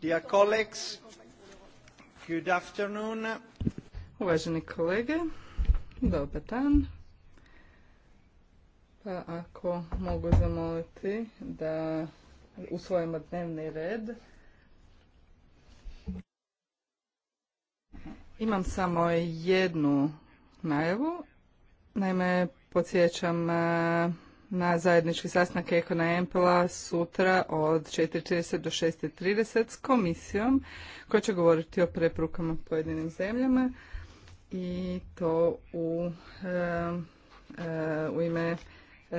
Dear colleagues, Uvaženi kolege, dobar dan. Pa ako mogu zamoliti da usvojimo dnevni red. Imam samo jednu najavu. Naime, podsjećam na zajednički sastanak na Empela sutra od 4.30 do 6.30 s komisijom koja će govoriti o preporukama pojedinim zemljama i to u, e, e, u ime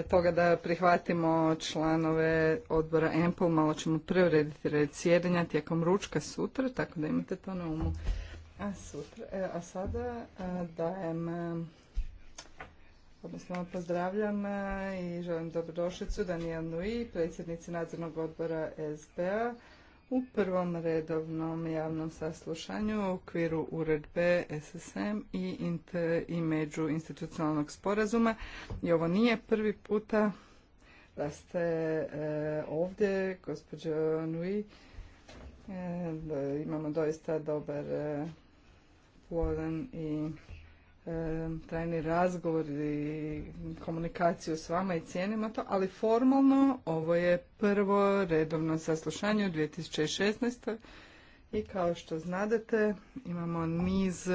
toga da prihvatimo članove odbora EMPL, malo ćemo preurediti red sjedenja tijekom ručka sutra, tako da imate to na umu. A, sutra, e, a sada e, dajem odnosno pozdravljam e, i želim dobrodošlicu Daniel Nui, predsjednici nadzornog odbora SBA u prvom redovnom javnom saslušanju u okviru uredbe SSM i, međuinstitucionalnog sporazuma. I ovo nije prvi puta da ste e, ovdje, gospođo Nui. E, imamo doista dobar e, i trajni razgovor i komunikaciju s vama i cijenimo to, ali formalno ovo je prvo redovno saslušanje u 2016. I kao što znadete imamo niz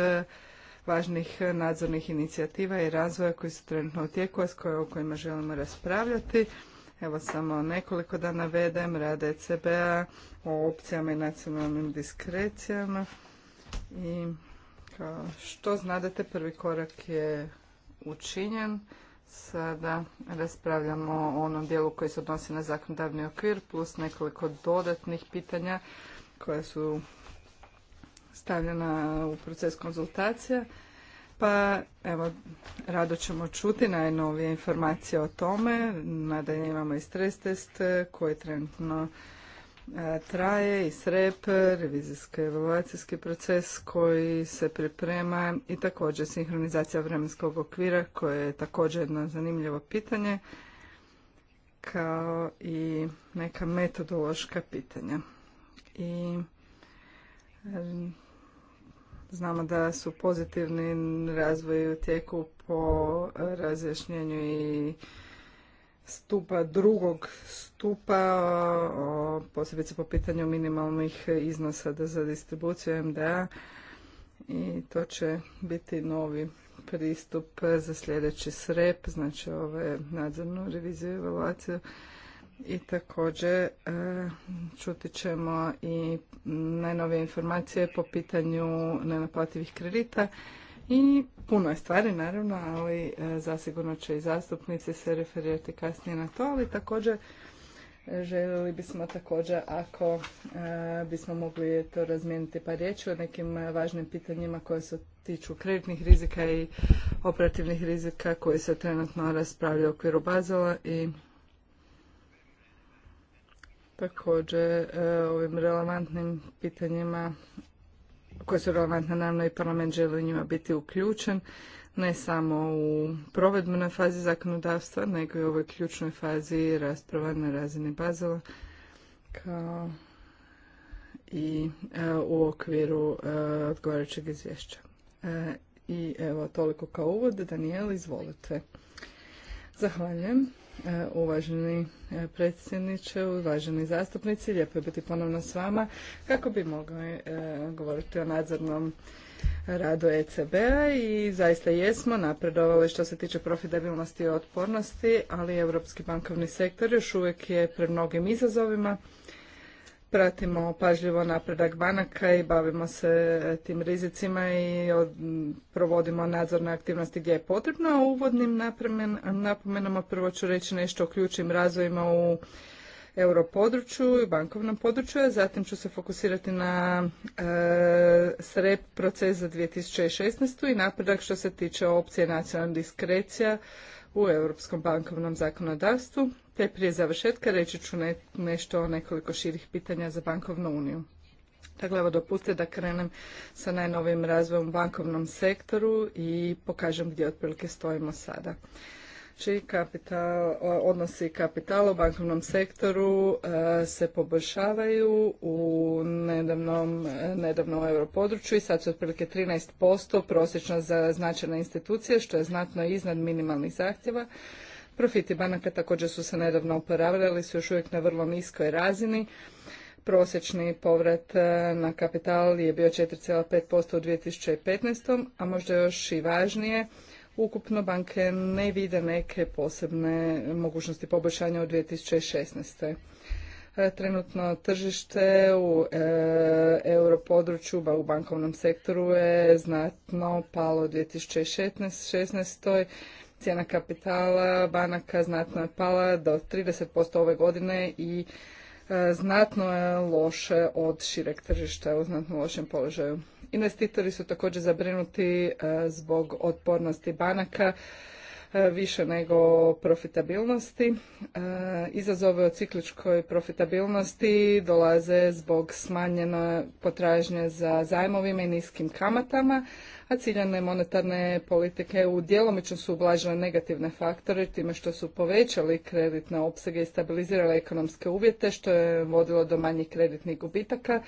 važnih nadzornih inicijativa i razvoja koji su trenutno u tijeku, a o kojima želimo raspravljati. Evo samo nekoliko da navedem, rad ECB-a o opcijama i nacionalnim diskrecijama i kao što znadete, prvi korak je učinjen. Sada raspravljamo o onom dijelu koji se odnosi na zakonodavni okvir plus nekoliko dodatnih pitanja koja su stavljena u proces konzultacija. Pa evo, rado ćemo čuti najnovije informacije o tome. Nadalje imamo i stres test koji trenutno E, traje i SREP, revizijski evaluacijski proces koji se priprema i također sinhronizacija vremenskog okvira koje je također jedno zanimljivo pitanje kao i neka metodološka pitanja. I e, znamo da su pozitivni razvoji u tijeku po razjašnjenju i stupa drugog stupa, posebice po pitanju minimalnih iznosa za distribuciju MDA i to će biti novi pristup za sljedeći srep, znači ove nadzornu reviziju i evaluaciju. I također e, čuti ćemo i najnovije informacije po pitanju nenaplativih kredita i puno je stvari naravno, ali e, zasigurno će i zastupnici se referirati kasnije na to, ali također e, Željeli bismo također ako e, bismo mogli to razmijeniti pa riječi o nekim važnim pitanjima koje se tiču kreditnih rizika i operativnih rizika koji se trenutno raspravljaju u okviru Bazela i također ovim relevantnim pitanjima koje su relevantne, naravno i parlament želi u njima biti uključen, ne samo u provedbenoj fazi zakonodavstva, nego i u ovoj ključnoj fazi rasprava na razini kao i e, u okviru e, odgovarajućeg izvješća. E, I evo, toliko kao uvod. Daniel, izvolite. Zahvaljujem. E, uvaženi e, predsjedniče, uvaženi zastupnici. Lijepo je biti ponovno s vama kako bi mogli e, govoriti o nadzornom radu ECB-a i zaista jesmo napredovali što se tiče profitabilnosti i otpornosti, ali europski bankovni sektor još uvijek je pred mnogim izazovima pratimo pažljivo napredak banaka i bavimo se e, tim rizicima i provodimo nadzorne aktivnosti gdje je potrebno. A uvodnim napremen, napomenama prvo ću reći nešto o ključnim razvojima u europodručju i bankovnom području, a zatim ću se fokusirati na e, SREP proces za 2016. i napredak što se tiče opcije nacionalnih diskrecija u europskom bankovnom zakonodavstvu te prije završetka reći ću nešto o nekoliko širih pitanja za bankovnu uniju. Dakle, evo dopustite da krenem sa najnovijim razvojem u bankovnom sektoru i pokažem gdje otprilike stojimo sada. Čiji kapital, odnosi kapitala u bankovnom sektoru e, se poboljšavaju u nedavnom, nedavnom europodručju i sad su otprilike 13% prosječno za značajne institucije, što je znatno iznad minimalnih zahtjeva Profiti banaka također su se nedavno oporavljali, su još uvijek na vrlo niskoj razini. Prosječni povrat e, na kapital je bio 4,5% u 2015. a možda još i važnije, ukupno banke ne vide neke posebne mogućnosti poboljšanja u 2016. E, trenutno tržište u e, europodručju u bankovnom sektoru je znatno palo u 2016. Cijena kapitala banaka znatno je pala do 30% ove godine i e, znatno je loše od šireg tržišta u znatno lošem položaju. Investitori su također zabrinuti e, zbog otpornosti banaka e, više nego profitabilnosti. Izazove o cikličkoj profitabilnosti dolaze zbog smanjene potražnje za zajmovima i niskim kamatama, a ciljane monetarne politike u djelomično su ublažile negativne faktore time što su povećali kreditne opsege i stabilizirale ekonomske uvjete što je vodilo do manjih kreditnih gubitaka,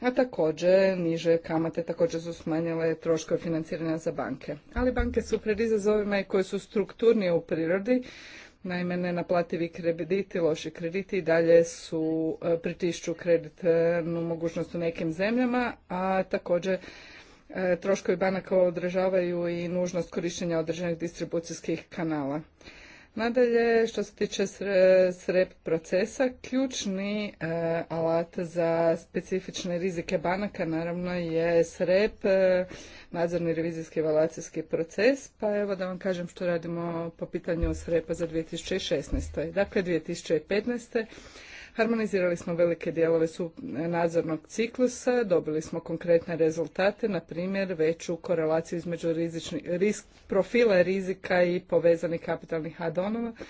a također niže kamate također su smanjile troškove financiranja za banke. Ali banke su pred izazovima i su strukturnije u prirodi, Naime, nenaplativi krediti, loši krediti i dalje su e, pritišću kreditnu mogućnost u nekim zemljama, a također E, troškovi banaka odražavaju i nužnost korištenja određenih distribucijskih kanala. Nadalje, što se tiče SREP procesa, ključni e, alat za specifične rizike banaka naravno je SREP, e, nadzorni revizijski evaluacijski proces, pa evo da vam kažem što radimo po pitanju SREPA za 2016. Dakle, 2015. Harmonizirali smo velike dijelove su nadzornog ciklusa, dobili smo konkretne rezultate, na primjer veću korelaciju između risk, profila rizika i povezanih kapitalnih adonova e,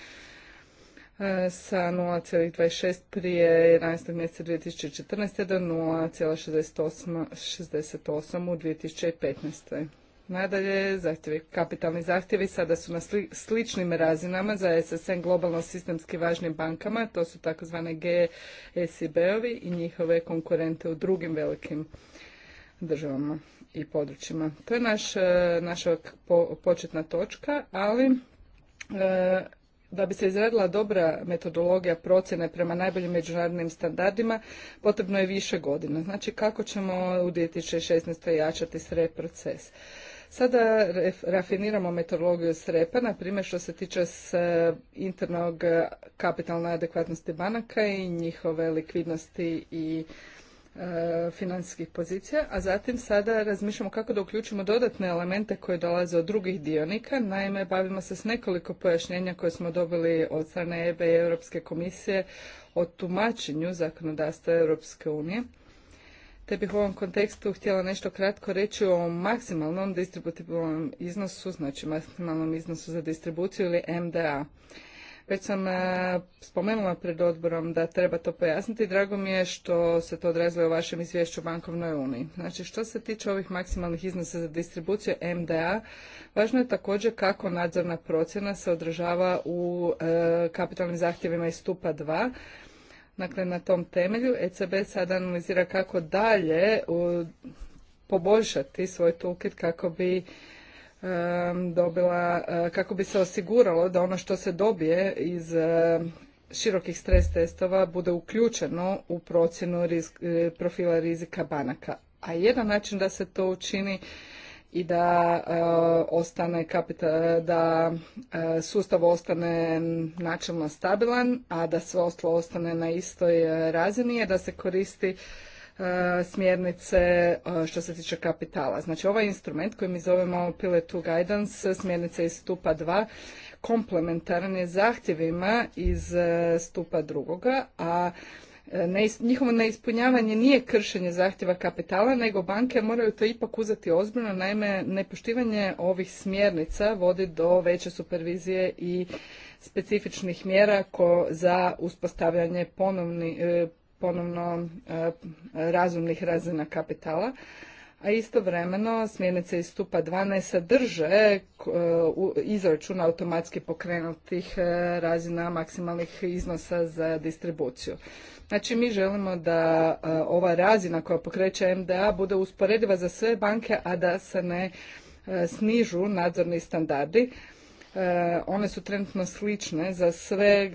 sa 0,26 prije 11. mjeseca 2014. do 0,68 u 2015. Nadalje, zahtjevi, kapitalni zahtjevi sada su na sličnim razinama za SSN globalno sistemski važnim bankama, to su takozvane GSIB-ovi e i njihove konkurente u drugim velikim državama i područjima. To je naš, e, naša početna točka, ali e, da bi se izradila dobra metodologija procjene prema najboljim međunarodnim standardima, potrebno je više godina. Znači kako ćemo u 2016. jačati sred proces. Sada rafiniramo metodologiju SREPA, na primjer što se tiče s e, internog e, kapitalne adekvatnosti banaka i njihove likvidnosti i e, financijskih pozicija, a zatim sada razmišljamo kako da uključimo dodatne elemente koje dolaze od drugih dionika. Naime, bavimo se s nekoliko pojašnjenja koje smo dobili od strane EBE i Europske komisije o tumačenju zakonodavstva Europske unije te bih u ovom kontekstu htjela nešto kratko reći o maksimalnom distributivnom iznosu, znači maksimalnom iznosu za distribuciju ili MDA. Već sam e, spomenula pred odborom da treba to pojasniti. Drago mi je što se to odrazilo u vašem izvješću o bankovnoj uniji. Znači, što se tiče ovih maksimalnih iznosa za distribuciju MDA, važno je također kako nadzorna procjena se održava u e, kapitalnim zahtjevima iz stupa 2, Dakle, na tom temelju ECB sada analizira kako dalje poboljšati svoj toolkit kako bi dobila, eh, kako bi se osiguralo da ono što se dobije iz uh, širokih stres testova bude uključeno u procjenu eh, profila rizika banaka. A jedan način da se to učini i da e, ostane kapita, da e, sustav ostane načelno stabilan, a da sve ostalo ostane na istoj e, razini je da se koristi smjernice što se tiče kapitala. Znači ovaj instrument koji mi zovemo Pilot 2 Guidance, smjernice iz stupa 2, komplementaran je zahtjevima iz stupa drugoga, a njihovo neispunjavanje nije kršenje zahtjeva kapitala, nego banke moraju to ipak uzeti ozbiljno. Naime, nepoštivanje ovih smjernica vodi do veće supervizije i specifičnih mjera ko za uspostavljanje ponovni, e, ponovno e, razumnih razina kapitala. A istovremeno smjernice iz stupa 12 sadrže e, izračun automatski pokrenutih razina maksimalnih iznosa za distribuciju. Znači mi želimo da e, ova razina koja pokreće MDA bude usporediva za sve banke, a da se ne e, snižu nadzorni standardi. E, one su trenutno slične za sve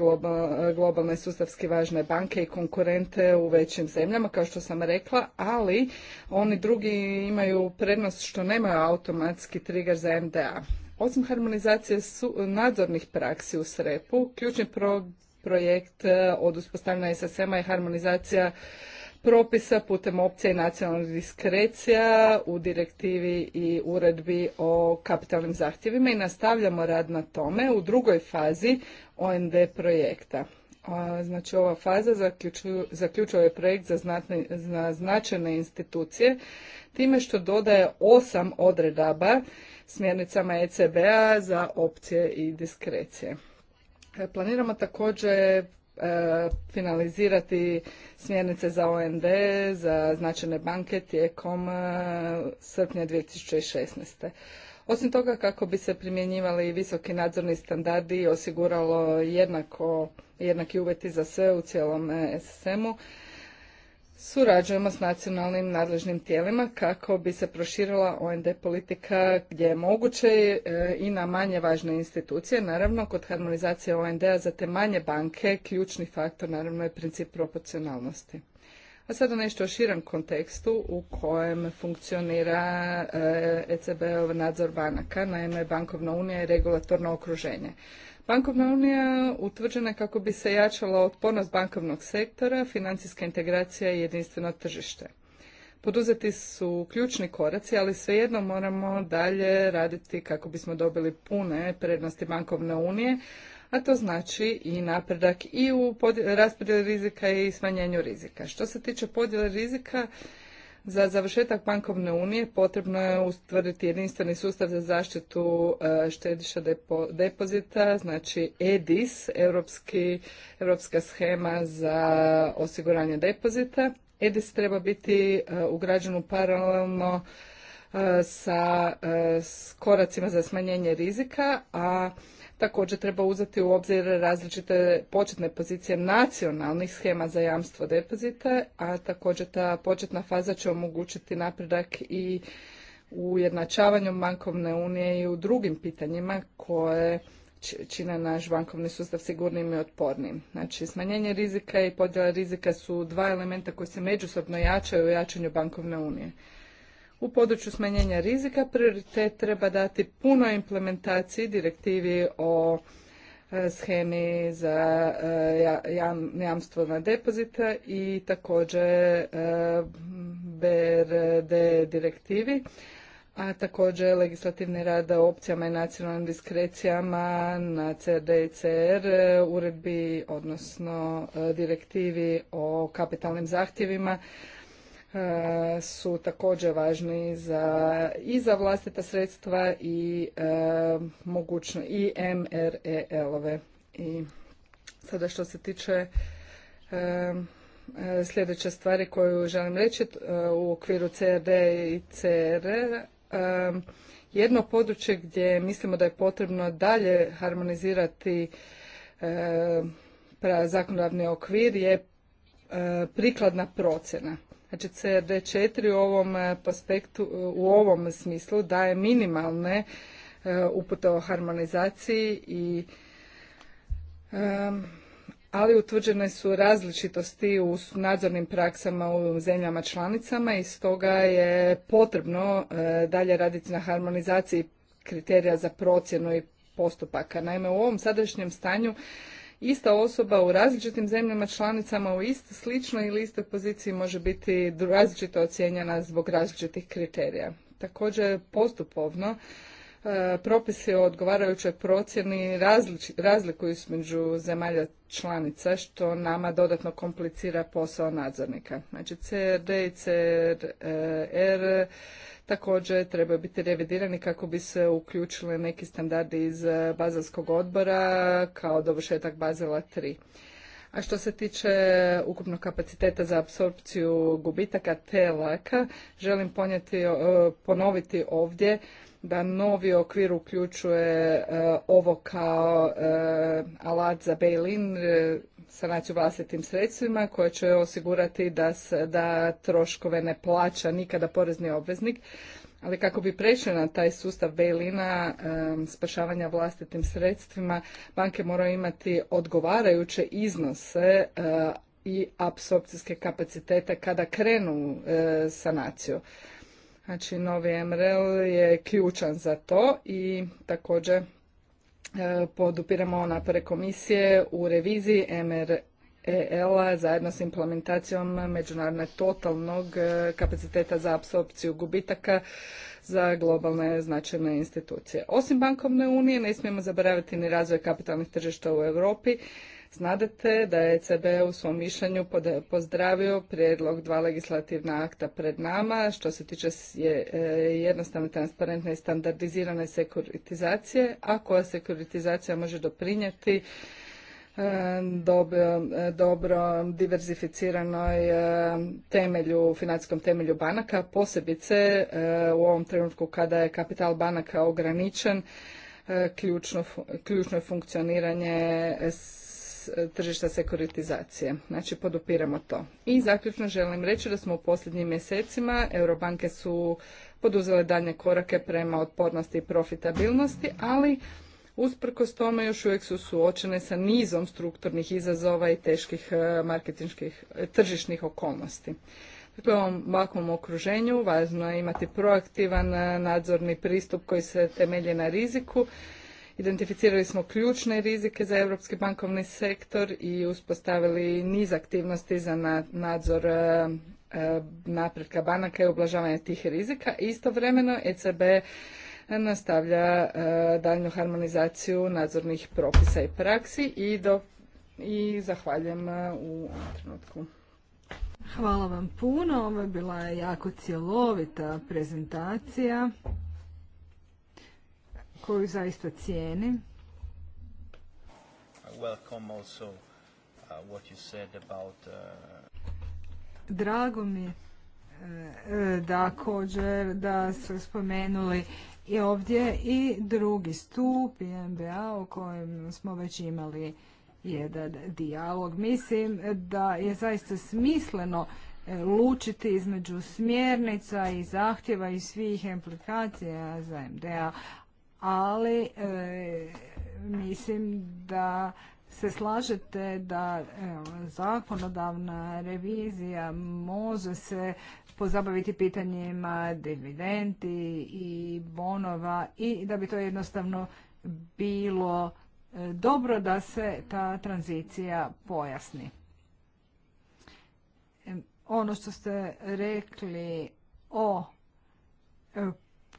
globalne sustavski važne banke i konkurente u većim zemljama, kao što sam rekla, ali oni drugi imaju prednost što nemaju automatski trigger za MDA. Osim harmonizacije nadzornih praksi u SREP-u, ključni problem projekt e, od uspostavljanja SSM-a i harmonizacija propisa putem opcija i nacionalnih diskrecija u direktivi i uredbi o kapitalnim zahtjevima i nastavljamo rad na tome u drugoj fazi OND projekta. Znači ova faza zaključuje je projekt za, znatne, za značajne institucije time što dodaje osam odredaba smjernicama ECB-a za opcije i diskrecije. Planiramo također e, finalizirati smjernice za OND, za značajne banke tijekom e, srpnja 2016. Osim toga, kako bi se primjenjivali visoki nadzorni standardi i osiguralo jednako, jednaki uvjeti za sve u cijelom e, SSM-u, surađujemo s nacionalnim nadležnim tijelima kako bi se proširila OND politika gdje je moguće e, i na manje važne institucije. Naravno, kod harmonizacije OND-a za te manje banke ključni faktor naravno je princip proporcionalnosti. A sada nešto o širem kontekstu u kojem funkcionira ECB-ov e nadzor banaka, naime bankovna unija i regulatorno okruženje. Bankovna unija utvrđena kako bi se jačala otpornost bankovnog sektora, financijska integracija i jedinstveno tržište. Poduzeti su ključni koraci, ali svejedno moramo dalje raditi kako bismo dobili pune prednosti bankovne unije, a to znači i napredak i u raspodjeli rizika i smanjenju rizika. Što se tiče podjele rizika, za završetak bankovne unije potrebno je ustvrditi jedinstveni sustav za zaštitu e, štediša depozita, znači EDIS, Europski, Europska schema za osiguranje depozita. EDIS treba biti e, ugrađen paralelno e, sa koracima za smanjenje rizika, a Također treba uzeti u obzir različite početne pozicije nacionalnih schema za jamstvo depozita, a također ta početna faza će omogućiti napredak i u ujednačavanju bankovne unije i u drugim pitanjima koje čine naš bankovni sustav sigurnim i otpornim. Znači, smanjenje rizika i podjela rizika su dva elementa koji se međusobno jačaju u jačanju bankovne unije. U području smanjenja rizika prioritet treba dati puno implementaciji direktivi o e, schemi za e, jamstvo na depozita i također e, BRD direktivi, a također legislativni rad o opcijama i nacionalnim diskrecijama na CRD i CR, uredbi, odnosno direktivi o kapitalnim zahtjevima, E, su također važni i za vlastita sredstva i e, mogućno i MREL-ove. I sada što se tiče e, sljedeće stvari koju želim reći u okviru CRD i CR jedno područje gdje mislimo da je potrebno dalje harmonizirati zakonodavni okvir je prikladna procjena Znači CRD4 u ovom e, aspektu, e, u ovom smislu daje minimalne e, upute o harmonizaciji i ali utvrđene su različitosti u nadzornim praksama u zemljama članicama i stoga je potrebno dalje raditi na harmonizaciji kriterija za procjenu i postupaka. Naime, u ovom sadašnjem stanju ista osoba u različitim zemljama članicama u isto, sličnoj ili istoj poziciji može biti različito ocijenjena zbog različitih kriterija. Također postupovno e, propisi o odgovarajućoj procjeni razlikuju razlikuju između zemalja članica, što nama dodatno komplicira posao nadzornika. Znači, CRD i CRR e, također trebaju biti revidirani kako bi se uključili neki standardi iz e, Bazelskog odbora kao dovršetak Bazela 3. A što se tiče ukupnog kapaciteta za apsorpciju gubitaka laka, želim e, ponoviti ovdje da novi okvir uključuje e, ovo kao e, alat za bail-in, e, sanaciju vlastitim sredstvima koje će osigurati da, da troškove ne plaća nikada porezni obveznik. Ali kako bi prešli na taj sustav bailina, spašavanja vlastitim sredstvima, banke moraju imati odgovarajuće iznose i apsorpcijske kapacitete kada krenu sanaciju. Znači novi MRL je ključan za to i također e, podupiramo napore komisije u reviziji MREL-a zajedno s implementacijom međunarodne totalnog e, kapaciteta za apsorpciju gubitaka za globalne značajne institucije. Osim bankovne unije ne smijemo zaboraviti ni razvoj kapitalnih tržišta u Europi Znadete da je ECB u svom mišljenju pozdravio prijedlog dva legislativna akta pred nama što se tiče e, jednostavne, transparentne i standardizirane sekuritizacije, a koja sekuritizacija može doprinijeti e, dobro, e, dobro diverzificiranoj temelju, financijskom temelju banaka, posebice u ovom trenutku kada je kapital banaka ograničen, ključno, ključno je funkcioniranje tržišta sekuritizacije. Znači podupiramo to. I zaključno želim reći da smo u posljednjim mjesecima eurobanke su poduzele dalje korake prema otpornosti i profitabilnosti, ali usprkos tome još uvijek su suočene sa nizom strukturnih izazova i teških e, marketinških e, tržišnih okolnosti. Dakle, u ovom ovakvom okruženju važno je imati proaktivan e, nadzorni pristup koji se temelji na riziku Identificirali smo ključne rizike za europski bankovni sektor i uspostavili niz aktivnosti za nadzor e, e, napretka banaka i ublažavanja tih rizika. Istovremeno ECB nastavlja e, daljnju harmonizaciju nadzornih propisa i praksi i, do, i zahvaljujem u ovom trenutku. Hvala vam puno, ovo je bila jako cjelovita prezentacija koju zaista cijenim. Uh, uh, Drago mi e, e, također da su spomenuli i ovdje i drugi stup i MBA o kojem smo već imali jedan dijalog. Mislim da je zaista smisleno e, lučiti između smjernica i zahtjeva i svih implikacija za MDA, ali e, mislim da se slažete da e, zakonodavna revizija može se pozabaviti pitanjima dividendi i bonova i da bi to jednostavno bilo e, dobro da se ta tranzicija pojasni. Ono što ste rekli o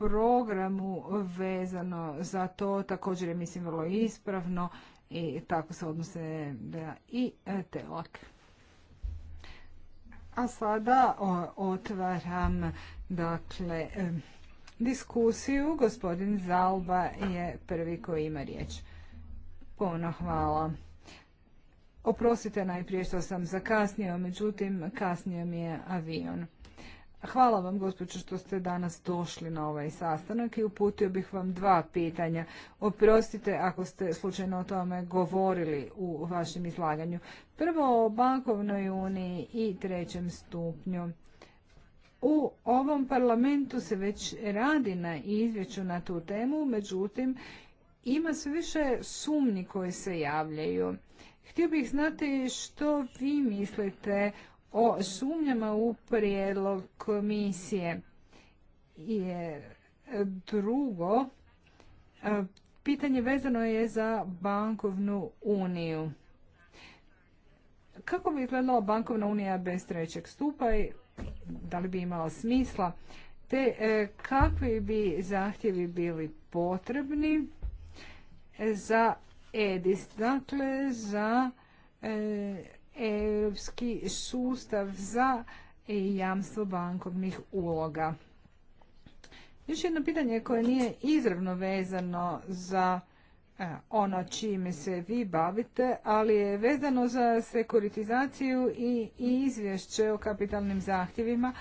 programu vezano za to također je mislim vrlo ispravno i tako se odnose i e, telak. A sada otvaram dakle e, diskusiju. Gospodin Zalba je prvi koji ima riječ. Puno hvala. Oprostite najprije što sam zakasnio, međutim kasnio mi je avion. Hvala vam, gospođo, što ste danas došli na ovaj sastanak i uputio bih vam dva pitanja. Oprostite ako ste slučajno o tome govorili u vašem izlaganju. Prvo o bankovnoj uniji i trećem stupnju. U ovom parlamentu se već radi na izvješću na tu temu, međutim, ima sve više sumnji koje se javljaju. Htio bih znati što vi mislite o sumnjama u prijedlog komisije. je drugo, e, pitanje vezano je za bankovnu uniju. Kako bi izgledala bankovna unija bez trećeg stupa i da li bi imala smisla? Te e, kakvi bi zahtjevi bili potrebni za EDIS, dakle za e, europski sustav za jamstvo bankovnih uloga. Još jedno pitanje koje nije izravno vezano za e, ono čime se vi bavite, ali je vezano za sekuritizaciju i izvješće o kapitalnim zahtjevima,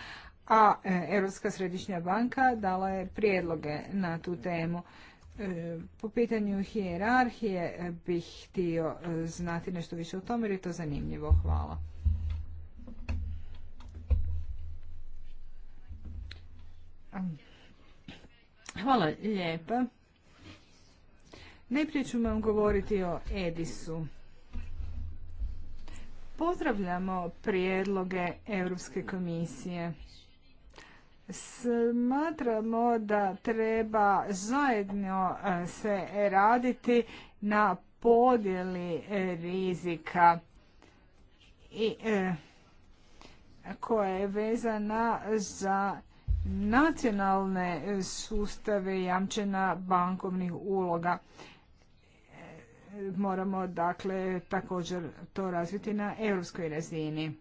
a e, Europska središnja banka dala je prijedloge na tu temu. E, po pitanju hijerarhije e, bih htio e, znati nešto više o tome jer je to zanimljivo. Hvala. Hvala lijepa. Najprije ću vam govoriti o Edisu. Pozdravljamo prijedloge Europske komisije. Smatramo da treba zajedno e, se raditi na podjeli e, rizika e, koja je vezana za nacionalne sustave jamčena bankovnih uloga. Moramo dakle također to razviti na europskoj razini.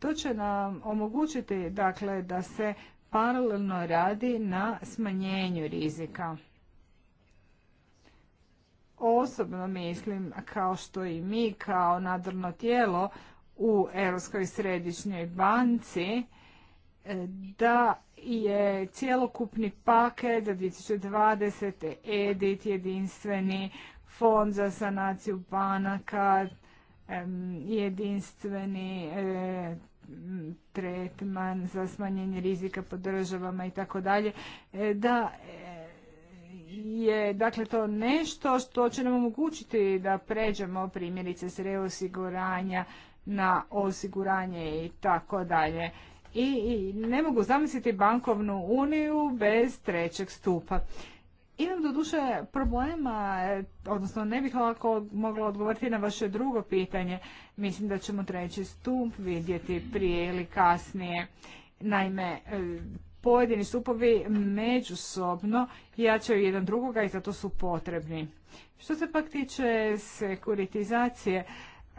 To će nam omogućiti dakle, da se paralelno radi na smanjenju rizika. Osobno mislim, kao što i mi kao nadrno tijelo u Europskoj središnjoj banci, e, da je cijelokupni paket za 2020. EDIT, jedinstveni fond za sanaciju banaka, jedinstveni e, Mm, tretman za smanjenje rizika po državama i tako dalje, e, da e, je dakle to nešto što će nam omogućiti da pređemo primjerice s reosiguranja na osiguranje i tako dalje. I ne mogu zamisliti bankovnu uniju bez trećeg stupa. Imam do duše problema, e, odnosno ne bih lako mogla odgovoriti na vaše drugo pitanje. Mislim da ćemo treći stup vidjeti prije ili kasnije. Naime, e, pojedini stupovi međusobno jačaju jedan drugoga i zato su potrebni. Što se pak tiče sekuritizacije,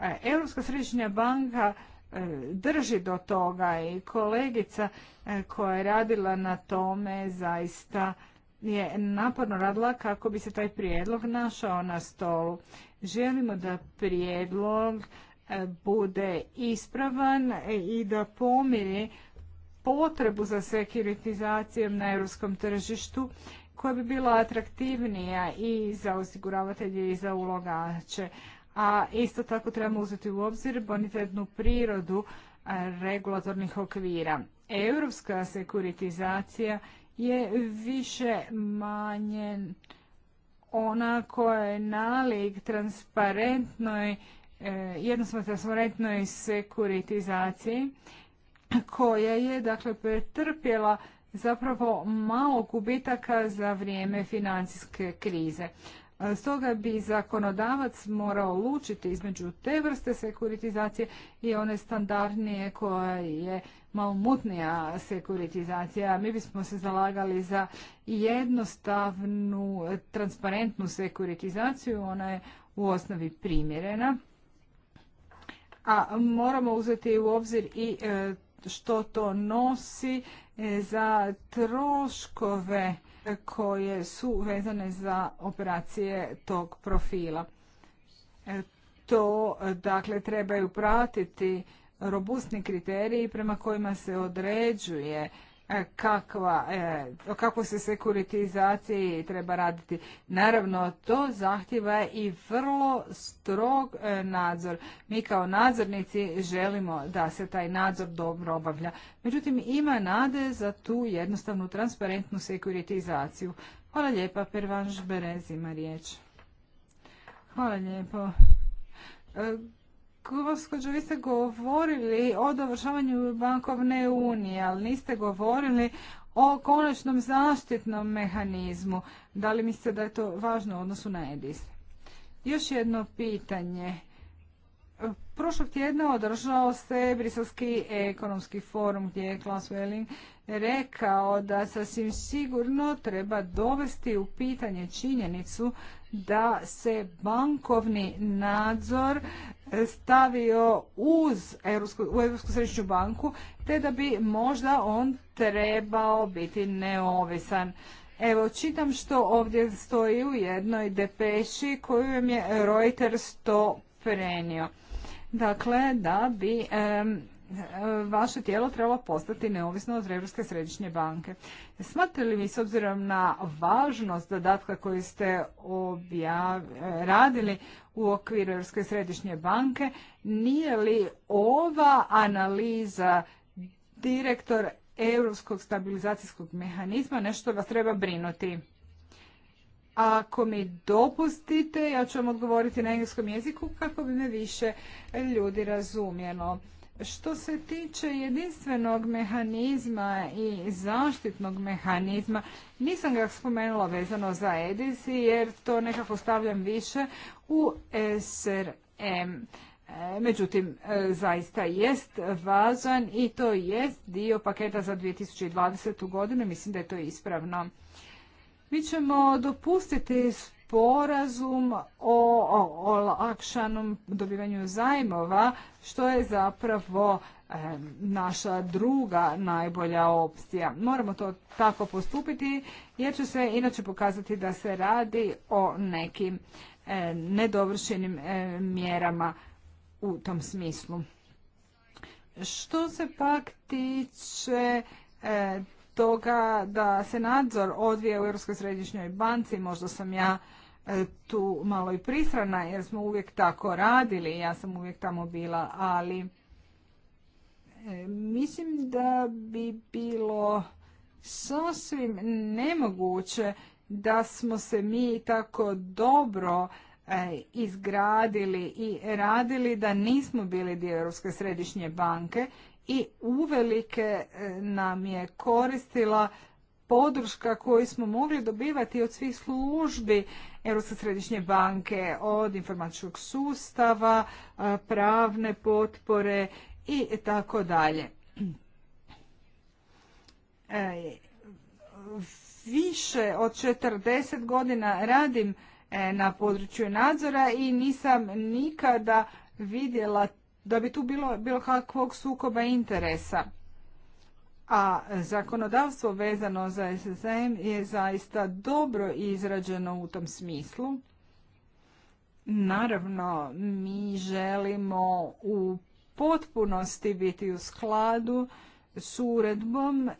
e, Europska središnja banka drži do toga i kolegica koja je radila na tome zaista je naporno radila kako bi se taj prijedlog našao na stolu. Želimo da prijedlog e, bude ispravan i da pomiri potrebu za sekuritizacijom na europskom tržištu koja bi bila atraktivnija i za osiguravatelje i za ulogače. A isto tako trebamo uzeti u obzir bonitetnu prirodu regulatornih okvira. Europska sekuritizacija je više manje ona koja je nalik transparentnoj, e, jednostavno transparentnoj sekuritizaciji koja je dakle pretrpjela zapravo malo gubitaka za vrijeme financijske krize. Stoga bi zakonodavac morao lučiti između te vrste sekuritizacije i one standardnije koja je malo mutnija sekuritizacija. Mi bismo se zalagali za jednostavnu, transparentnu sekuritizaciju. Ona je u osnovi primjerena. A moramo uzeti u obzir i e, što to nosi e, za troškove koje su vezane za operacije tog profila. E, to dakle trebaju pratiti robustni kriteriji prema kojima se određuje kakva, e, o kakvoj se sekuritizaciji treba raditi. Naravno, to zahtjeva i vrlo strog e, nadzor. Mi kao nadzornici želimo da se taj nadzor dobro obavlja. Međutim, ima nade za tu jednostavnu transparentnu sekuritizaciju. Hvala lijepa, Pervanš Berez ima riječ. Hvala lijepo. E, Gospođo, vi ste govorili o dovršavanju bankovne unije, ali niste govorili o konačnom zaštitnom mehanizmu. Da li mislite da je to važno u odnosu na EDIS? Još jedno pitanje. Prošlog tjedna održao se Briselski ekonomski forum gdje je Klaus Welling rekao da sasvim sigurno treba dovesti u pitanje činjenicu da se bankovni nadzor stavio uz Europsku, u Europsku središnju banku, te da bi možda on trebao biti neovisan. Evo, čitam što ovdje stoji u jednoj depeši koju mi je Reuters to prenio. Dakle, da bi vaše tijelo trebalo postati neovisno od Europske središnje banke. Smatrate li vi s obzirom na važnost dodatka koji ste radili u okviru Europske središnje banke, nije li ova analiza direktor Europskog stabilizacijskog mehanizma nešto vas treba brinuti? Ako mi dopustite, ja ću vam odgovoriti na engleskom jeziku kako bi me više ljudi razumjelo. Što se tiče jedinstvenog mehanizma i zaštitnog mehanizma, nisam ga spomenula vezano za EDIS jer to nekako stavljam više u SRM. E, međutim, e, zaista jest važan i to jest dio paketa za 2020. godinu. Mislim da je to ispravno. Mi ćemo dopustiti sporazum o olakšanom dobivanju zajmova, što je zapravo naša druga najbolja opcija. Moramo to tako postupiti jer će se inače pokazati da se radi o nekim nedovršenim mjerama u tom smislu. Što se pak tiče e, toga da se nadzor odvija u Europskoj središnjoj banci, možda sam ja E, tu malo i prisrana jer smo uvijek tako radili, ja sam uvijek tamo bila, ali e, mislim da bi bilo sasvim nemoguće da smo se mi tako dobro e, izgradili i radili da nismo bili dio Europske središnje banke i uvelike nam je koristila podrška koju smo mogli dobivati od svih službi Europske središnje banke, od informatičkog sustava, e, pravne potpore i tako dalje. E, više od 40 godina radim e, na području nadzora i nisam nikada vidjela da bi tu bilo, bilo kakvog sukoba interesa a zakonodavstvo vezano za SSM je zaista dobro izrađeno u tom smislu. Naravno, mi želimo u potpunosti biti u skladu s uredbom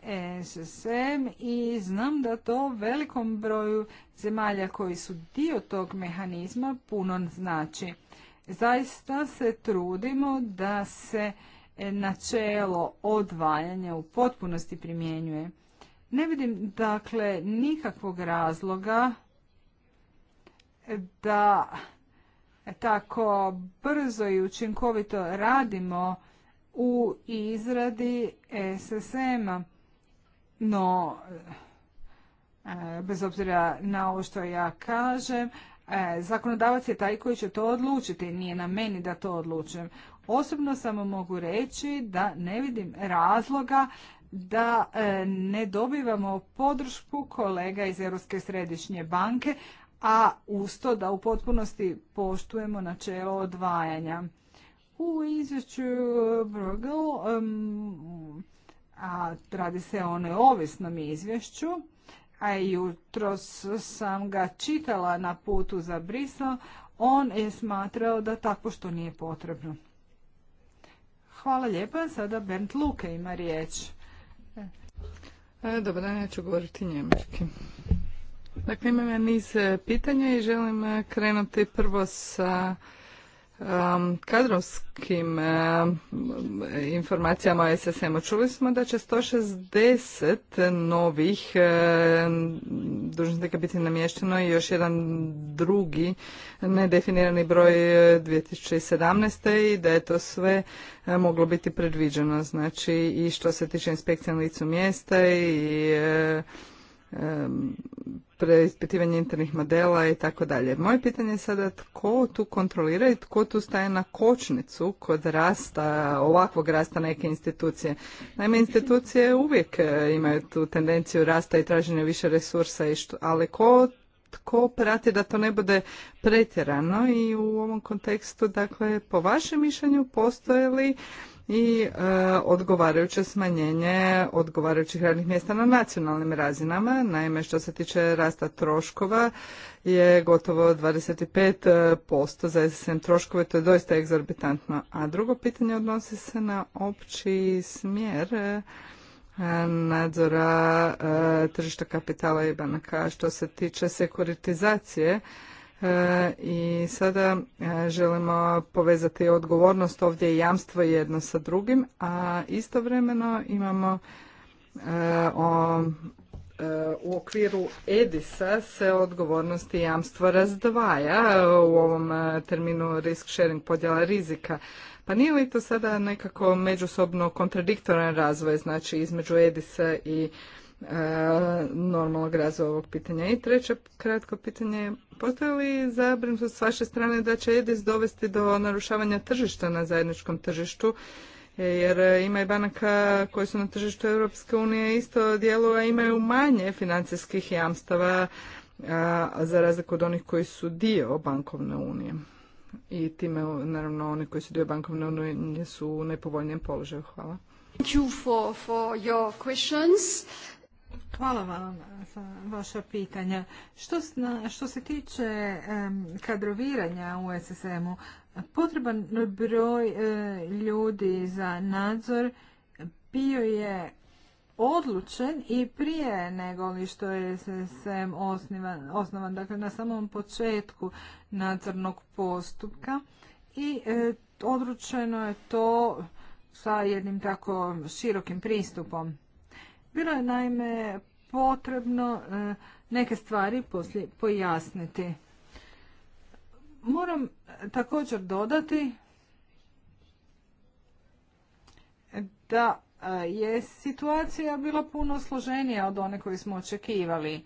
SSM i znam da to velikom broju zemalja koji su dio tog mehanizma puno znači. Zaista se trudimo da se načelo odvajanja u potpunosti primjenjuje. Ne vidim dakle nikakvog razloga da tako brzo i učinkovito radimo u izradi SSM-a. No, e, bez obzira na ovo što ja kažem, e, zakonodavac je taj koji će to odlučiti. Nije na meni da to odlučujem. Osobno samo mogu reći da ne vidim razloga da e, ne dobivamo podršku kolega iz Europske središnje banke, a usto da u potpunosti poštujemo načelo odvajanja. U izvješću Bruegel, a radi se o neovisnom izvješću, a jutro sam ga čitala na putu za Brisel, on je smatrao da tako što nije potrebno. Hvala lijepa. Sada Bernd Luke ima riječ. E, dobar dan, ja ću govoriti njemački. Dakle, imam ja niz e, pitanja i želim e, krenuti prvo sa kadrovskim informacijama o SSM-u čuli smo da će 160 novih dužnosnika biti namješteno i još jedan drugi nedefinirani broj 2017. E, i da je to sve e, moglo biti predviđeno. Znači i što se tiče inspekcija na licu mjesta i e, preispitivanje internih modela i tako dalje. Moje pitanje je sada tko tu kontrolira i tko tu staje na kočnicu kod rasta, ovakvog rasta neke institucije. Naime, institucije uvijek e, imaju tu tendenciju rasta i traženja više resursa, i što, ali ko tko prati da to ne bude pretjerano i u ovom kontekstu, dakle, po vašem mišljenju postoje li i e, odgovarajuće smanjenje odgovarajućih radnih mjesta na nacionalnim razinama. Naime, što se tiče rasta troškova je gotovo 25% za SSM troškove, to je doista egzorbitantno. A drugo pitanje odnosi se na opći smjer e, nadzora e, tržišta kapitala i banaka. Što se tiče sekuritizacije, E, i sada e, želimo povezati odgovornost ovdje i jamstvo jedno sa drugim, a istovremeno imamo e, o, u okviru EDISA se odgovornost i jamstvo razdvaja u ovom terminu risk sharing podjela rizika. Pa nije li to sada nekako međusobno kontradiktoran razvoj, znači između EDISA i E, normalnog razvoja ovog pitanja. I treće kratko pitanje je, postoji li zabrinutost s vaše strane da će EDIS dovesti do narušavanja tržišta na zajedničkom tržištu, e, jer ima i banaka koje su na tržištu Europske unije isto dijelu, a imaju manje financijskih jamstava za razliku od onih koji su dio bankovne unije. I time, naravno, oni koji su dio bankovne unije su u nepovoljnijem položaju. Hvala. Thank you for Hvala vam za vaša pitanja. Što, se tiče kadroviranja u SSM-u, potreban broj e, ljudi za nadzor bio je odlučen i prije nego li što je SSM osnovan, dakle na samom početku nadzornog postupka i e, odlučeno je to sa jednim tako širokim pristupom. Bilo je naime potrebno e, neke stvari poslije pojasniti. Moram e, također dodati da e, je situacija bila puno složenija od one koju smo očekivali.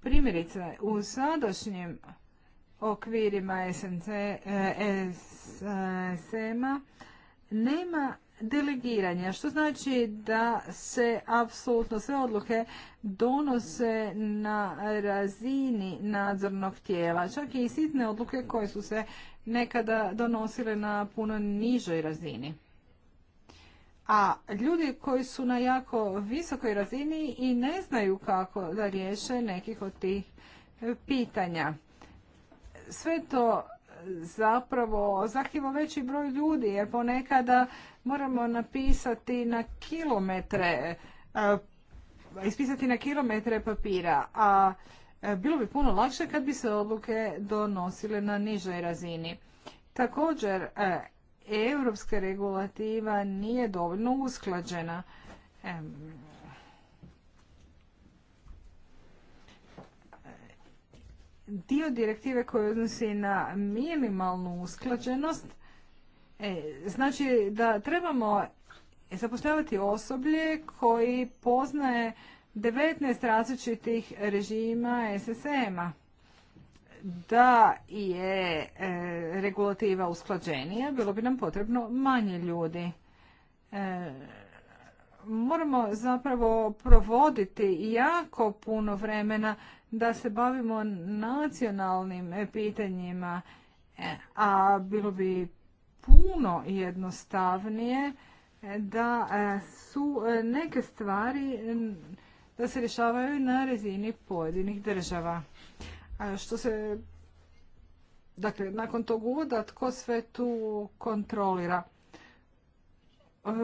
Primjerice, u sadašnjim okvirima SNC, SMA nema delegiranja, što znači da se apsolutno sve odluke donose na razini nadzornog tijela, čak i sitne odluke koje su se nekada donosile na puno nižoj razini. A ljudi koji su na jako visokoj razini i ne znaju kako da riješe nekih od tih pitanja. Sve to zapravo zahtjeva veći broj ljudi jer ponekada moramo napisati na kilometre, ispisati na kilometre papira, a e, bilo bi puno lakše kad bi se odluke donosile na nižoj razini. Također, e, europska regulativa nije dovoljno usklađena. Dio direktive koje odnosi na minimalnu usklađenost E, znači da trebamo zapošljavati osoblje koji poznaje 19 različitih režima SSM-a. Da je e, regulativa usklađenija, bilo bi nam potrebno manje ljudi. E, moramo zapravo provoditi jako puno vremena da se bavimo nacionalnim pitanjima, a bilo bi puno jednostavnije e, da e, su e, neke stvari da se rješavaju na razini pojedinih država. što se Dakle, nakon tog uvoda tko sve tu kontrolira?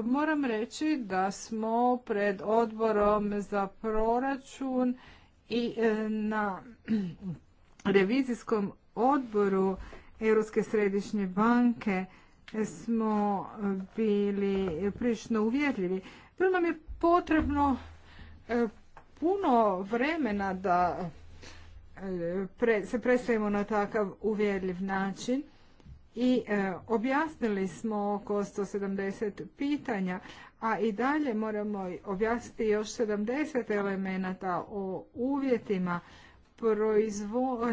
Moram reći da smo pred odborom za proračun i na revizijskom odboru Europske središnje banke smo bili prilično uvjerljivi. Bilo nam je potrebno e, puno vremena da e, se predstavimo na takav uvjerljiv način i e, objasnili smo oko 170 pitanja, a i dalje moramo objasniti još 70 elemenata o uvjetima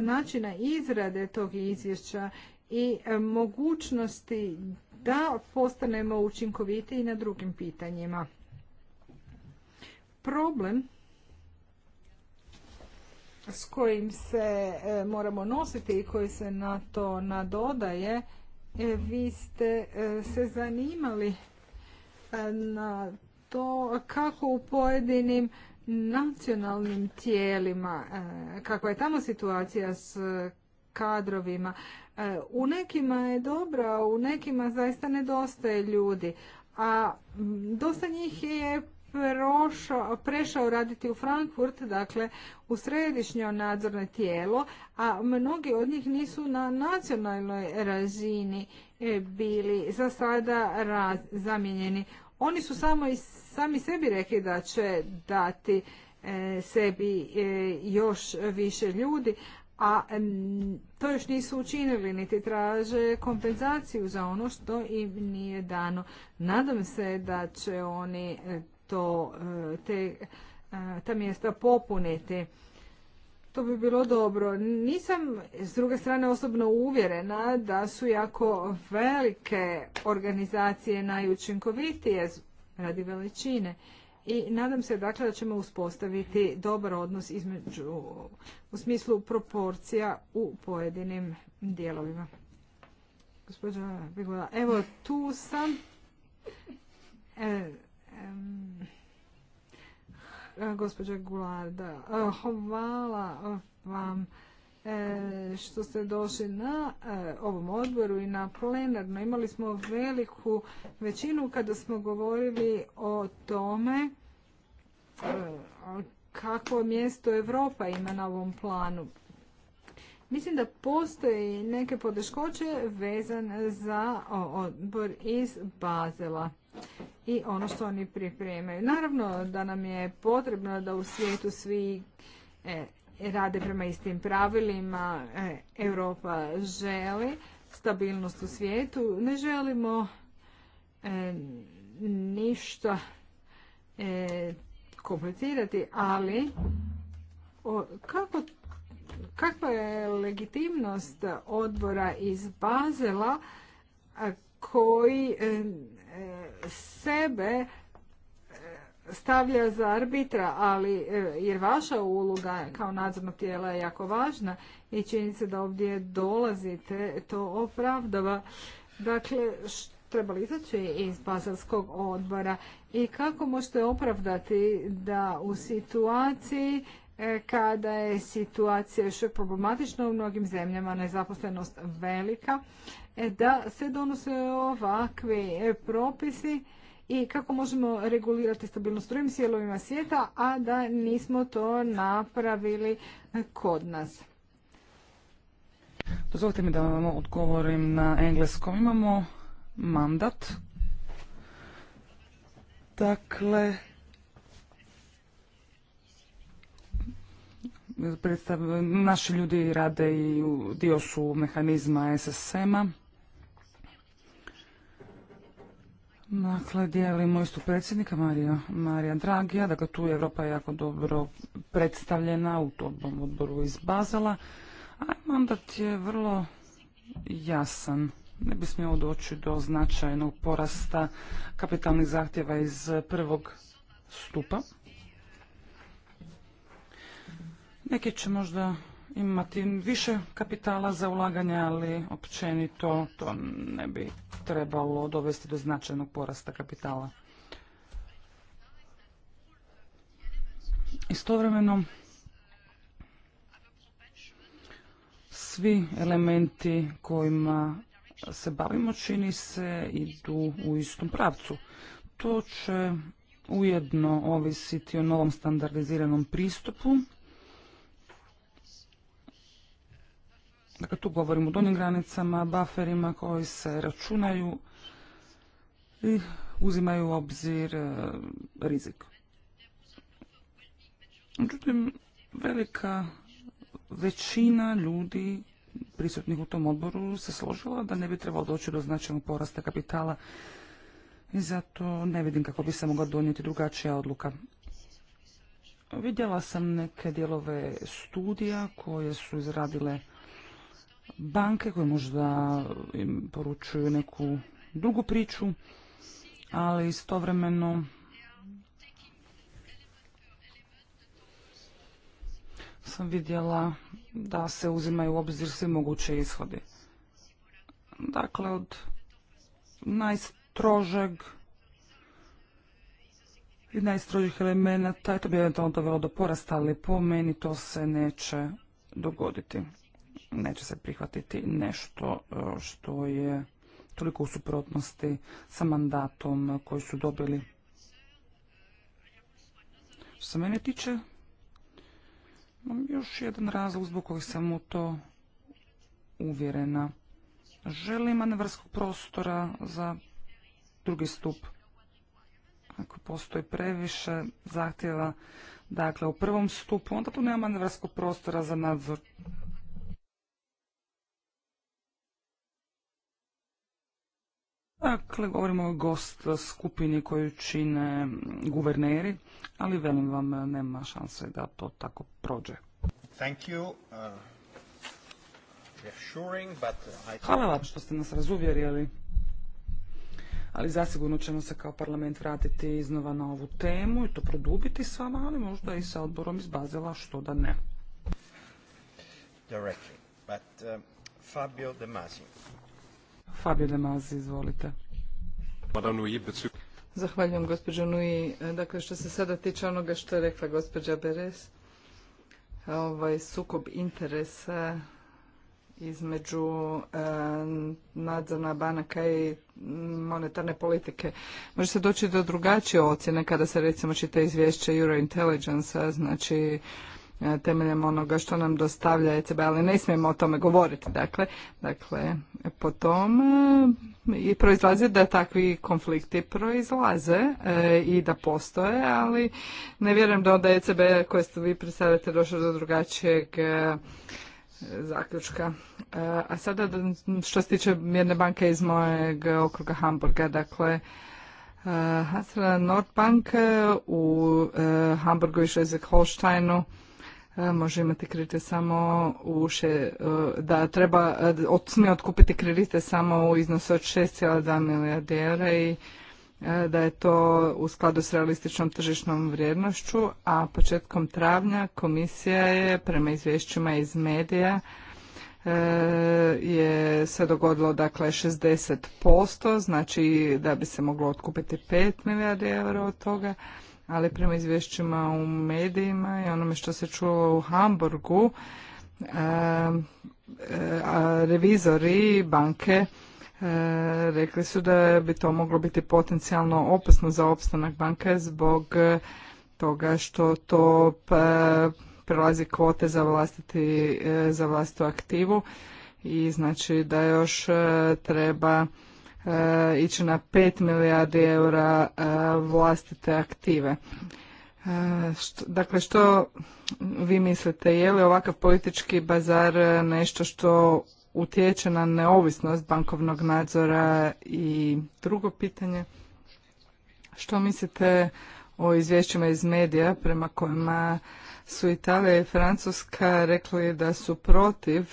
načina izrade tog izvješća i e, mogućnosti da postanemo učinkoviti i na drugim pitanjima. Problem s kojim se e, moramo nositi i koji se na to nadodaje, e, vi ste se zanimali na to kako u pojedinim nacionalnim tijelima, kakva je tamo situacija s kadrovima. E, u nekima je dobra, u nekima zaista nedostaje ljudi, a dosta njih je prešao raditi u Frankfurt, dakle u središnjo nadzorno tijelo, a mnogi od njih nisu na nacionalnoj razini e, bili za sada zamijenjeni. Oni su samo i sami sebi rekli da će dati e, sebi još više ljudi, a to još nisu učinili, niti traže kompenzaciju za ono što im nije dano. Nadam se da će oni e, to, e, te, e, ta mjesta popuniti. To bi bilo dobro. Nisam s druge strane osobno uvjerena da su jako velike organizacije najučinkovitije radi veličine i nadam se dakle da ćemo uspostaviti dobar odnos između u smislu proporcija u pojedinim dijelovima. Gospođa evo tu sam. E, Gularda, hvala vam E, što ste došli na e, ovom odboru i na plenarno. Imali smo veliku većinu kada smo govorili o tome e, kako mjesto Europa ima na ovom planu. Mislim da postoje neke podeškoće vezane za odbor iz Bazela i ono što oni pripremaju. Naravno da nam je potrebno da u svijetu svi rade prema istim pravilima. E, Europa želi stabilnost u svijetu. Ne želimo e, ništa e, komplicirati, ali kakva je legitimnost odbora iz Bazela koji sebe stavlja za arbitra, ali e, jer vaša uloga kao nadzornog tijela je jako važna i čini se da ovdje dolazite, to opravdava. Dakle, li izaći iz Basarskog odbora i kako možete opravdati da u situaciji e, kada je situacija još problematična u mnogim zemljama, nezaposlenost velika, e, da se donose ovakvi propisi i kako možemo regulirati stabilnost u drugim sjelovima svijeta, a da nismo to napravili kod nas. Dozvolite mi da vam odgovorim na engleskom. Imamo mandat. Dakle, naši ljudi rade i dio su mehanizma SSM-a. Dakle, dijelimo istu predsjednika Marija, Dragija. Dakle, tu je Evropa jako dobro predstavljena u tom odboru iz Bazela. A mandat je vrlo jasan. Ne bi smjelo doći do značajnog porasta kapitalnih zahtjeva iz prvog stupa. Neki će možda imati više kapitala za ulaganje, ali općenito to ne bi trebalo dovesti do značajnog porasta kapitala. Istovremeno, svi elementi kojima se bavimo čini se idu u istom pravcu. To će ujedno ovisiti o novom standardiziranom pristupu Dakle, tu govorim o donjim granicama, buferima koji se računaju i uzimaju u obzir e, rizik. Međutim, velika većina ljudi prisutnih u tom odboru se složila da ne bi trebalo doći do značajnog porasta kapitala i zato ne vidim kako bi se mogla donijeti drugačija odluka. Vidjela sam neke dijelove studija koje su izradile banke koje možda im poručuju neku dugu priču, ali istovremeno sam vidjela da se uzimaju u obzir svi moguće ishodi. Dakle, od najstrožeg i najstrožih elemenata, to bi eventualno dovelo do porasta, ali po meni to se neće dogoditi neće se prihvatiti nešto e, što je toliko u suprotnosti sa mandatom koji su dobili. Što se mene tiče, imam još jedan razlog zbog kojeg sam u to uvjerena. Želim manevrskog prostora za drugi stup. Ako postoji previše zahtjeva, dakle, u prvom stupu, onda tu nema manevrskog prostora za nadzor. Dakle, govorimo o gost skupini koju čine guverneri, ali velim vam, nema šanse da to tako prođe. Thank uh, Hvala vam što ste nas razuvjerili, ali zasigurno ćemo se kao parlament vratiti iznova na ovu temu i to produbiti s vama, ali možda i sa odborom iz Bazela, što da ne. Directly, but uh, Fabio De Masi izvolite. Zahvaljujem gospođo Nui. Dakle, što se sada tiče onoga što je rekla gospođa Beres, ovaj sukob interesa između e, nadzorna banaka i monetarne politike. Može se doći do drugačije ocjene kada se recimo čita izvješće Eurointelligence, znači E, temeljem onoga što nam dostavlja ECB, ali ne smijemo o tome govoriti. Dakle, dakle po tom e, i proizlazi da takvi konflikti proizlaze e, i da postoje, ali ne vjerujem da onda ECB koje ste vi predstavljate došlo do drugačijeg zaključka. a sada što se tiče Mjerne banke iz mojeg okruga Hamburga, dakle Hasra Nordbank u Hamburgu i Šezik Holsteinu E, može imati kredite samo u e, da treba e, smije otkupiti kredite samo u iznosu od 6,2 milijardi eura i da je to u skladu s realističnom tržišnom vrijednošću, a početkom travnja komisija je prema izvješćima iz medija je se dogodilo dakle 60%, znači da bi se moglo otkupiti 5 milijardi eura od toga ali prema izvješćima u medijima i onome što se čulo u Hamburgu, e, e, revizori banke e, rekli su da bi to moglo biti potencijalno opasno za opstanak banke zbog toga što to prelazi kvote za, vlastiti, za vlastitu aktivu i znači da još treba E, ići na 5 milijardi eura e, vlastite aktive. E, dakle, što vi mislite, je li ovakav politički bazar nešto što utječe na neovisnost bankovnog nadzora i drugo pitanje, što mislite o izvješćima iz medija prema kojima su Italija i Francuska rekli da su protiv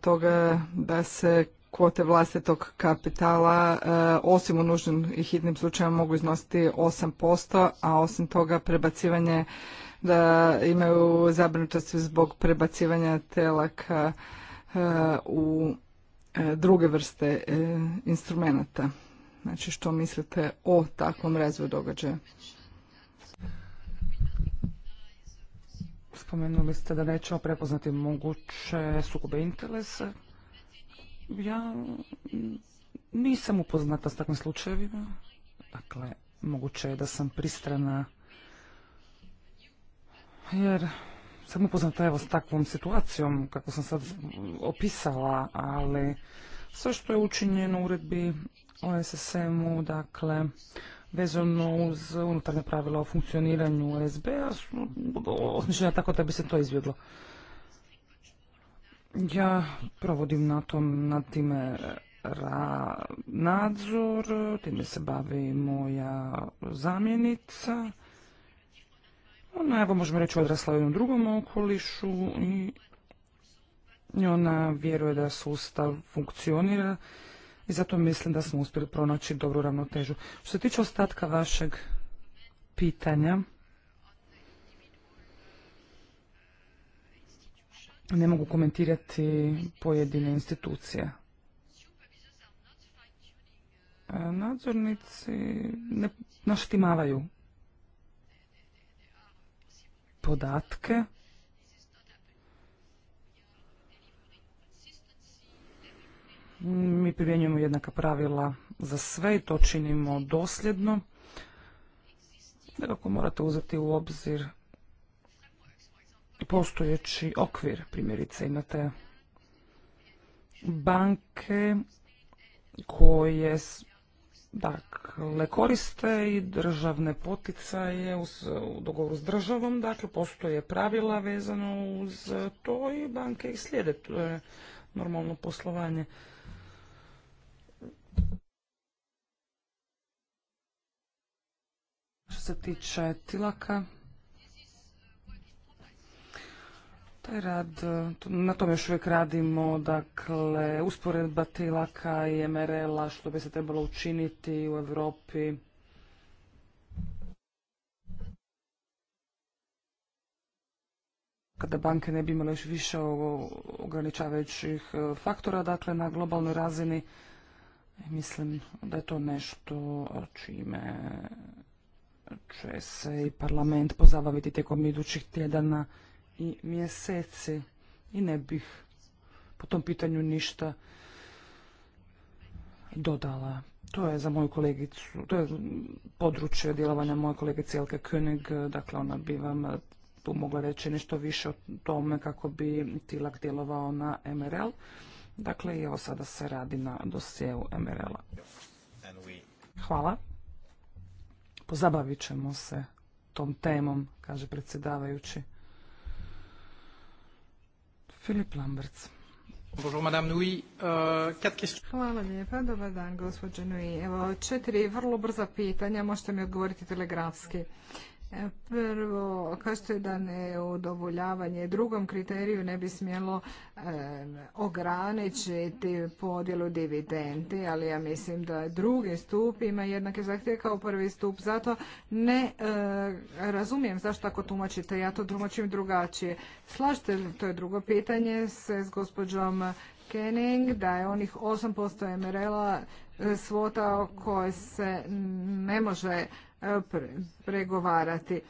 toga da se kvote vlastitog kapitala e, osim u nužnim i hitnim slučajevima mogu iznositi 8%, a osim toga prebacivanje da imaju zabrinutost zbog prebacivanja telaka e, u e, druge vrste instrumenata. Znači što mislite o takvom razvoju događaja? Spomenuli ste da nećemo prepoznati moguće sukobe interesa ja nisam upoznata s takvim slučajevima. Dakle, moguće je da sam pristrana jer sam upoznata evo s takvom situacijom kako sam sad opisala, ali sve što je učinjeno u uredbi o SSM-u, dakle, vezano uz unutarnje pravila o funkcioniranju SB-a, osmišljena tako da bi se to izbjeglo. Ja provodim na, tom, na time eh, nadzor, time se bavi moja zamjenica. Ona, evo možemo reći, odrasla u jednom drugom okolišu i ona vjeruje da sustav funkcionira i zato mislim da smo uspjeli pronaći dobru ravnotežu. Što se tiče ostatka vašeg pitanja, ne mogu komentirati pojedine institucije. E, nadzornici ne naštimavaju podatke. Mi primjenjujemo jednaka pravila za sve i to činimo dosljedno. Nekako morate uzeti u obzir postojeći okvir. Primjerice imate banke koje dakle, koriste i državne poticaje u dogovoru s državom. Dakle, postoje pravila vezano uz to i banke ih slijede. To je normalno poslovanje. Što se tiče tilaka, rad, na tom još uvijek radimo, dakle, usporedba tilaka i MRL-a, što bi se trebalo učiniti u Europi. Kada banke ne bi imale još više ograničavajućih e, faktora, dakle, na globalnoj razini, e, mislim da je to nešto čime će se i parlament pozabaviti tijekom idućih tjedana i mjeseci i ne bih po tom pitanju ništa dodala. To je za moju kolegicu, to je područje djelovanja moje kolegice Jelke König, dakle ona bi vam tu mogla reći nešto više o tome kako bi Tilak djelovao na MRL. Dakle, i evo sada se radi na dosjeu MRL-a. Hvala. Pozabavit ćemo se tom temom, kaže predsjedavajući. Filip Lamberts. Bonjour, madame Nui. Euh, Hvala lijepa, dobar dan, gospođo Nui. Evo, četiri vrlo brza pitanja, možete mi odgovoriti telegrafski. E, prvo, kažete da ne udovoljavanje drugom kriteriju ne bi smjelo e, ograničiti podjelu dividendi, ali ja mislim da drugi stup ima jednake zahtjeve kao prvi stup. Zato ne e, razumijem zašto tako tumačite, ja to tumačim drugačije. Slažete li, to je drugo pitanje, se s gospođom Kenning, da je onih 8% MRL-a svota koje se ne može pregovarati.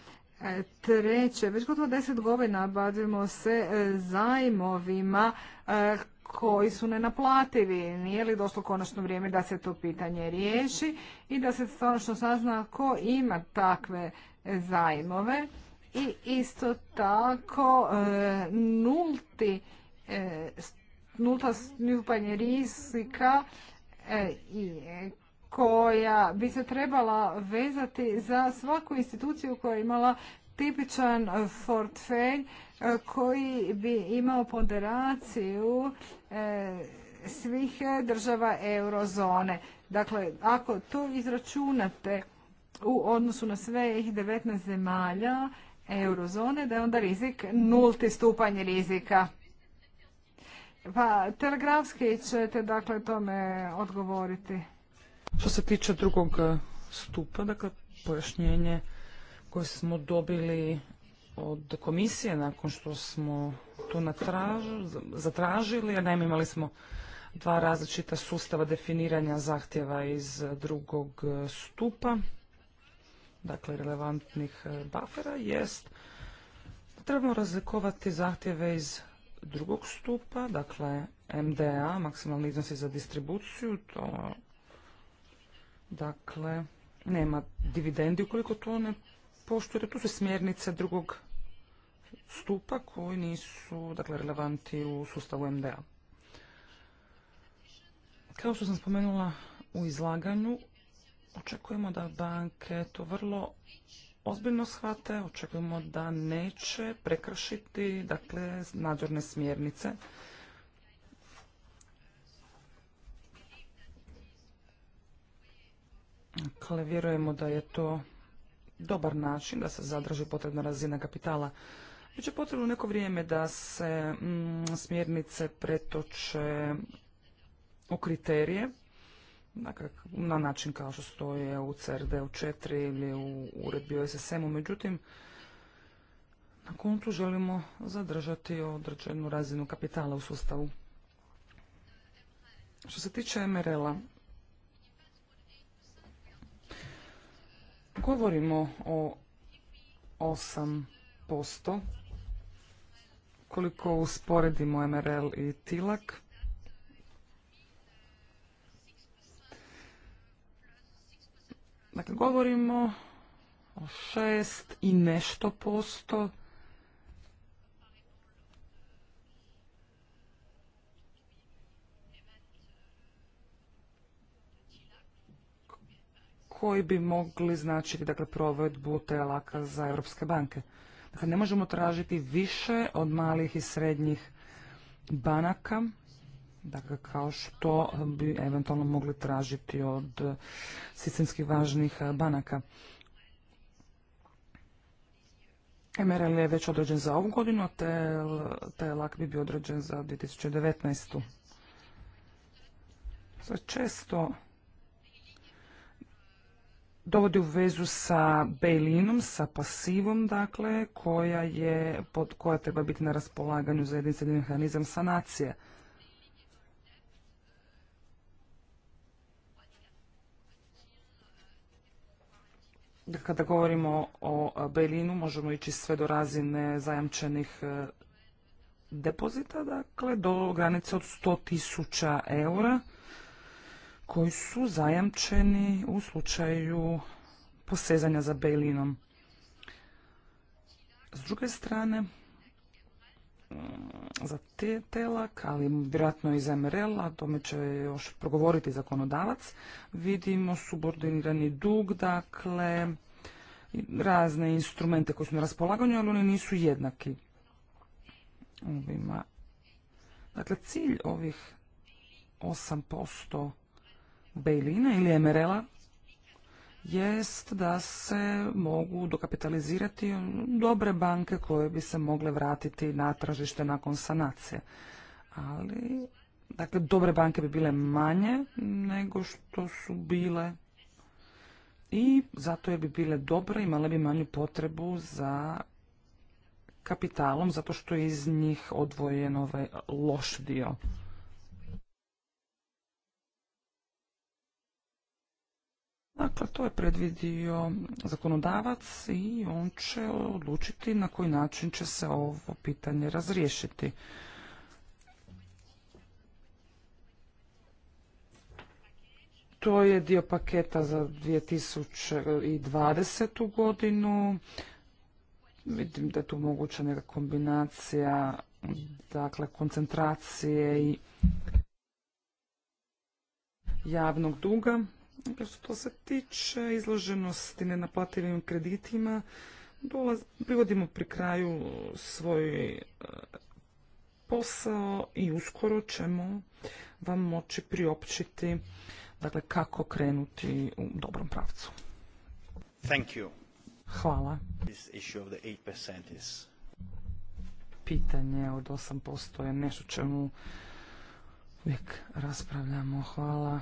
E, treće, već gotovo deset godina bavimo se e, zajmovima e, koji su nenaplativi. Nije li došlo konačno vrijeme da se to pitanje riješi i da se konačno sazna ko ima takve zajmove i isto tako nulti nulta stupanj rizika i koja bi se trebala vezati za svaku instituciju koja je imala tipičan portfelj e, koji bi imao ponderaciju e, svih država eurozone. Dakle, ako to izračunate u odnosu na sve ih 19 zemalja eurozone, da je onda rizik nulti stupanje rizika. Pa, telegrafski ćete dakle tome odgovoriti. Što se tiče drugog e, stupa, dakle pojašnjenje koje smo dobili od komisije nakon što smo to zatražili, a naime imali smo dva različita sustava definiranja zahtjeva iz drugog e, stupa, dakle relevantnih e, buffera, jest da trebamo razlikovati zahtjeve iz drugog stupa, dakle MDA, maksimalni iznosi za distribuciju, to Dakle, nema dividendi ukoliko to ne poštuje. Tu su smjernice drugog stupa koji nisu dakle, relevanti u sustavu MDA. Kao što sam spomenula u izlaganju, očekujemo da banke to vrlo ozbiljno shvate, očekujemo da neće prekršiti dakle, nadzorne smjernice Dakle, vjerujemo da je to dobar način da se zadrži potrebna razina kapitala. Biće potrebno neko vrijeme da se mm, smjernice pretoče u kriterije, dakle, na način kao što stoje u CRD-u 4 ili u uredbi o SSM-u. Međutim, na kontu želimo zadržati određenu razinu kapitala u sustavu. Što se tiče MRL-a, Govorimo o 8%. Koliko usporedimo MRL i TILAK, Dakle, govorimo o šest i nešto posto koji bi mogli značiti dakle, provedbu telaka za europske banke. Dakle, ne možemo tražiti više od malih i srednjih banaka, dakle, kao što bi eventualno mogli tražiti od sistemski važnih banaka. MRL je već određen za ovu godinu, a TLAK bi bio određen za 2019. Sve često dovodi u vezu sa belinom, sa pasivom, dakle, koja, je, pod, koja treba biti na raspolaganju za jedinstveni mehanizam sanacije. Kada govorimo o Bejlinu, možemo ići sve do razine zajamčenih e, depozita, dakle, do granice od 100.000 eura koji su zajamčeni u slučaju posezanja za Bejlinom. S druge strane, mm, za te telak, ali vjerojatno i za MRL, a tome će još progovoriti zakonodavac, vidimo subordinirani dug, dakle, razne instrumente koji su na raspolaganju, ali oni nisu jednaki. Dakle, cilj ovih 8% Bejlina ili Emerela jest da se mogu dokapitalizirati dobre banke koje bi se mogle vratiti na tražište nakon sanacije. Ali, dakle, dobre banke bi bile manje nego što su bile i zato je bi bile dobre, imale bi manju potrebu za kapitalom, zato što je iz njih odvojen ovaj loš dio. Dakle, to je predvidio zakonodavac i on će odlučiti na koji način će se ovo pitanje razriješiti. To je dio paketa za 2020. godinu. Vidim da je tu moguća neka kombinacija dakle, koncentracije i javnog duga. Dakle, što se tiče izloženosti nenaplativim kreditima, privodimo pri kraju svoj e, posao i uskoro ćemo vam moći priopćiti dakle, kako krenuti u dobrom pravcu. Thank Hvala. Pitanje od 8% je nešto čemu uvijek raspravljamo. Hvala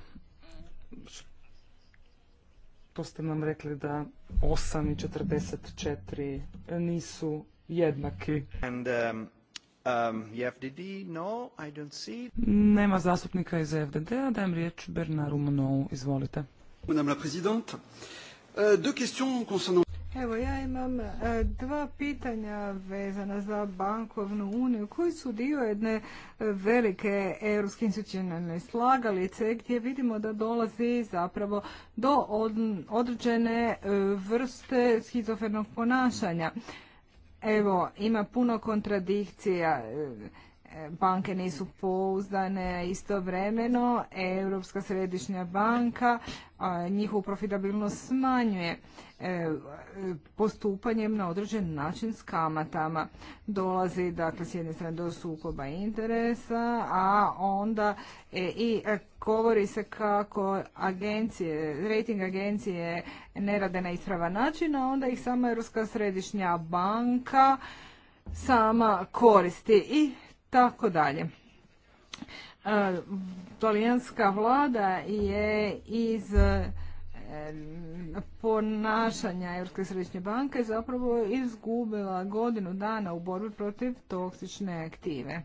to ste nam rekli da 8 i 44 nisu jednaki. And, um, um, FDD, no, I don't see. Nema zastupnika iz FDD-a, dajem riječ Bernaru Monou, izvolite. Madame la Présidente, euh, deux questions concernant... Evo, ja imam e, dva pitanja vezana za bankovnu uniju koji su dio jedne velike europske institucionalne slagalice gdje vidimo da dolazi zapravo do određene e, vrste schizofrenog ponašanja. Evo, ima puno kontradikcija banke nisu pouzdane, istovremeno Europska središnja banka njihovu profitabilnost smanjuje e, postupanjem na određen način s kamatama. Dolazi dakle s jedne strane do sukoba interesa, a onda e, i e, govori se kako agencije, rating agencije ne rade na ispravan način, a onda ih sama Europska središnja banka sama koristi i tako dalje. E, talijanska vlada je iz e, ponašanja Europske središnje banke zapravo izgubila godinu dana u borbi protiv toksične aktive.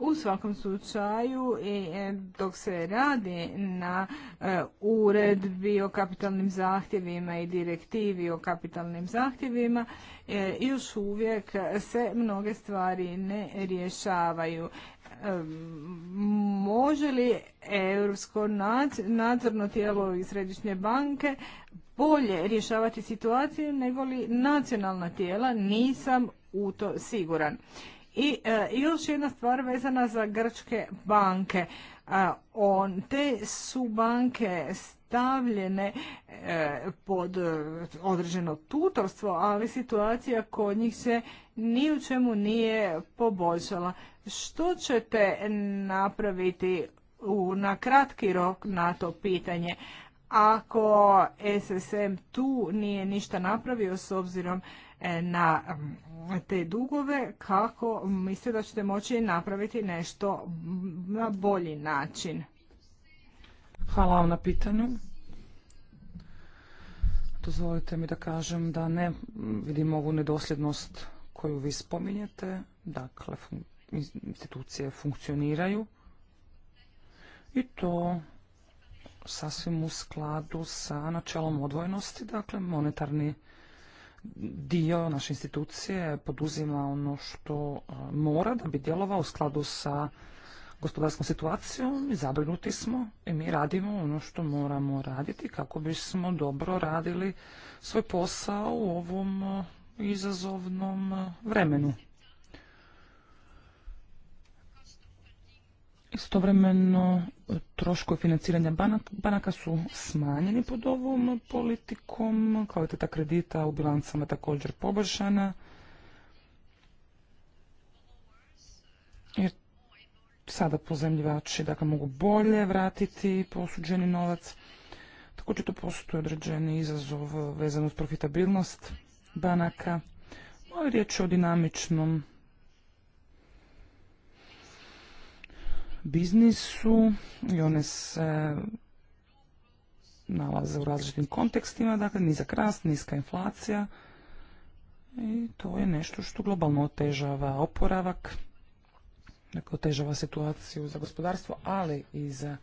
U svakom slučaju, e, dok se radi na e, uredbi o kapitalnim zahtjevima i direktivi o kapitalnim zahtjevima, e, još uvijek se mnoge stvari ne rješavaju. Može li Europsko nadzorno tijelo i središnje banke bolje rješavati situaciju nego li nacionalna tijela? Nisam u to siguran. I e, još jedna stvar vezana za grčke banke. E, on, te su banke stavljene e, pod određeno tutorstvo, ali situacija kod njih se ni u čemu nije poboljšala. Što ćete napraviti u, na kratki rok na to pitanje? Ako SSM tu nije ništa napravio s obzirom E, na mm, te dugove, kako mislite da ćete moći napraviti nešto na bolji način? Hvala vam na pitanju. Dozvolite mi da kažem da ne vidim ovu nedosljednost koju vi spominjete. Dakle, institucije funkcioniraju i to sasvim u skladu sa načelom odvojnosti, dakle monetarni dio naše institucije poduzima ono što mora da bi djelovao u skladu sa gospodarskom situacijom i zabrinuti smo i mi radimo ono što moramo raditi kako bismo dobro radili svoj posao u ovom izazovnom vremenu. Istovremeno troškovi financiranja banaka su smanjeni pod ovom politikom, kvaliteta kredita u bilancama također poboljšana. Jer sada pozemljivači dakle, mogu bolje vratiti posuđeni novac. Također to postoji određeni izazov vezan uz profitabilnost banaka. No, riječ o dinamičnom biznisu i one se nalaze u različitim kontekstima, dakle nizak rast, niska inflacija i to je nešto što globalno otežava oporavak, dakle otežava situaciju za gospodarstvo, ali i za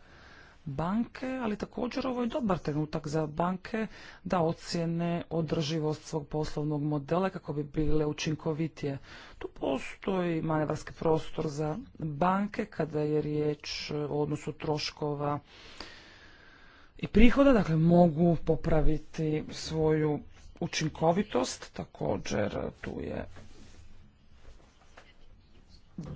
banke, ali također ovo je dobar trenutak za banke da ocjene održivost svog poslovnog modela kako bi bile učinkovitije. Tu postoji manevarski prostor za banke kada je riječ o odnosu troškova i prihoda, dakle mogu popraviti svoju učinkovitost, također tu je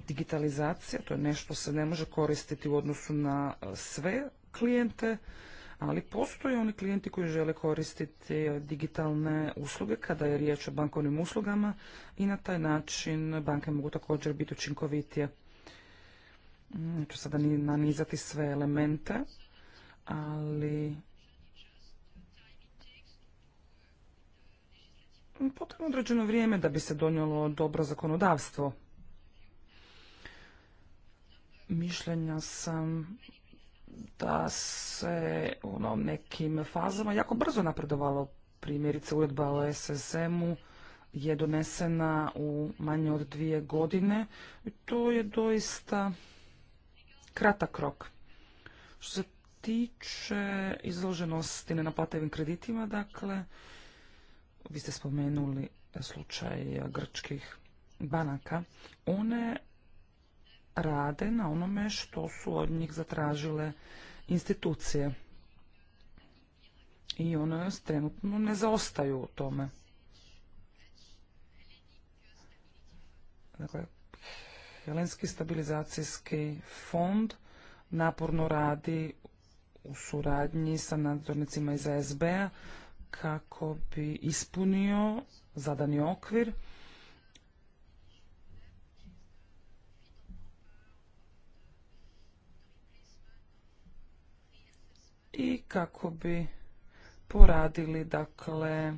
digitalizacija, to je nešto se ne može koristiti u odnosu na sve, klijente, ali postoje oni klijenti koji žele koristiti digitalne usluge kada je riječ o bankovnim uslugama i na taj način banke mogu također biti učinkovitije. Mm, neću sada nanizati sve elemente, ali potrebno određeno vrijeme da bi se donijelo dobro zakonodavstvo. Mišljenja sam da se u ono, nekim fazama jako brzo napredovalo. Primjerice uredba o SSM-u je donesena u manje od dvije godine i to je doista kratak rok. Što se tiče izloženosti nenaplativim kreditima, dakle, vi ste spomenuli slučaj grčkih banaka, one rade na onome što su od njih zatražile institucije. I one trenutno ne zaostaju u tome. Dakle, Helenski stabilizacijski fond naporno radi u suradnji sa nadzornicima iz ASB-a kako bi ispunio zadani okvir kako bi poradili dakle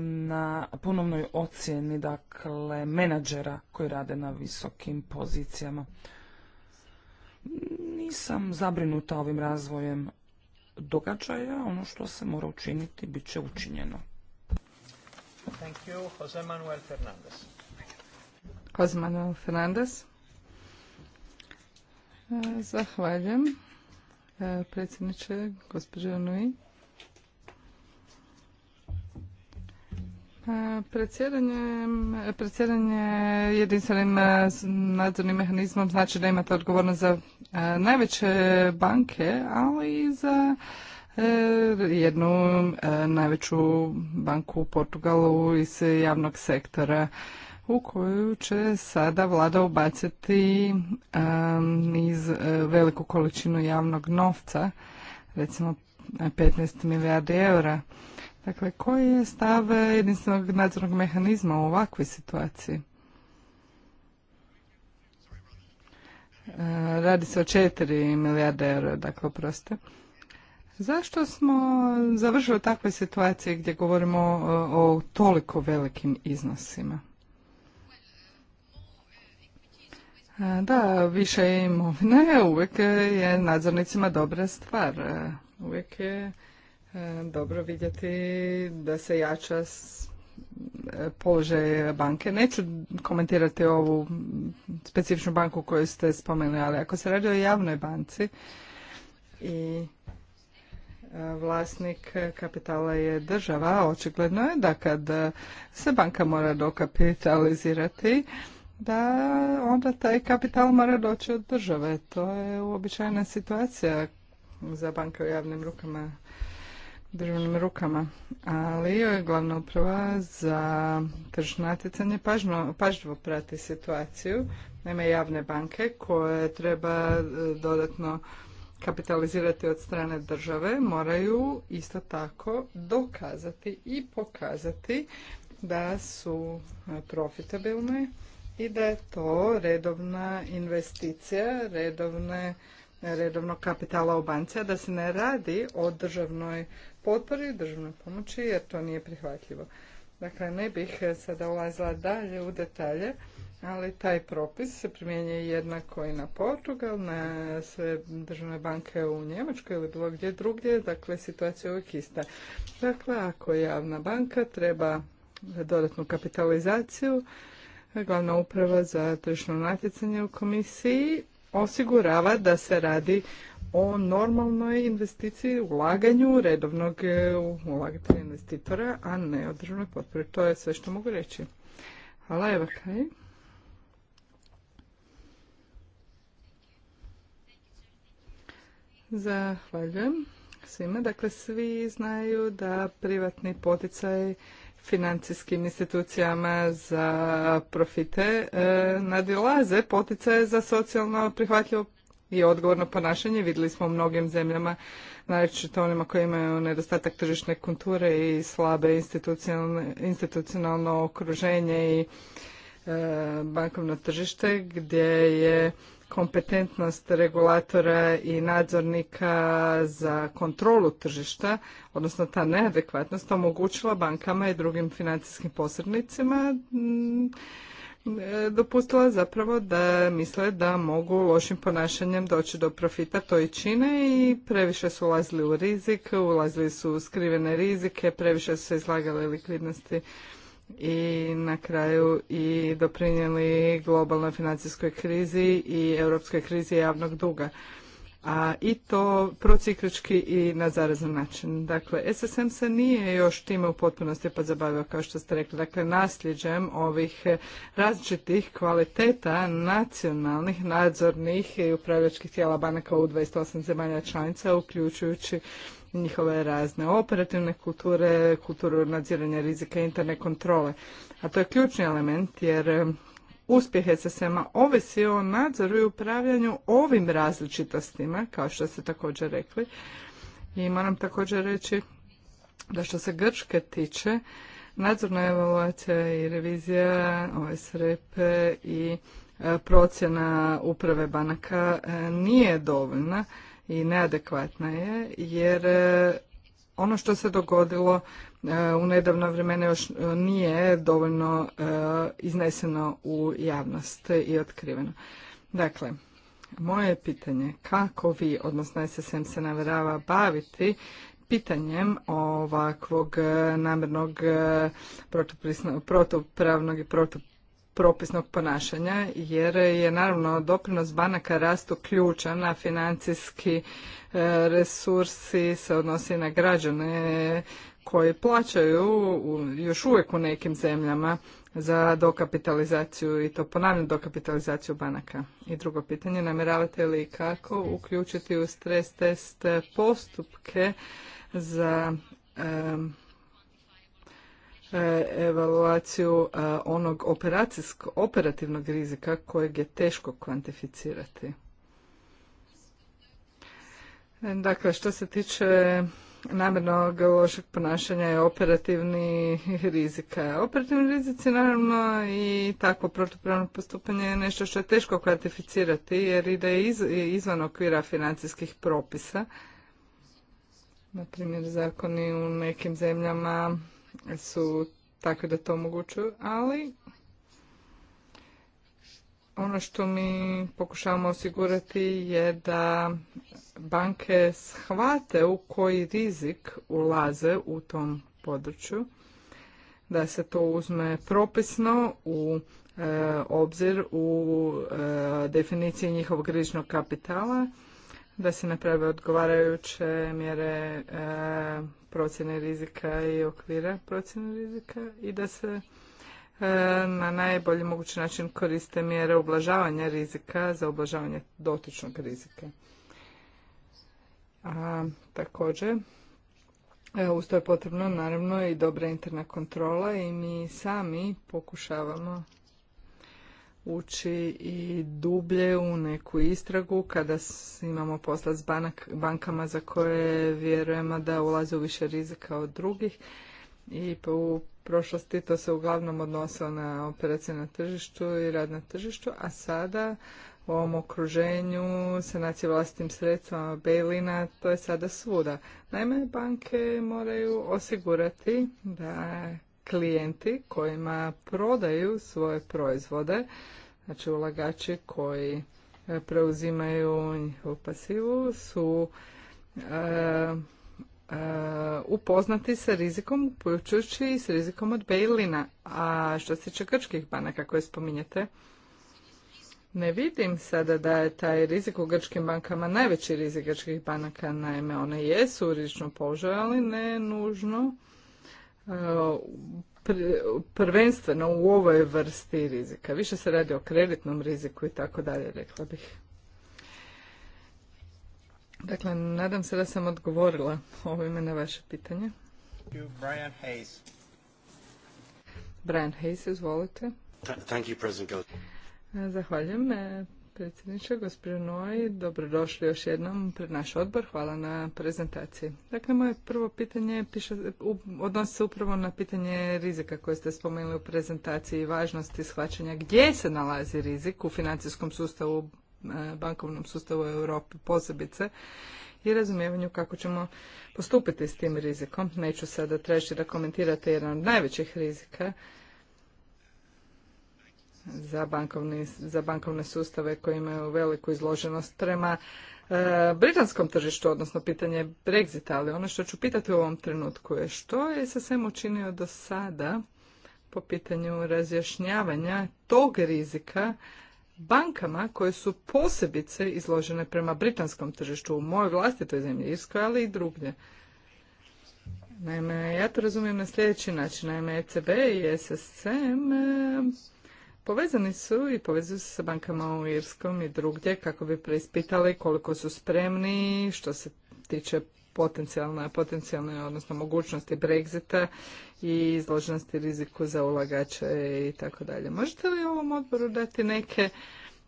na ponovnoj ocjeni dakle menadžera koji rade na visokim pozicijama. Nisam zabrinuta ovim razvojem događaja, ono što se mora učiniti bit će učinjeno. Thank you, Jose Manuel Fernandez. Jose Manuel Fernandez. E, zahvaljujem. E, predsjedniče, gospođo Nui. E, predsjedanje, predsjedanje jedinstvenim e, nadzornim mehanizmom znači da imate odgovornost za najveće banke, ali i za jednu najveću banku u Portugalu iz javnog sektora u koju će sada vlada ubaciti niz e, veliku količinu javnog novca, recimo 15 milijardi eura. Dakle, koji je stav jedinstvenog nadzornog mehanizma u ovakvoj situaciji? E, radi se o 4 milijarde eura, dakle, proste. Zašto smo završili takve situaciji gdje govorimo o toliko velikim iznosima? Da, više imovine uvijek je nadzornicima dobra stvar. Uvijek je dobro vidjeti da se jača e, položaj banke. Neću komentirati ovu specifičnu banku koju ste spomenuli, ali ako se radi o javnoj banci i e, vlasnik kapitala je država, očigledno je da kad se banka mora dokapitalizirati, da onda taj kapital mora doći od države. To je uobičajena situacija za banke u javnim rukama, državnim rukama. Ali je glavna uprava za tržno natjecanje pažno, pažljivo prati situaciju. Naime, javne banke koje treba e, dodatno kapitalizirati od strane države moraju isto tako dokazati i pokazati da su profitabilne i da je to redovna investicija, redovne, redovnog kapitala u banci, a da se ne radi o državnoj potpori, državnoj pomoći, jer to nije prihvatljivo. Dakle, ne bih sada ulazila dalje u detalje, ali taj propis se primjenjuje jednako i na Portugal, na sve državne banke u Njemačkoj ili bilo gdje drugdje, dakle situacija je uvijek ista. Dakle, ako javna banka treba dodatnu kapitalizaciju, glavna uprava za tržišno natjecanje u komisiji osigurava da se radi o normalnoj investiciji, ulaganju redovnog e, ulagatelja investitora, a ne o državnoj potpori. To je sve što mogu reći. Hvala, Eva Kaj. Zahvaljujem svima. Dakle, svi znaju da privatni poticaj financijskim institucijama za profite e, nadilaze poticaje za socijalno prihvatljivo i odgovorno ponašanje. Vidjeli smo u mnogim zemljama, to onima koji imaju nedostatak tržišne kulture i slabe institucionalno okruženje i e, bankovno tržište, gdje je kompetentnost regulatora i nadzornika za kontrolu tržišta, odnosno ta neadekvatnost omogućila bankama i drugim financijskim posrednicima mm, e, dopustila zapravo da misle da mogu lošim ponašanjem doći do profita, to i čine i previše su ulazili u rizik, ulazili su u skrivene rizike, previše su se izlagali likvidnosti i na kraju i doprinijeli globalnoj financijskoj krizi i europskoj krizi javnog duga. A i to prociklički i na zarazan način. Dakle, SSM se nije još time u potpunosti pa kao što ste rekli. Dakle, nasljeđem ovih različitih kvaliteta nacionalnih, nadzornih i upravljačkih tijela banaka u 28 zemalja članica, uključujući njihove razne operativne kulture, kulturu nadziranja rizika interne kontrole. A to je ključni element jer uspjeh SSM-a ovisi o nadzoru i upravljanju ovim različitostima, kao što ste također rekli. I moram također reći da što se Grčke tiče, nadzorna evaluacija i revizija OSRP i e, procjena uprave banaka e, nije dovoljna i neadekvatna je jer e, ono što se dogodilo e, u nedavno vremena još e, nije dovoljno izneseno u javnost i otkriveno. Dakle, moje je pitanje kako vi, odnosno SSM se naverava baviti pitanjem ovakvog namjernog protupravnog i protup propisnog ponašanja jer je naravno doprinos banaka rastu ključan, na financijski e, resursi se odnosi na građane koji plaćaju još uvijek u nekim zemljama za dokapitalizaciju i to ponavljam dokapitalizaciju banaka. I drugo pitanje, namjeravate li kako uključiti u stres test postupke za E, evaluaciju e, onog operativnog rizika kojeg je teško kvantificirati. E, dakle, što se tiče namjernog lošeg ponašanja i operativni rizika. Operativni rizici naravno i takvo protupravno postupanje je nešto što je teško kvantificirati jer ide izvan okvira financijskih propisa. Na primjer, zakoni u nekim zemljama su takve da to omogućuju, ali ono što mi pokušavamo osigurati je da banke shvate u koji rizik ulaze u tom području, da se to uzme propisno u e, obzir u e, definiciji njihovog rizičnog kapitala da se naprave odgovarajuće mjere e, procjene rizika i okvira procjene rizika i da se e, na najbolji mogući način koriste mjere ublažavanja rizika za ublažavanje dotičnog rizika. A također, e, uz to je potrebno naravno i dobra interna kontrola i mi sami pokušavamo ući i dublje u neku istragu kada imamo posla s bankama za koje vjerujemo da ulaze u više rizika od drugih i u prošlosti to se uglavnom odnosilo na operacije na tržištu i rad na tržištu, a sada u ovom okruženju sanacije vlastitim sredstvima Bejlina, to je sada svuda. Naime, banke moraju osigurati da klijenti kojima prodaju svoje proizvode, znači ulagači koji e, preuzimaju u pasivu su e, e, upoznati sa rizikom, uključujući i s rizikom od bailina. A što se tiče grčkih banaka koje spominjete, ne vidim sada da je taj rizik u grčkim bankama najveći rizik grčkih banaka. Naime, one jesu u rizičnom položaju, ali ne nužno prvenstveno u ovoj vrsti rizika. Više se radi o kreditnom riziku i tako dalje, rekla bih. Dakle, nadam se da sam odgovorila ovime na vaše pitanje. Brian Hayes. Brian Hayes, izvolite. Zahvaljujem predsjedniče, gospođo Noj. Dobrodošli još jednom pred naš odbor. Hvala na prezentaciji. Dakle, moje prvo pitanje piše, odnosi se upravo na pitanje rizika koje ste spomenuli u prezentaciji i važnosti shvaćanja gdje se nalazi rizik u financijskom sustavu, e, bankovnom sustavu u Europi posebice i razumijevanju kako ćemo postupiti s tim rizikom. Neću sada tražiti da komentirate jedan od najvećih rizika, za, za bankovne sustave koji imaju veliku izloženost prema e, britanskom tržištu, odnosno pitanje Brexita, ali ono što ću pitati u ovom trenutku je što je SSM učinio do sada po pitanju razjašnjavanja tog rizika bankama koje su posebice izložene prema britanskom tržištu u mojoj vlastitoj zemlji, Irskoj, ali i drugdje. Naime, ja to razumijem na sljedeći način. Naime, ECB i SSM Povezani su i povezuju se sa bankama u Irskom i drugdje kako bi preispitali koliko su spremni što se tiče potencijalne, potencijalne odnosno mogućnosti Brexita i izloženosti riziku za ulagače i tako dalje. Možete li ovom odboru dati neke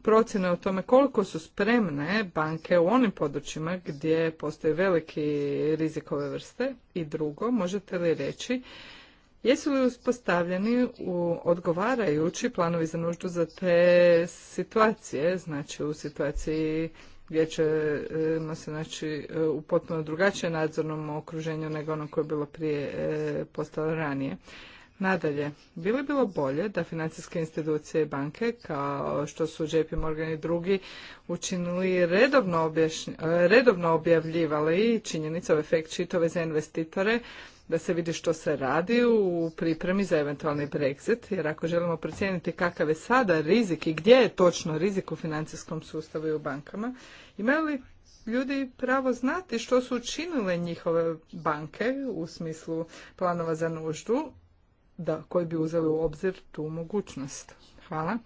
procjene o tome koliko su spremne banke u onim područjima gdje postoje veliki rizikove vrste? I drugo, možete li reći Jesu li uspostavljeni u odgovarajući planovi za nuždu za te situacije, znači u situaciji gdje ćemo e, se znači e, u potpuno drugačijem nadzornom okruženju nego ono koje je bilo prije e, postalo ranije. Nadalje, bi bilo bolje da financijske institucije i banke, kao što su JP Morgan i drugi, učinili redovno, objašnj, redovno objavljivali činjenice o efekt čitove za investitore, da se vidi što se radi u pripremi za eventualni Brexit, jer ako želimo procijeniti kakav je sada rizik i gdje je točno rizik u financijskom sustavu i u bankama, imaju li ljudi pravo znati što su učinile njihove banke u smislu planova za nuždu da, koji bi uzeli u obzir tu mogućnost. Hvala.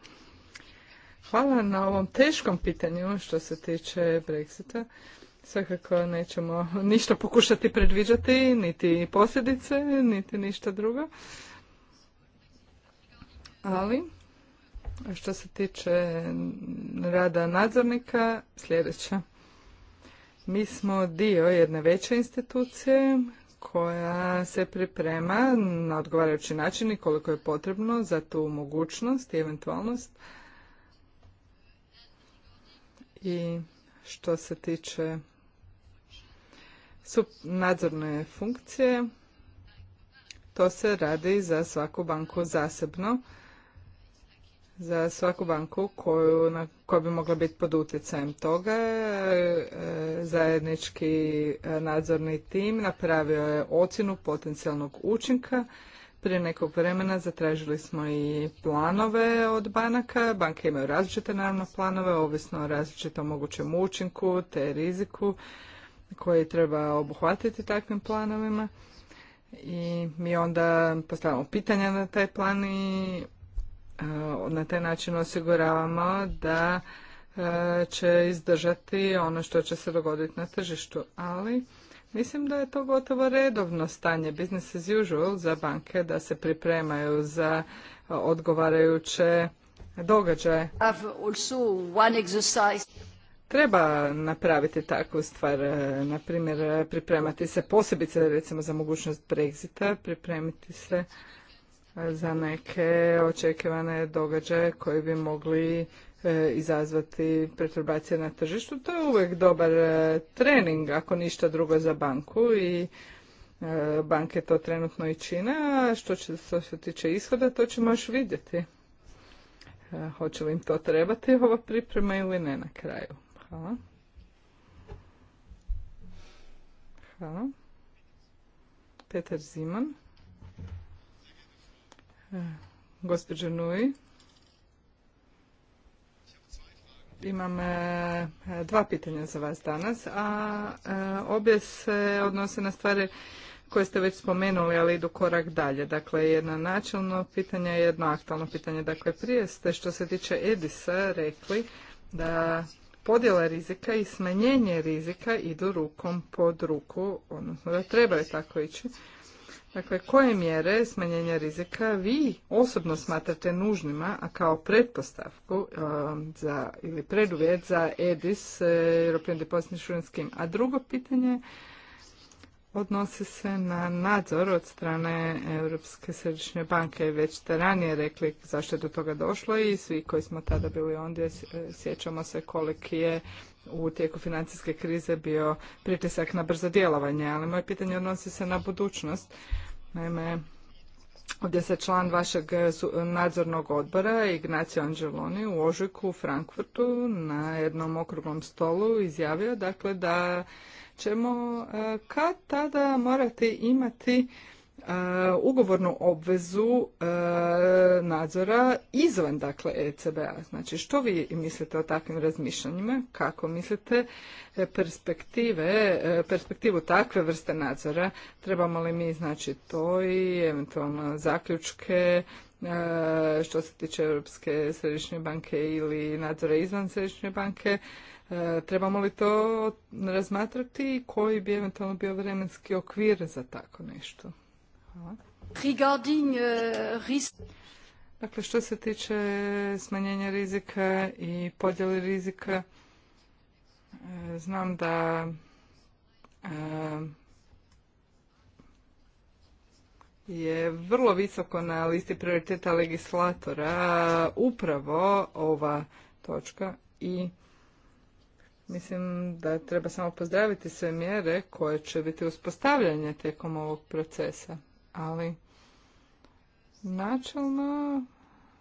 Hvala na ovom teškom pitanju što se tiče Brexita. Svakako nećemo ništa pokušati predviđati, niti posljedice, niti ništa drugo. Ali, što se tiče rada nadzornika, sljedeća. Mi smo dio jedne veće institucije koja se priprema na odgovarajući način i koliko je potrebno za tu mogućnost i eventualnost. I što se tiče su nadzorne funkcije. To se radi za svaku banku zasebno, za svaku banku koju, na, koja bi mogla biti pod utjecajem toga. E, zajednički e, nadzorni tim napravio je ocjenu potencijalnog učinka. Prije nekog vremena zatražili smo i planove od banaka. Banke imaju različite naravno planove, ovisno o različitom mogućem učinku te riziku koje treba obuhvatiti takvim planovima i mi onda postavljamo pitanja na taj plan i e, na taj način osiguravamo da e, će izdržati ono što će se dogoditi na tržištu, ali mislim da je to gotovo redovno stanje business as usual za banke da se pripremaju za odgovarajuće događaje treba napraviti takvu stvar, e, na primjer pripremati se posebice recimo za mogućnost Brexita, pripremiti se e, za neke očekivane događaje koji bi mogli e, izazvati perturbacije na tržištu. To je uvijek dobar trening, ako ništa drugo za banku i banke to trenutno i čine, a što, će, što se tiče ishoda, to ćemo još vidjeti. Hoće li im to trebati ova priprema ili ne na kraju. Hvala. Hvala. Petar Ziman. E, Gospođo Nui. Imam e, dva pitanja za vas danas, a e, obje se odnose na stvari koje ste već spomenuli, ali idu korak dalje. Dakle, jedno načelno pitanje jedno aktualno pitanje. Dakle, prije ste što se tiče Edisa rekli da podjela rizika i smanjenje rizika idu rukom pod ruku, odnosno da trebaju tako ići. Dakle, koje mjere smanjenja rizika vi osobno smatrate nužnima, a kao pretpostavku eh, za, ili preduvjet za EDIS, eh, European Deposit Insurance A drugo pitanje odnosi se na nadzor od strane Europske središnje banke. Već ste ranije rekli zašto je do toga došlo i svi koji smo tada bili ondje e, sjećamo se koliki je u tijeku financijske krize bio pritisak na brzo djelovanje, ali moje pitanje odnosi se na budućnost. Naime, Ovdje se član vašeg nadzornog odbora Ignacio Angeloni u Ožujku u Frankfurtu na jednom okruglom stolu izjavio dakle da ćemo e, kad tada morati imati e, ugovornu obvezu e, nadzora izvan dakle ECB-a. Znači što vi mislite o takvim razmišljanjima? Kako mislite perspektive, perspektivu takve vrste nadzora? Trebamo li mi znači to i eventualno zaključke što se tiče Europske središnje banke ili nadzora izvan središnje banke E, trebamo li to razmatrati i koji bi eventualno bio vremenski okvir za tako nešto? E, dakle, što se tiče smanjenja rizika i podjele rizika, e, znam da je vrlo visoko na listi prioriteta legislatora upravo ova točka i Mislim da treba samo pozdraviti sve mjere koje će biti uspostavljanje tijekom ovog procesa, ali načelno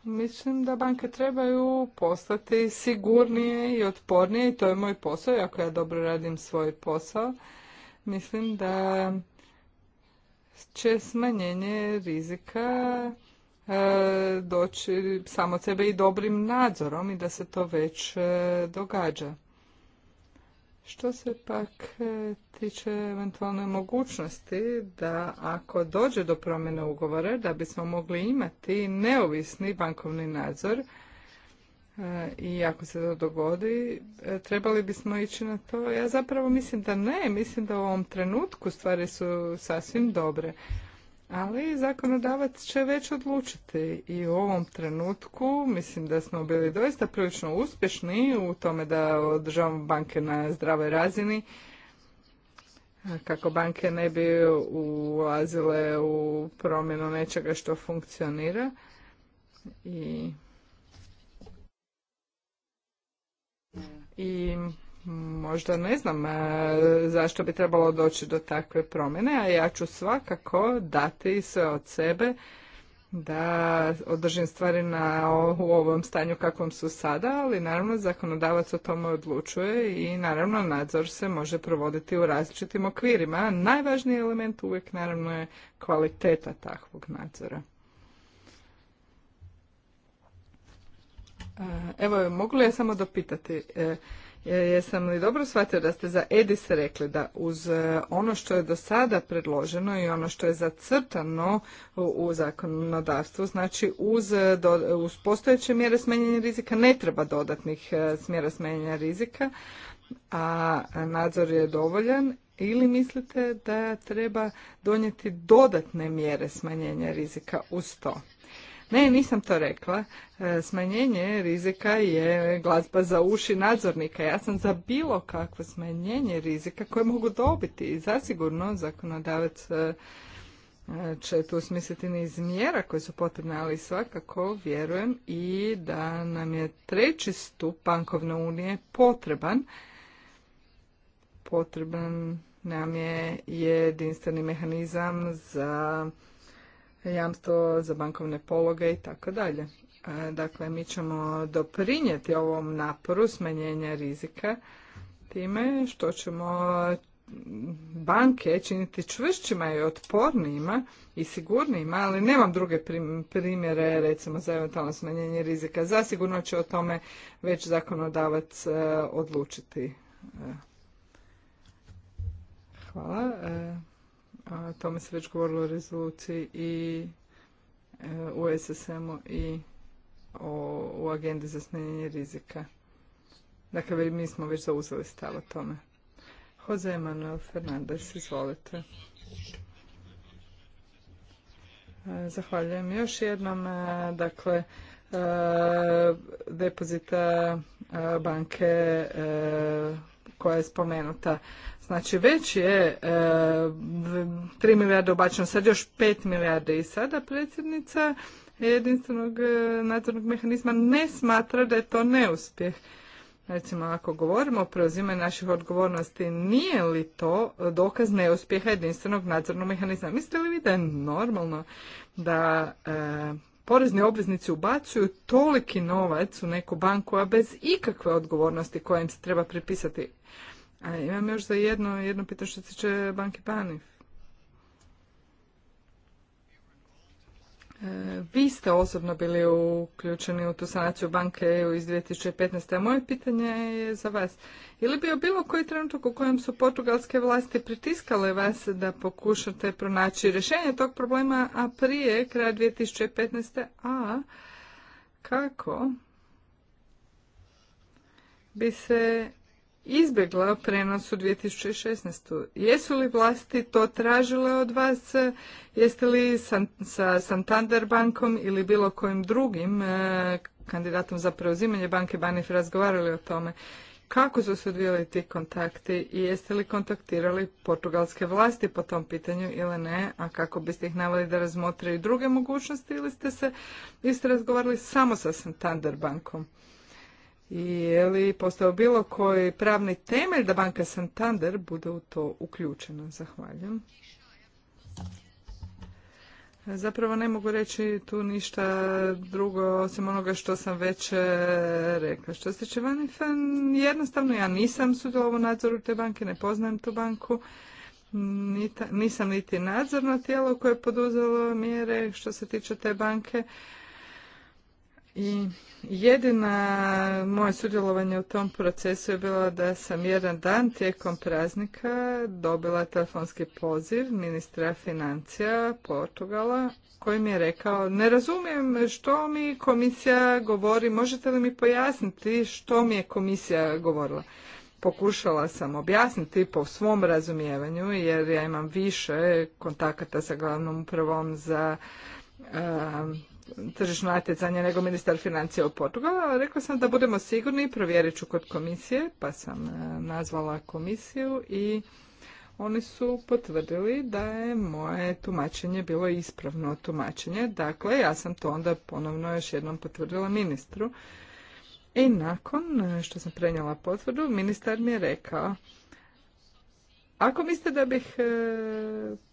mislim da banke trebaju postati sigurnije i otpornije i to je moj posao, I ako ja dobro radim svoj posao, mislim da će smanjenje rizika e, doći samo sebe i dobrim nadzorom i da se to već e, događa. Što se pak e, tiče eventualne mogućnosti da ako dođe do promjene ugovora da bismo mogli imati neovisni bankovni nadzor e, i ako se to dogodi e, trebali bismo ići na to. Ja zapravo mislim da ne, mislim da u ovom trenutku stvari su sasvim dobre ali zakonodavac će već odlučiti i u ovom trenutku mislim da smo bili doista prilično uspješni u tome da održavamo banke na zdravoj razini kako banke ne bi ulazile u promjenu nečega što funkcionira i i možda ne znam e, zašto bi trebalo doći do takve promjene, a ja ću svakako dati sve od sebe da održim stvari na, u ovom stanju kakvom su sada, ali naravno zakonodavac o tome odlučuje i naravno nadzor se može provoditi u različitim okvirima. Najvažniji element uvijek naravno je kvaliteta takvog nadzora. E, evo, mogu li ja samo dopitati? E, E, jesam li dobro shvatio da ste za EDIS rekli da uz e, ono što je do sada predloženo i ono što je zacrtano u zakonodavstvu, znači uz, e, uz postojeće mjere smanjenja rizika ne treba dodatnih smjera smanjenja rizika, a nadzor je dovoljan ili mislite da treba donijeti dodatne mjere smanjenja rizika uz to? Ne, nisam to rekla. E, smanjenje rizika je glazba za uši nadzornika. Ja sam za bilo kakvo smanjenje rizika koje mogu dobiti i zasigurno zakonodavac e, će tu smisliti niz mjera koje su potrebne, ali svakako vjerujem i da nam je treći stup bankovne unije potreban. Potreban nam je jedinstveni mehanizam za jamstvo za bankovne pologe i tako dalje. E, dakle, mi ćemo doprinijeti ovom naporu smanjenja rizika time što ćemo banke činiti čvršćima i otpornijima i sigurnijima, ali nemam druge primjere recimo za eventualno smanjenje rizika. Zasigurno će o tome već zakonodavac e, odlučiti. E. Hvala tome se već govorilo o rezoluciji i e, u SSM-u i u agendi za smanjenje rizika. Dakle, mi smo već zauzeli stav o tome. Jose Manuel Fernandez, izvolite. E, zahvaljujem još jednom. E, dakle, depozita banke koja je spomenuta. Znači već je e, 3 milijarde ubačeno, sad još 5 milijarde i sada predsjednica jedinstvenog e, nadzornog mehanizma ne smatra da je to neuspjeh. Recimo, ako govorimo o preuzimanju naših odgovornosti, nije li to dokaz neuspjeha jedinstvenog nadzornog mehanizma? Mislite li vi da je normalno da e, porezni obveznici ubacuju toliki novac u neku banku, a bez ikakve odgovornosti koja im se treba pripisati? A imam još za jedno, jedno pitanje što se tiče banki Panif. E, vi ste osobno bili uključeni u tu sanaciju banke EU iz 2015. A moje pitanje je za vas. Je li bio bilo koji trenutak u kojem su portugalske vlasti pritiskale vas da pokušate pronaći rješenje tog problema, a prije kraja 2015. A kako bi se izbjegla prenos u 2016. Jesu li vlasti to tražile od vas? Jeste li sa Santander bankom ili bilo kojim drugim e, kandidatom za preuzimanje banke Banif razgovarali o tome? Kako su se odvijali ti kontakti i jeste li kontaktirali portugalske vlasti po tom pitanju ili ne, a kako biste ih navali da razmotre i druge mogućnosti ili ste se isto razgovarali samo sa Santander bankom? I je li postao bilo koji pravni temelj da banka Santander bude u to uključena? Zahvaljujem. Zapravo ne mogu reći tu ništa drugo osim onoga što sam već e, rekla. Što se tiče Vanifa, jednostavno ja nisam sudjelovao u nadzoru te banke, ne poznajem tu banku. nisam niti nadzorno tijelo koje je poduzelo mjere što se tiče te banke, i jedina moje sudjelovanje u tom procesu je bilo da sam jedan dan tijekom praznika dobila telefonski poziv ministra financija Portugala koji mi je rekao ne razumijem što mi komisija govori, možete li mi pojasniti što mi je komisija govorila. Pokušala sam objasniti po svom razumijevanju jer ja imam više kontakata sa glavnom upravom za tržišno natjecanje nego ministar financija u Portugalu, rekla sam da budemo sigurni, provjerit ću kod komisije, pa sam e, nazvala komisiju i oni su potvrdili da je moje tumačenje bilo ispravno tumačenje. Dakle, ja sam to onda ponovno još jednom potvrdila ministru. I nakon e, što sam prenijela potvrdu, ministar mi je rekao ako mislite da bih e,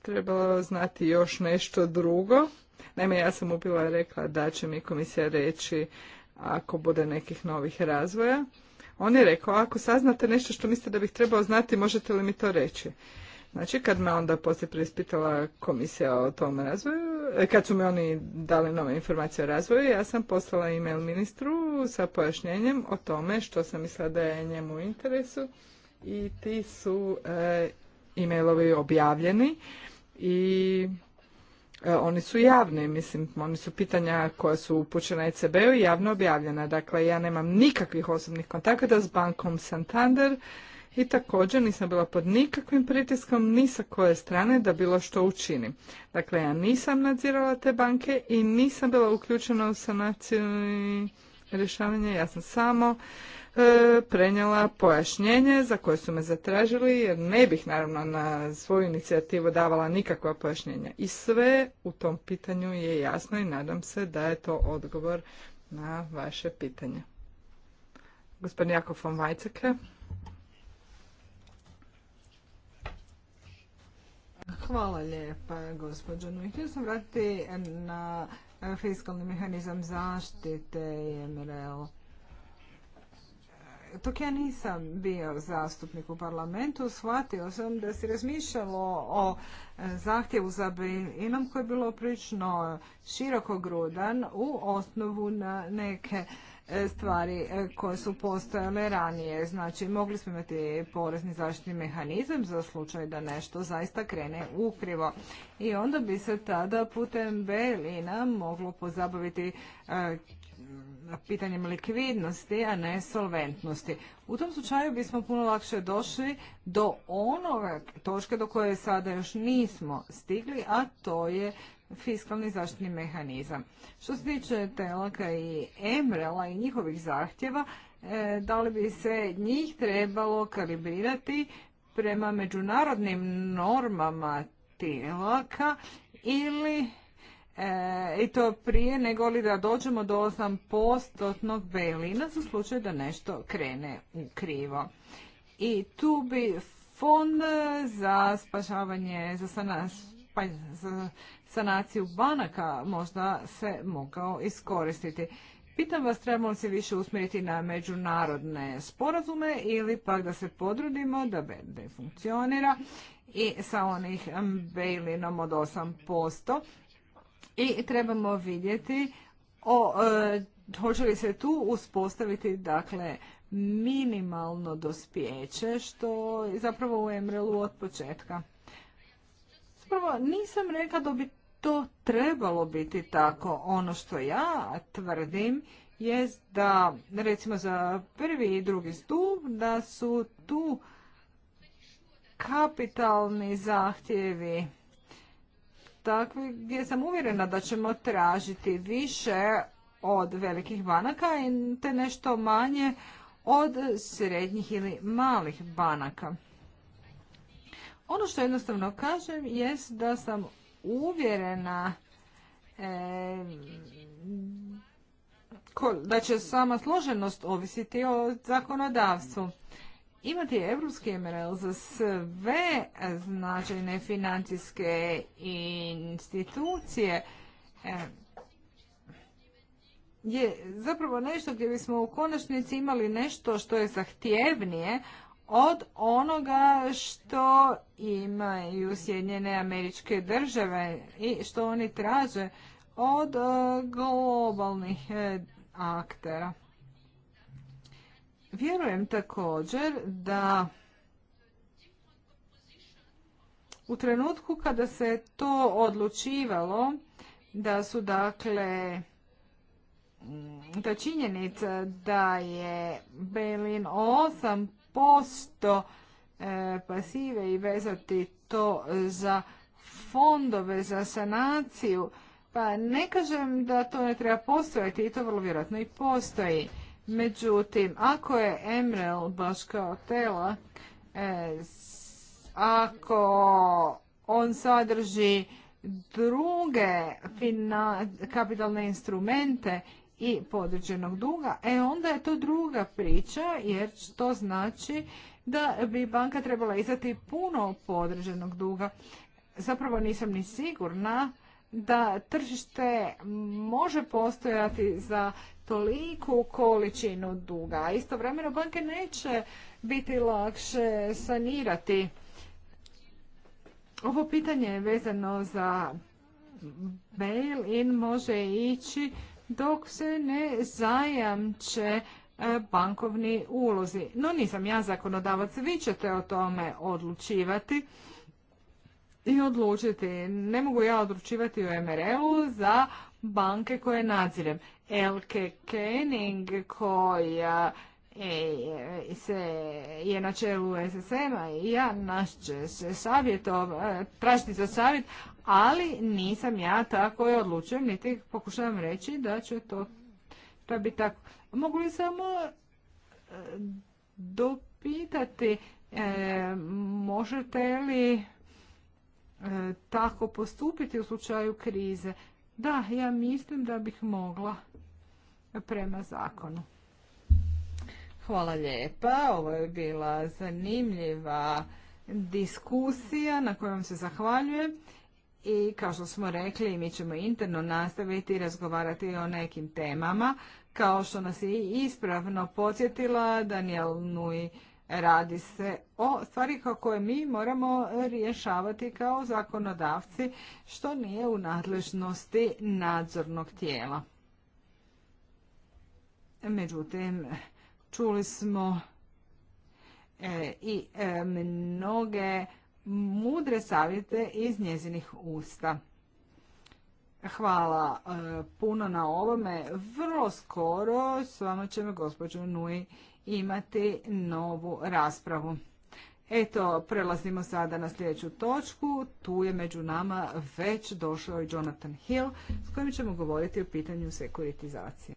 trebala znati još nešto drugo, Naime, ja sam upila rekla da će mi komisija reći ako bude nekih novih razvoja. On je rekao, ako saznate nešto što mislite da bih trebao znati, možete li mi to reći? Znači, kad me onda poslije preispitala komisija o tom razvoju, e, kad su mi oni dali nove informacije o razvoju, ja sam poslala e-mail ministru sa pojašnjenjem o tome što sam mislila da je njemu u interesu i ti su e, e-mailovi objavljeni i E, oni su javni, mislim, oni su pitanja koja su upućena ECB-u i javno objavljena. Dakle, ja nemam nikakvih osobnih kontakata s bankom Santander i također nisam bila pod nikakvim pritiskom ni sa koje strane da bilo što učinim. Dakle, ja nisam nadzirala te banke i nisam bila uključena u sanaciju i rješavanje. Ja sam samo E, prenijela pojašnjenje za koje su me zatražili jer ne bih naravno na svoju inicijativu davala nikakva pojašnjenja. I sve u tom pitanju je jasno i nadam se da je to odgovor na vaše pitanje. Gospodin Jakov von Weizsäcker. Hvala lijepa, gospođo. Htio sam vratiti na fiskalni mehanizam zaštite MRL dok ja nisam bio zastupnik u parlamentu, shvatio sam da se razmišljalo o e, zahtjevu za Berlinom koji je bilo prilično široko grudan u osnovu na neke e, stvari e, koje su postojale ranije. Znači, mogli smo imati porezni zaštitni mehanizam za slučaj da nešto zaista krene ukrivo. I onda bi se tada putem Belina moglo pozabaviti pitanjem likvidnosti, a ne solventnosti. U tom slučaju bismo puno lakše došli do onoga točke do koje sada još nismo stigli, a to je fiskalni zaštitni mehanizam. Što se tiče Telaka i Emrela i njihovih zahtjeva, e, da li bi se njih trebalo kalibrirati prema međunarodnim normama Telaka ili E, i to prije nego li da dođemo do 8% bailina za slučaj da nešto krene u krivo. I tu bi fond e, za spašavanje, pa, za, sanaciju banaka možda se mogao iskoristiti. Pitam vas, trebamo li se više usmjeriti na međunarodne sporazume ili pak da se podrudimo da funkcionira i sa onih bailinom od 8%, i trebamo vidjeti o, e, hoće li se tu uspostaviti dakle minimalno dospijeće što je zapravo u Emrelu od početka. Zapravo nisam rekla da bi to trebalo biti tako. Ono što ja tvrdim je da recimo za prvi i drugi stup da su tu kapitalni zahtjevi takvi gdje sam uvjerena da ćemo tražiti više od velikih banaka i te nešto manje od srednjih ili malih banaka. Ono što jednostavno kažem jest da sam uvjerena e, da će sama složenost ovisiti o zakonodavstvu imati Evropski MRL za sve značajne financijske institucije e, je zapravo nešto gdje bismo u konačnici imali nešto što je zahtjevnije od onoga što imaju Sjedinjene američke države i što oni traže od e, globalnih e, aktera. Vjerujem također da u trenutku kada se to odlučivalo, da su dakle ta mm, činjenica da je Berlin 8% e, pasive i vezati to za fondove za sanaciju, pa ne kažem da to ne treba postojati i to vrlo vjerojatno i postoji. Međutim, ako je Emrel baš kao tela, e, ako on sadrži druge kapitalne instrumente i podređenog duga, e onda je to druga priča jer to znači da bi banka trebala izdati puno podređenog duga. Zapravo nisam ni sigurna da tržište može postojati za toliku količinu duga, a istovremeno banke neće biti lakše sanirati. Ovo pitanje je vezano za bail-in može ići dok se ne zajamče e, bankovni ulozi. No nisam ja zakonodavac, vi ćete o tome odlučivati i odlučiti. Ne mogu ja odručivati u MRL-u za banke koje nadzirem. Elke Kenning koja e, je na čelu SSM-a i ja naš će se savjetovati e, tražiti za savjet, ali nisam ja tako koja odlučujem, niti pokušavam reći da će to biti tako. Mogu li samo e, dopitati, možete li E, tako postupiti u slučaju krize? Da, ja mislim da bih mogla prema zakonu. Hvala lijepa. Ovo je bila zanimljiva diskusija na kojoj vam se zahvaljujem. I kao što smo rekli, mi ćemo interno nastaviti i razgovarati o nekim temama, kao što nas je ispravno podsjetila Daniel Nui Radi se o stvari koje mi moramo rješavati kao zakonodavci što nije u nadležnosti nadzornog tijela. Međutim, čuli smo e, i e, mnoge mudre savjete iz njezinih usta. Hvala e, puno na ovome. Vrlo skoro s vama ćemo gospođu Nui imati novu raspravu. Eto, prelazimo sada na sljedeću točku. Tu je među nama već došao i Jonathan Hill s kojim ćemo govoriti o pitanju sekuritizacije.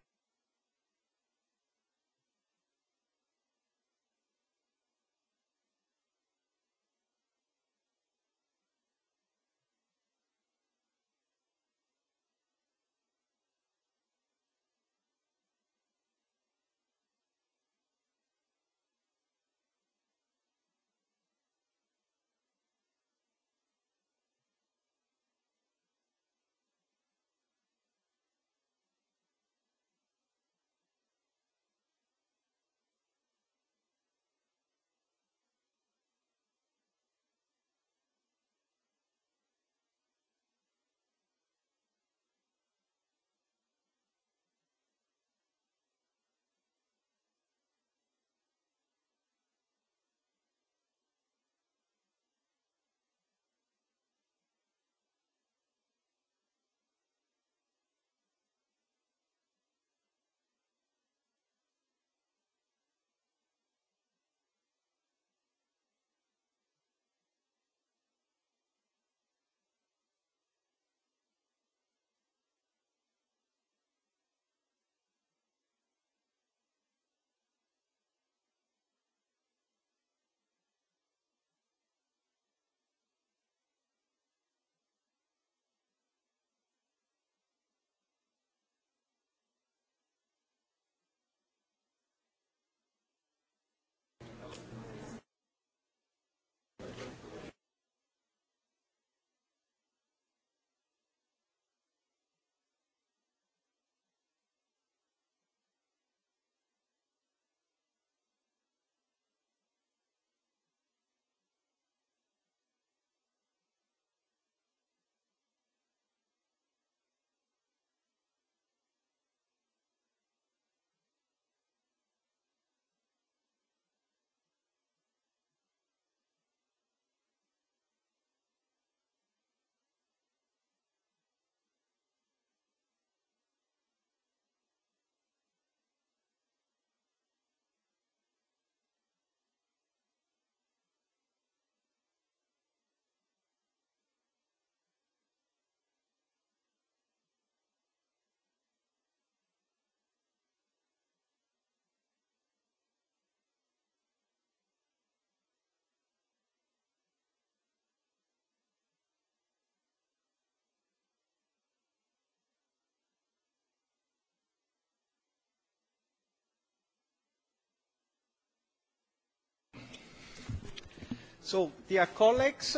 So, dear colleagues,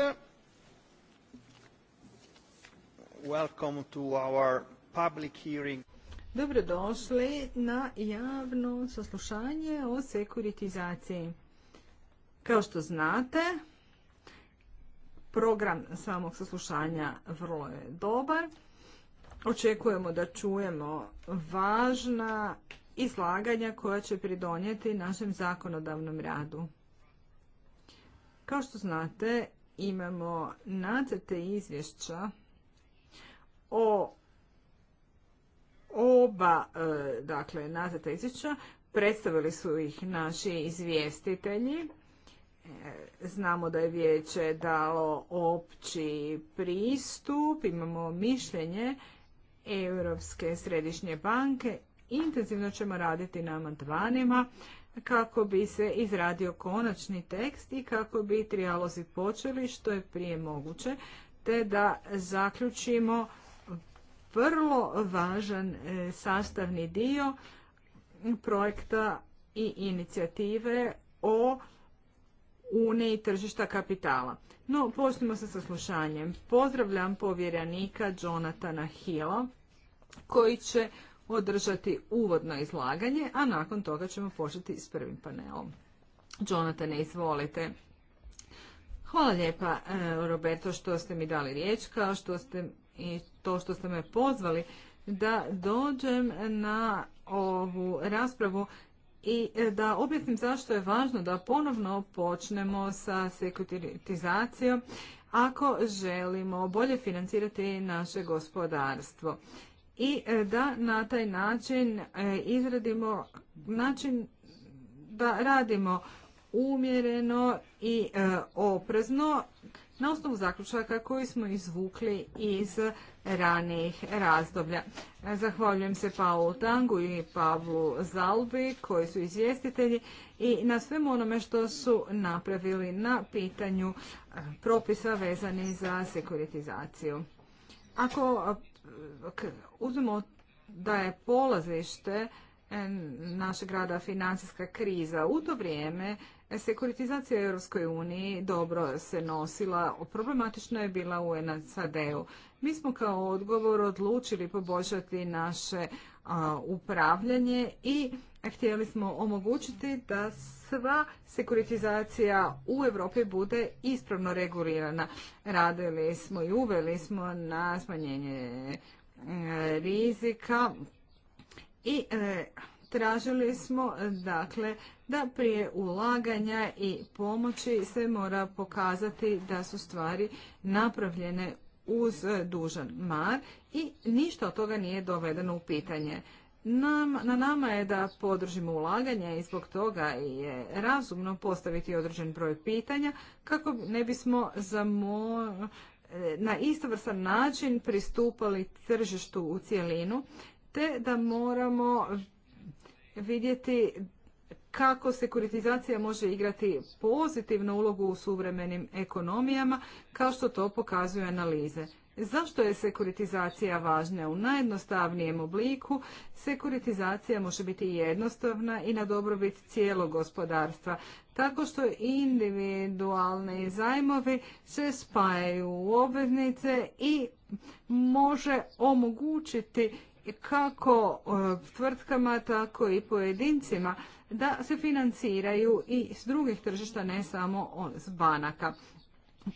welcome to our public hearing. Dobrodošli na javno saslušanje o sekuritizaciji. Kao što znate, program samog saslušanja vrlo je dobar. Očekujemo da čujemo važna izlaganja koja će pridonijeti našem zakonodavnom radu. Kao što znate, imamo nacrte izvješća o oba, e, dakle, nacrte izvješća. Predstavili su ih naši izvjestitelji. E, znamo da je vijeće dalo opći pristup, imamo mišljenje Europske središnje banke. Intenzivno ćemo raditi na amandmanima kako bi se izradio konačni tekst i kako bi trijalozi počeli što je prije moguće, te da zaključimo vrlo važan e, sastavni dio projekta i inicijative o uniji tržišta kapitala. No, počnemo sa saslušanjem. Pozdravljam povjerenika Jonathana Hilla koji će održati uvodno izlaganje, a nakon toga ćemo početi s prvim panelom. Jonathan, izvolite. Hvala lijepa, e, Roberto, što ste mi dali riječ, kao što ste i to što ste me pozvali da dođem na ovu raspravu i e, da objasnim zašto je važno da ponovno počnemo sa sekuritizacijom ako želimo bolje financirati naše gospodarstvo i e, da na taj način e, izradimo način da radimo umjereno i e, oprezno na osnovu zaključaka koji smo izvukli iz ranijih razdoblja. Zahvaljujem se Paulu Tangu i Pavlu Zalbi koji su izvjestitelji i na svemu onome što su napravili na pitanju propisa vezani za sekuritizaciju. Ako uzmemo da je polazište e, našeg rada financijska kriza. U to vrijeme e, sekuritizacija u Europskoj dobro se nosila, problematično je bila u NSAD-u. Mi smo kao odgovor odlučili poboljšati naše upravljanje i htjeli smo omogućiti da sva sekuritizacija u Europi bude ispravno regulirana. Radili smo i uveli smo na smanjenje e, rizika i e, tražili smo dakle da prije ulaganja i pomoći se mora pokazati da su stvari napravljene uz dužan mar i ništa od toga nije dovedeno u pitanje na nama je da podržimo ulaganje i zbog toga je razumno postaviti određen broj pitanja kako ne bismo e, na istovrstan način pristupali tržištu u cijelinu, te da moramo vidjeti kako sekuritizacija može igrati pozitivnu ulogu u suvremenim ekonomijama, kao što to pokazuju analize. Zašto je sekuritizacija važna? U najjednostavnijem obliku sekuritizacija može biti jednostavna i na dobrobit cijelog gospodarstva, tako što individualne zajmovi se spajaju u obveznice i može omogućiti kako e, tvrtkama, tako i pojedincima da se financiraju i s drugih tržišta, ne samo s banaka.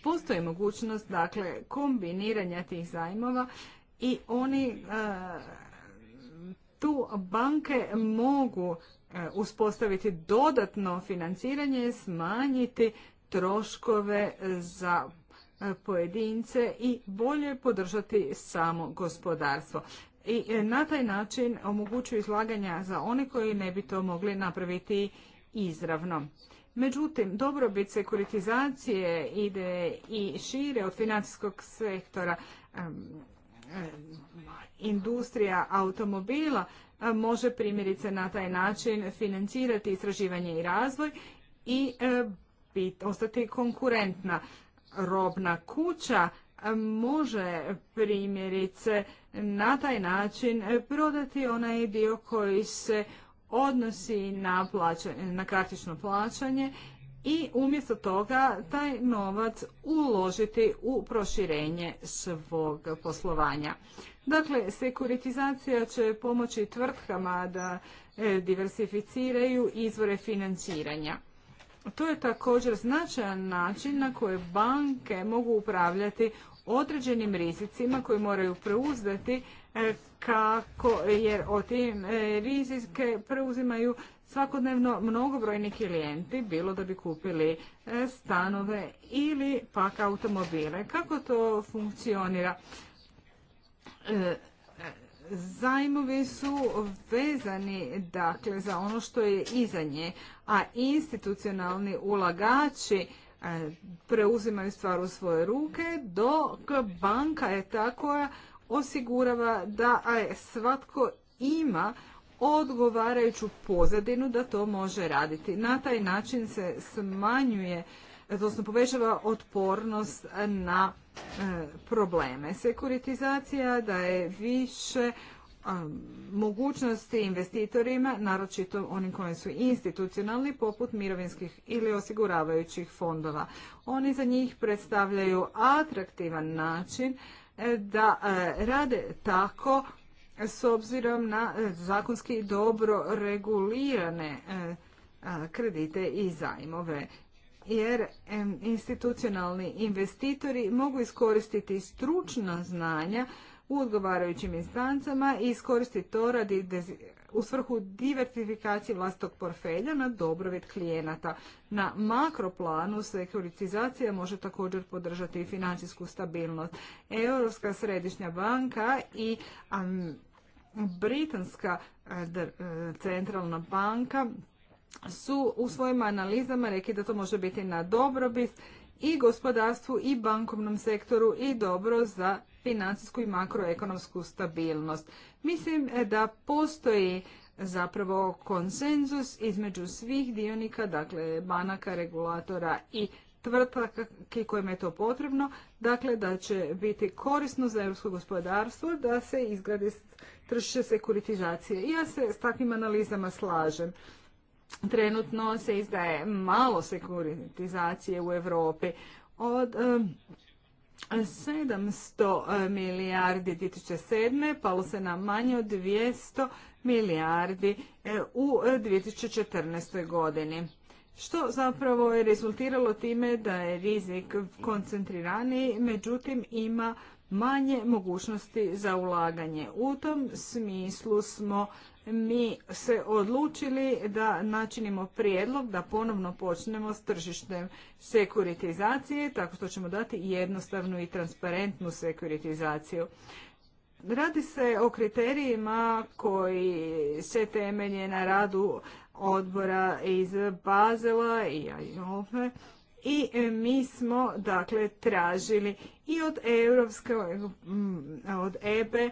Postoji mogućnost dakle kombiniranja tih zajmova i oni e, tu banke mogu e, uspostaviti dodatno financiranje, smanjiti troškove za e, pojedince i bolje podržati samo gospodarstvo. I na taj način omogućuju izlaganja za one koji ne bi to mogli napraviti izravno. Međutim, dobrobit sekuritizacije ide i šire od financijskog sektora. Industrija automobila može primjerice na taj način financirati istraživanje i razvoj i ostati konkurentna. Robna kuća može primjerice na taj način prodati onaj dio koji se odnosi na, plaćanje, na kartično plaćanje i umjesto toga taj novac uložiti u proširenje svog poslovanja. Dakle, sekuritizacija će pomoći tvrtkama da e, diversificiraju izvore financiranja. To je također značajan način na koje banke mogu upravljati određenim rizicima koje moraju preuzdati kako, jer o tim e, rizike preuzimaju svakodnevno mnogobrojni klijenti, bilo da bi kupili e, stanove ili pak automobile. Kako to funkcionira? E, zajmovi su vezani dakle za ono što je iza nje, a institucionalni ulagači preuzimaju stvar u svoje ruke, dok banka je ta koja osigurava da svatko ima odgovarajuću pozadinu da to može raditi. Na taj način se smanjuje, odnosno povećava otpornost na e, probleme. Sekuritizacija daje više mogućnosti investitorima, naročito onim koji su institucionalni, poput mirovinskih ili osiguravajućih fondova. Oni za njih predstavljaju atraktivan način E, da e, rade tako s obzirom na e, zakonski dobro regulirane kredite i zajmove. Jer institucionalni investitori mogu iskoristiti stručna znanja u odgovarajućim instancama i iskoristiti to radi u svrhu diversifikacije vlastog portfelja na dobrobit klijenata. Na makroplanu sekuritizacija može također podržati i financijsku stabilnost. Europska središnja banka i Britanska e, e, centralna banka su u svojim analizama rekli da to može biti na dobrobit i gospodarstvu i bankovnom sektoru i dobro za financijsku i makroekonomsku stabilnost. Mislim e, da postoji zapravo konsenzus između svih dionika, dakle banaka, regulatora i tvrtaka kojima je to potrebno, dakle da će biti korisno za europsko gospodarstvo da se izgradi tržište sekuritizacije. Ja se s takvim analizama slažem. Trenutno se izdaje malo sekuritizacije u Europi. Od 700 e, milijardi 2007. palo se na manje od 200 milijardi e, u 2014. E, godini. Što zapravo je rezultiralo time da je rizik koncentriraniji, međutim ima manje mogućnosti za ulaganje. U tom smislu smo mi se odlučili da načinimo prijedlog da ponovno počnemo s tržištem sekuritizacije, tako što ćemo dati jednostavnu i transparentnu sekuritizaciju. Radi se o kriterijima koji se temelje na radu odbora iz Bazela i Ajove i mi smo dakle tražili i od Europske, od EBE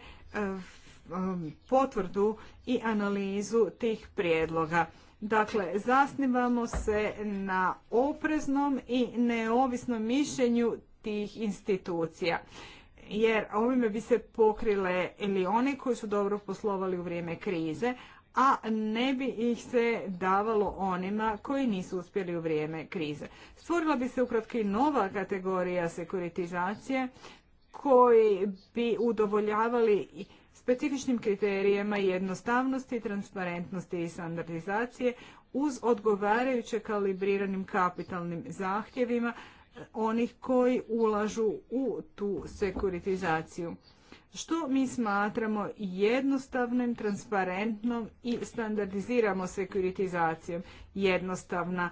Um, potvrdu i analizu tih prijedloga. Dakle, zasnivamo se na opreznom i neovisnom mišljenju tih institucija. Jer ovime bi se pokrile ili oni koji su dobro poslovali u vrijeme krize, a ne bi ih se davalo onima koji nisu uspjeli u vrijeme krize. Stvorila bi se ukratko i nova kategorija sekuritizacije koji bi udovoljavali specifičnim kriterijima jednostavnosti, transparentnosti i standardizacije uz odgovarajuće kalibriranim kapitalnim zahtjevima e, onih koji ulažu u tu sekuritizaciju. Što mi smatramo jednostavnim, transparentnom i standardiziramo sekuritizacijom? Jednostavna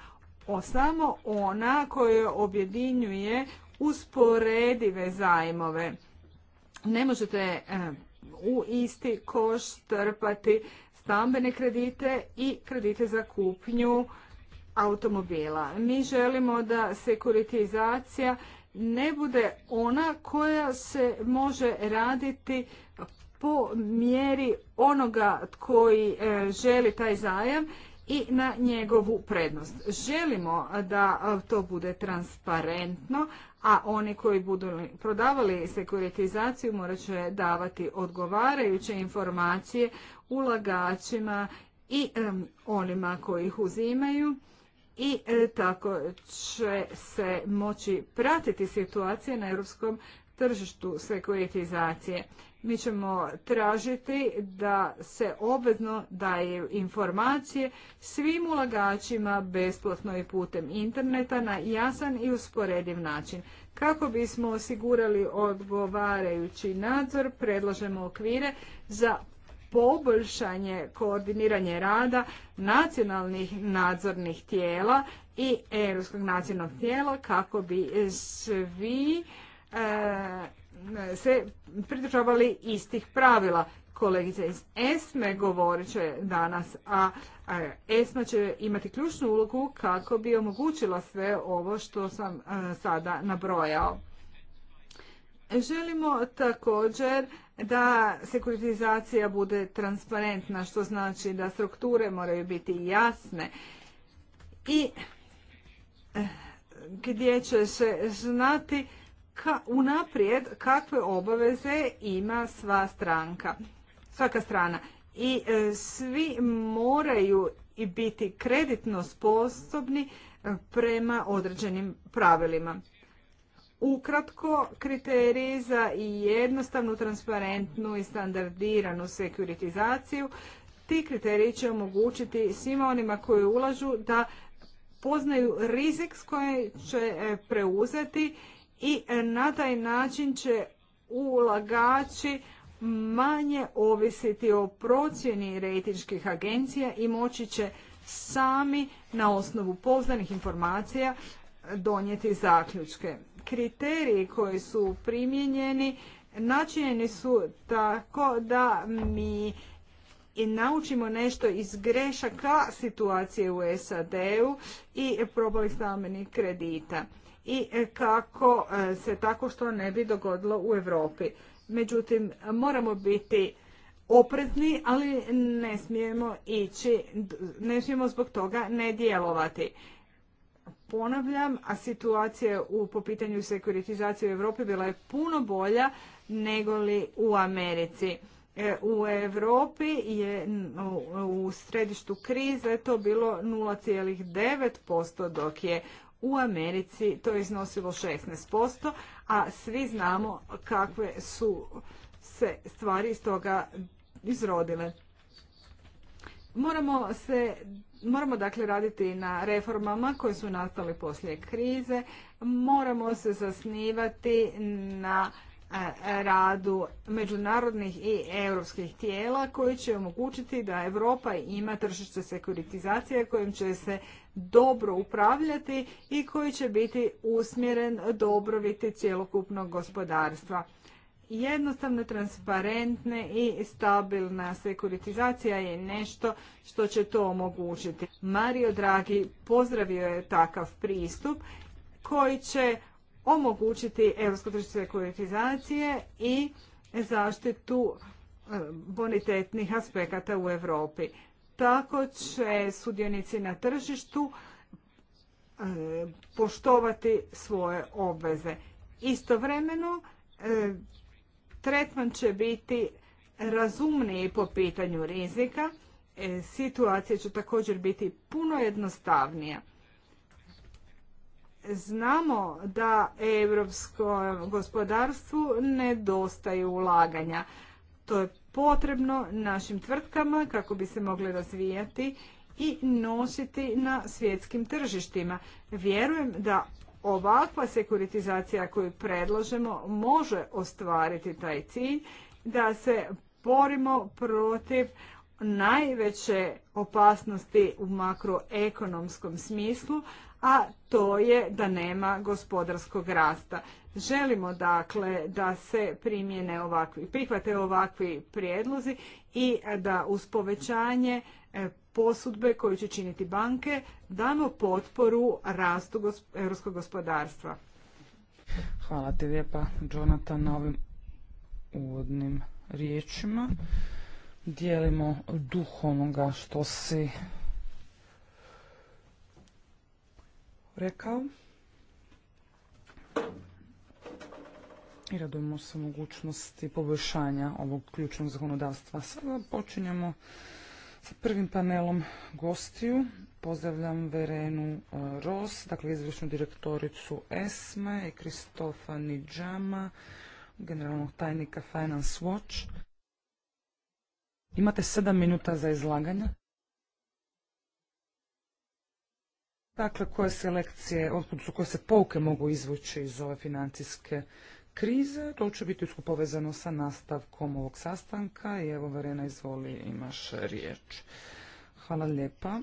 o samo ona koja objedinjuje usporedive zajmove. Ne možete e, u isti koš trpati stambene kredite i kredite za kupnju automobila. Mi želimo da sekuritizacija ne bude ona koja se može raditi po mjeri onoga koji e, želi taj zajam i na njegovu prednost. Želimo da to bude transparentno, a oni koji budu prodavali sekuritizaciju morat će davati odgovarajuće informacije ulagačima i onima koji ih uzimaju i e, tako će se moći pratiti situacije na europskom tržištu sekuritizacije. Mi ćemo tražiti da se obvezno daje informacije svim ulagačima besplatno i putem interneta na jasan i usporediv način. Kako bismo osigurali odgovarajući nadzor, predlažemo okvire za poboljšanje koordiniranje rada nacionalnih nadzornih tijela i Europskog nacionalnog tijela kako bi svi e, se pridržavali istih pravila. Kolegica iz ESME govorit će danas, a ESMA će imati ključnu ulogu kako bi omogućila sve ovo što sam e, sada nabrojao. Želimo također da sekuritizacija bude transparentna, što znači da strukture moraju biti jasne i e, gdje će se znati ka, unaprijed kakve obaveze ima sva stranka, svaka strana. I e, svi moraju i biti kreditno sposobni e, prema određenim pravilima. Ukratko, kriteriji za jednostavnu, transparentnu i standardiranu sekuritizaciju. Ti kriteriji će omogućiti svima onima koji ulažu da poznaju rizik s kojim će e, preuzeti i e, na taj način će ulagači manje ovisiti o procjeni rejtičkih agencija i moći će sami na osnovu poznanih informacija donijeti zaključke. Kriteriji koji su primjenjeni načinjeni su tako da mi i naučimo nešto iz grešaka situacije u SAD-u i probali stambenih kredita i e, kako e, se tako što ne bi dogodilo u Europi. Međutim, moramo biti oprezni, ali ne smijemo ići, ne smijemo zbog toga ne djelovati. Ponavljam, a situacija u, po pitanju sekuritizacije u Europi bila je puno bolja nego li u Americi. E, u Europi je u središtu krize to bilo 0,9%, dok je u Americi to je iznosilo 16%, a svi znamo kakve su se stvari iz toga izrodile. Moramo se Moramo dakle raditi na reformama koje su nastale poslije krize, moramo se zasnivati na radu međunarodnih i europskih tijela koji će omogućiti da Europa ima tržište sekuritizacije kojim će se dobro upravljati i koji će biti usmjeren dobroviti cjelokupnog gospodarstva. Jednostavno, transparentne i stabilna sekuritizacija je nešto što će to omogućiti. Mario Draghi pozdravio je takav pristup koji će omogućiti europsko tržište sekuritizacije i zaštitu e, bonitetnih aspekata u Europi. Tako će sudionici na tržištu e, poštovati svoje obveze. Istovremeno, e, tretman će biti razumniji po pitanju rizika, situacija će također biti puno jednostavnija. Znamo da europskom gospodarstvu nedostaju ulaganja. To je potrebno našim tvrtkama kako bi se mogle razvijati i nositi na svjetskim tržištima. Vjerujem da ovakva sekuritizacija koju predlažemo može ostvariti taj cilj da se borimo protiv najveće opasnosti u makroekonomskom smislu, a to je da nema gospodarskog rasta. Želimo dakle da se primjene ovakvi, prihvate ovakvi prijedlozi i da uz povećanje e, posudbe koju će činiti banke damo potporu rastu europskog gospodarstva. Hvala ti lijepa, Jonathan, na ovim uvodnim riječima. Dijelimo duh onoga što si rekao. I radujemo se mogućnosti poboljšanja ovog ključnog zakonodavstva. Sada počinjemo sa prvim panelom gostiju. Pozdravljam Verenu e, Ros, dakle izvršnu direktoricu ESME i Kristofa Nidžama, generalnog tajnika Finance Watch. Imate sedam minuta za izlaganje. Dakle, koje se lekcije, odnosno koje se pouke mogu izvući iz ove financijske krize, to će biti usko povezano sa nastavkom ovog sastanka i evo Verena izvoli imaš riječ. Hvala lijepa.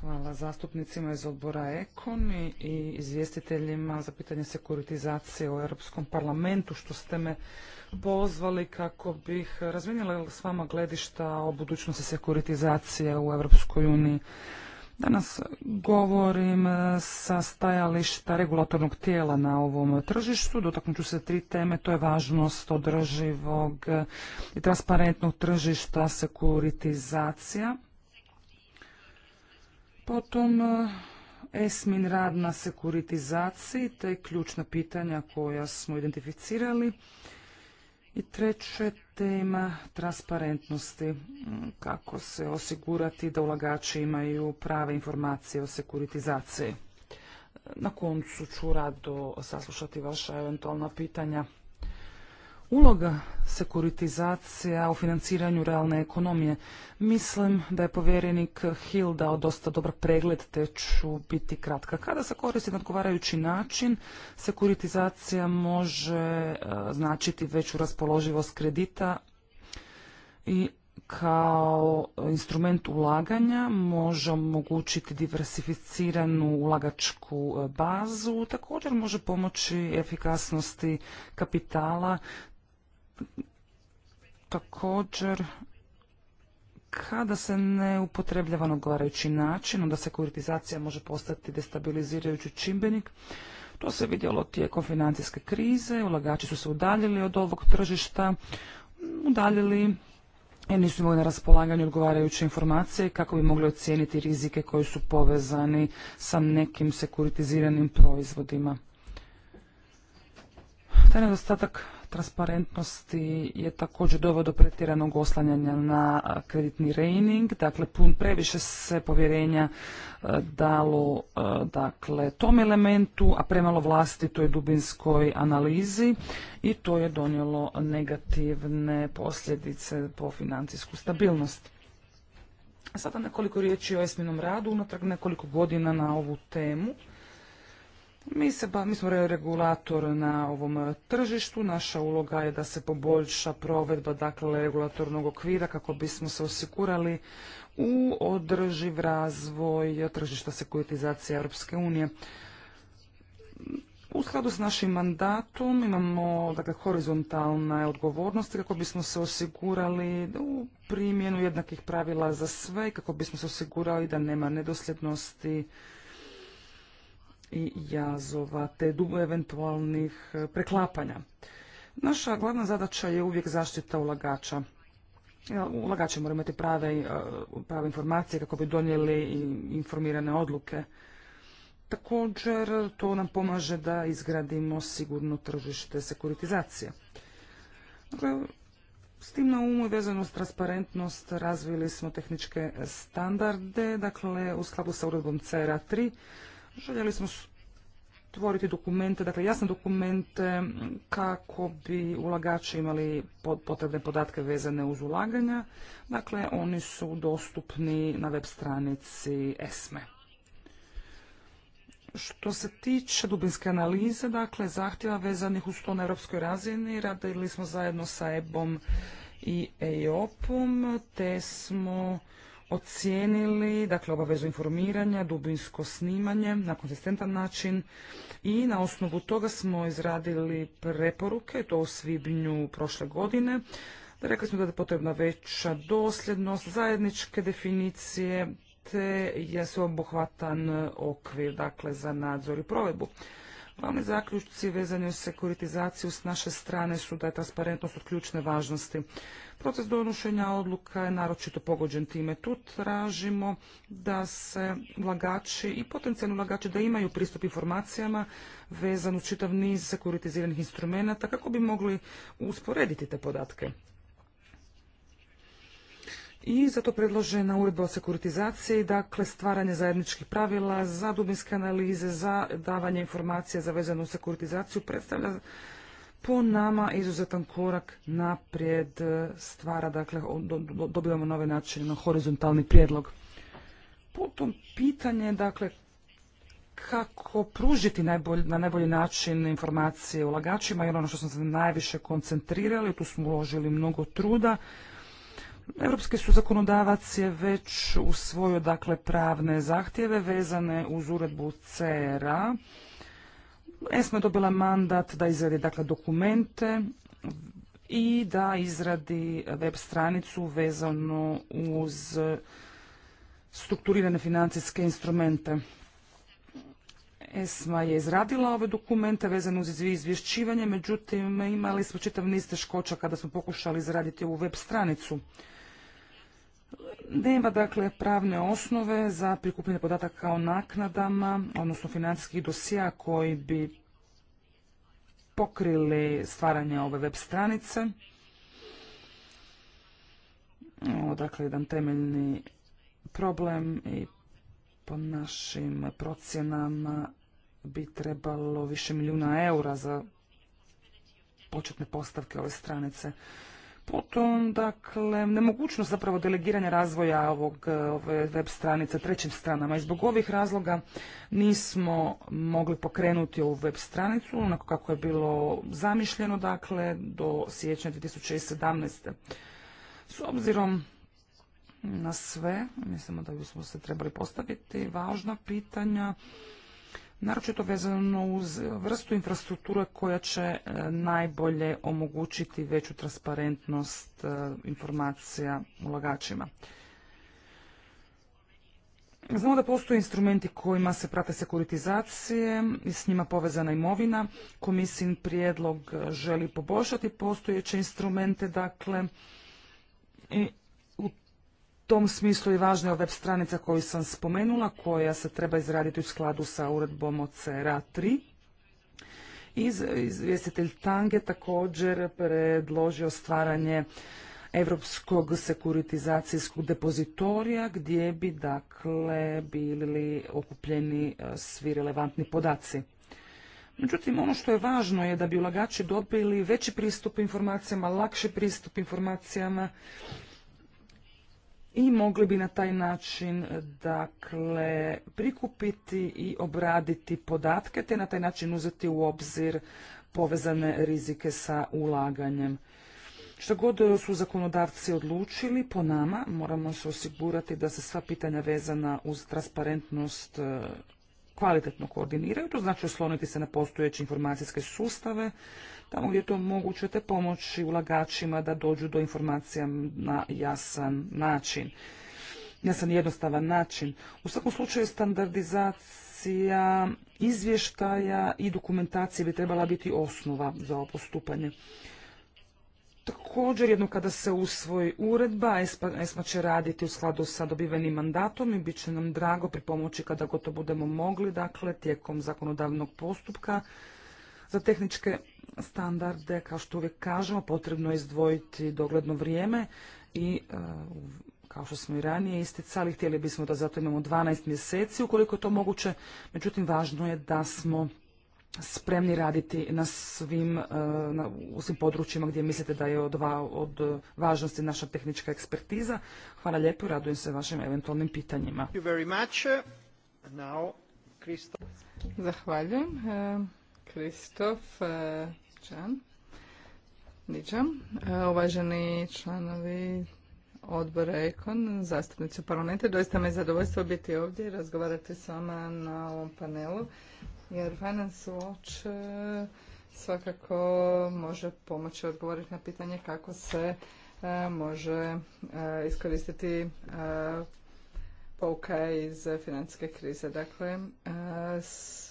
Hvala zastupnicima iz odbora Ekon i izvjestiteljima za pitanje sekuritizacije u Europskom parlamentu što ste me pozvali kako bih razminjala s vama gledišta o budućnosti sekuritizacije u Europskoj uniji. Danas govorim e, sa stajališta regulatornog tijela na ovom tržištu. Dotaknut ću se tri teme. To je važnost održivog i transparentnog tržišta, sekuritizacija. Potom e, ESMIN rad na sekuritizaciji, te ključna pitanja koja smo identificirali. I treće, tema transparentnosti, kako se osigurati da ulagači imaju prave informacije o sekuritizaciji. Na koncu ću rado saslušati vaša eventualna pitanja uloga sekuritizacija u financiranju realne ekonomije. Mislim da je povjerenik Hill dao dosta dobar pregled, te ću biti kratka. Kada se koristi na odgovarajući način, sekuritizacija može e, značiti veću raspoloživost kredita i kao instrument ulaganja može omogućiti diversificiranu ulagačku e, bazu, također može pomoći efikasnosti kapitala također kada se ne upotrebljava na odgovarajući način, onda sekuritizacija može postati destabilizirajući čimbenik. To se vidjelo tijekom financijske krize, ulagači su se udaljili od ovog tržišta, udaljili jer nisu imali na raspolaganju odgovarajuće informacije kako bi mogli ocijeniti rizike koji su povezani sa nekim sekuritiziranim proizvodima. Taj nedostatak transparentnosti je također dovod do pretjeranog oslanjanja na kreditni rejning, dakle pun previše se povjerenja e, dalo e, dakle tom elementu, a premalo vlasti toj dubinskoj analizi i to je donijelo negativne posljedice po financijsku stabilnost. Sada nekoliko riječi o Esminom radu unatrag nekoliko godina na ovu temu. Mi, se, mi smo regulator na ovom e, tržištu, naša uloga je da se poboljša provedba dakle, regulatornog okvira kako bismo se osigurali u održiv razvoj tržišta sekuritizacije Europske unije. U skladu s našim mandatom imamo dakle, horizontalne odgovornosti kako bismo se osigurali u primjenu jednakih pravila za sve i kako bismo se osigurali da nema nedosljednosti i jazova te eventualnih e, preklapanja. Naša glavna zadaća je uvijek zaštita ulagača. Ulagači moraju imati e, prave, informacije kako bi donijeli informirane odluke. Također, to nam pomaže da izgradimo sigurno tržište sekuritizacije. Dakle, s tim na umu i vezano transparentnost razvili smo tehničke standarde, dakle u skladu sa uredbom cr 3 Željeli smo stvoriti dokumente, dakle jasne dokumente kako bi ulagači imali potrebne podatke vezane uz ulaganja. Dakle, oni su dostupni na web stranici ESME. Što se tiče dubinske analize, dakle, zahtjeva vezanih uz to na europskoj razini, radili smo zajedno sa EBOM i eiopom om te smo ocijenili, dakle obavezu informiranja, dubinsko snimanje na konzistentan način i na osnovu toga smo izradili preporuke, to u svibnju prošle godine. Rekli smo da je potrebna veća dosljednost, zajedničke definicije, te je sveobuhvatan okvir dakle, za nadzor i provedbu. Glavni zaključci vezani uz sekuritizaciju s naše strane su da je transparentnost od ključne važnosti. Proces donošenja odluka je naročito pogođen time. Tu tražimo da se ulagači i potencijalni ulagači da imaju pristup informacijama vezan uz čitav niz sekuritiziranih instrumenata kako bi mogli usporediti te podatke i zato predložena uredba o sekuritizaciji, dakle stvaranje zajedničkih pravila za dubinske analize, za davanje informacija za vezanu sekuritizaciju predstavlja po nama izuzetan korak naprijed e, stvara, dakle dobivamo nove načine na horizontalni prijedlog. Potom pitanje, dakle, kako pružiti na najbolji način informacije ulagačima, jer ono što smo se najviše koncentrirali, tu smo uložili mnogo truda, Europski su zakonodavac je već usvojio dakle pravne zahtjeve vezane uz uredbu CRA. ESMA je dobila mandat da izradi dakle dokumente i da izradi web stranicu vezano uz strukturirane financijske instrumente. ESMA je izradila ove dokumente vezano uz izvješćivanje, međutim imali smo čitav niz teškoća kada smo pokušali izraditi ovu web stranicu. Nema dakle pravne osnove za prikupljanje podataka o naknadama, odnosno financijskih dosija koji bi pokrili stvaranje ove web stranice. Ovo dakle jedan temeljni problem i po našim procjenama bi trebalo više milijuna eura za početne postavke ove stranice. Potom, dakle, nemogućnost zapravo delegiranja razvoja ovog e, ove web stranice trećim stranama i zbog ovih razloga nismo mogli pokrenuti ovu web stranicu onako kako je bilo zamišljeno, dakle, do siječnja 2017. S obzirom na sve, mislimo da bismo se trebali postaviti važna pitanja naročito vezano uz vrstu infrastrukture koja će e, najbolje omogućiti veću transparentnost e, informacija ulagačima. Znamo da postoje instrumenti kojima se prate sekuritizacije i s njima povezana imovina. Komisijin prijedlog e, želi poboljšati postojeće instrumente, dakle, tom smislu je važna je web stranica koju sam spomenula, koja se treba izraditi u skladu sa uredbom od CRA 3. izvjestitelj Tange također predložio stvaranje europskog sekuritizacijskog depozitorija gdje bi dakle bili okupljeni e, svi relevantni podaci. Međutim, ono što je važno je da bi ulagači dobili veći pristup informacijama, lakši pristup informacijama i mogli bi na taj način dakle prikupiti i obraditi podatke te na taj način uzeti u obzir povezane rizike sa ulaganjem. Što god su zakonodavci odlučili, po nama moramo se osigurati da se sva pitanja vezana uz transparentnost e, kvalitetno koordiniraju, to znači osloniti se na postojeće informacijske sustave, tamo gdje je to moguće te pomoći ulagačima da dođu do informacija na jasan način jasan i jednostavan način. U svakom slučaju standardizacija izvještaja i dokumentacije bi trebala biti osnova za ovo postupanje. Također, jedno kada se usvoji uredba, ESMA, će raditi u skladu sa dobivenim mandatom i bit će nam drago pripomoći kada gotovo to budemo mogli, dakle, tijekom zakonodavnog postupka za tehničke standarde, kao što uvijek kažemo, potrebno je izdvojiti dogledno vrijeme i e, kao što smo i ranije isticali, htjeli bismo da zato imamo 12 mjeseci, ukoliko je to moguće. Međutim, važno je da smo spremni raditi na svim, e, na, u svim područjima gdje mislite da je od, od važnosti naša tehnička ekspertiza. Hvala lijepo i radujem se vašim eventualnim pitanjima. Zahvaljujem. E, Kristof Čan. E, e, uvaženi članovi odbora Ekon, zastupnici u parlamentu, doista me je zadovoljstvo biti ovdje i razgovarati s vama na ovom panelu, jer Finance Watch e, svakako može pomoći odgovoriti na pitanje kako se može iskoristiti pouka iz financijske krize. Dakle, s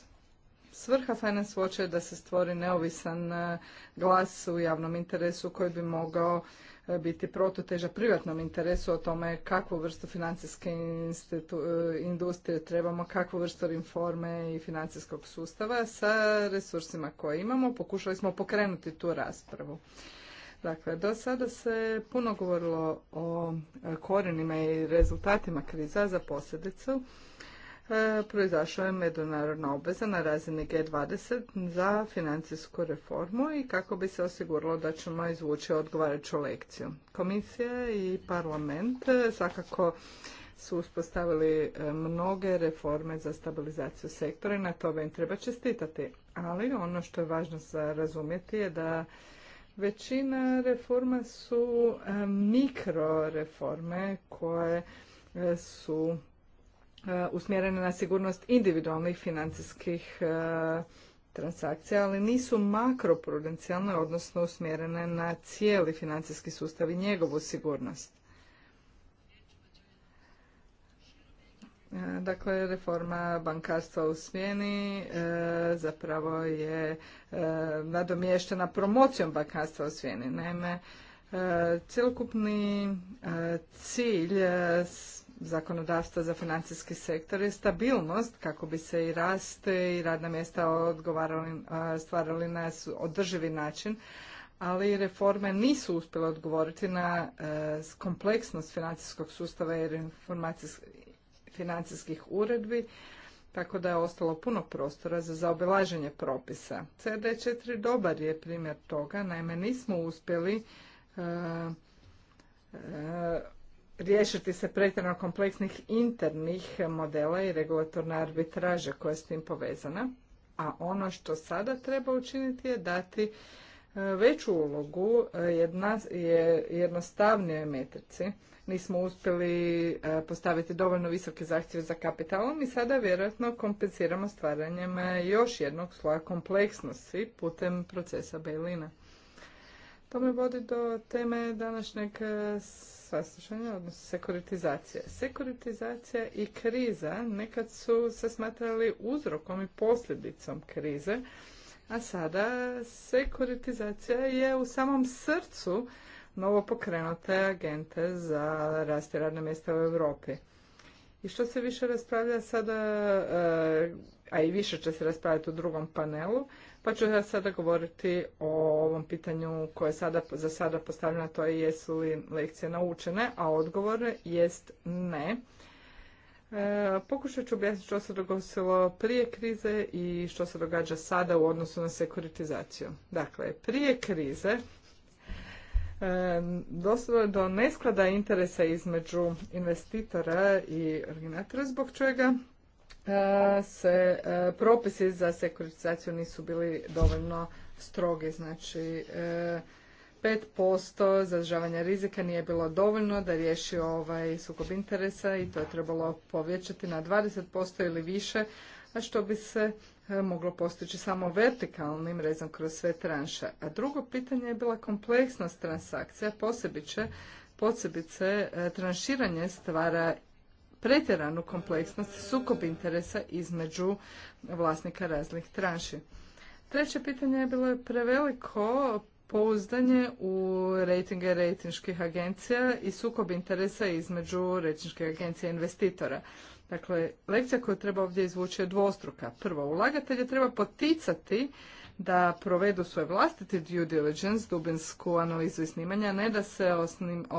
Svrha Finance Watcha je da se stvori neovisan e, glas u javnom interesu koji bi mogao e, biti prototeža privatnom interesu o tome kakvu vrstu financijske e, industrije trebamo, kakvu vrstu reforme i financijskog sustava sa resursima koje imamo. Pokušali smo pokrenuti tu raspravu. Dakle, do sada se puno govorilo o korijenima i rezultatima kriza za posljedicu E, proizašla je međunarodna obveza na razini G20 za financijsku reformu i kako bi se osiguralo da ćemo izvući odgovarajuću lekciju. Komisija i parlament svakako su uspostavili e, mnoge reforme za stabilizaciju sektora i na to im treba čestitati. Ali ono što je važno za razumjeti je da većina reforma su e, mikroreforme koje su E, usmjerene na sigurnost individualnih financijskih e, transakcija, ali nisu makroprudencijalne, odnosno usmjerene na cijeli financijski sustav i njegovu sigurnost. E, dakle, reforma bankarstva u smjeni zapravo je nadomještena promocijom bankarstva u smjeni. Naime, e, cilj s zakonodavstva za financijski sektor je stabilnost kako bi se i rast i radna mjesta odgovarali, stvarali na održivi način, ali reforme nisu uspjele odgovoriti na e, kompleksnost financijskog sustava i financijskih uredbi, tako da je ostalo puno prostora za zaobilaženje propisa. CD4 dobar je primjer toga, naime nismo uspjeli e, e, riješiti se pretjerano kompleksnih internih modela i regulatorne arbitraže koja je s tim povezana. A ono što sada treba učiniti je dati e, veću ulogu e, jedna, jednostavnijoj metrici. Nismo uspjeli e, postaviti dovoljno visoke zahtjeve za kapitalom i sada vjerojatno kompenziramo stvaranjem još jednog sloja kompleksnosti putem procesa Bejlina. To me vodi do teme današnjeg saslušanja, odnosno sekuritizacija. Sekuritizacija i kriza nekad su se smatrali uzrokom i posljedicom krize, a sada sekuritizacija je u samom srcu novo pokrenute agente za rast i radne mjesta u Europi. I što se više raspravlja sada, e, a i više će se raspravljati u drugom panelu, pa ću ja sada govoriti o ovom pitanju koje je sada, za sada postavljeno, to je jesu li lekcije naučene, a odgovor jest ne. E, pokušat ću objasniti što se dogosilo prije krize i što se događa sada u odnosu na sekuritizaciju. Dakle, prije krize e, je do nesklada interesa između investitora i originatora zbog čega E, se e, propisi za sekuritizaciju nisu bili dovoljno strogi, znači 5% e, zadržavanja rizika nije bilo dovoljno da riješi ovaj sukob interesa i to je trebalo povećati na 20% ili više, a što bi se moglo postići samo vertikalnim rezom kroz sve tranše. A drugo pitanje je bila kompleksnost transakcija, posebice, posebice tranširanje stvara pretjeranu kompleksnost, sukob interesa između vlasnika raznih tranši. Treće pitanje je bilo preveliko pouzdanje u rejtinge rejtinških agencija i sukob interesa između rejtinških agencija i investitora. Dakle, lekcija koju treba ovdje izvući je dvostruka. Prvo, ulagatelje treba poticati da provedu svoj vlastiti due diligence, dubinsku analizu i snimanja, ne da se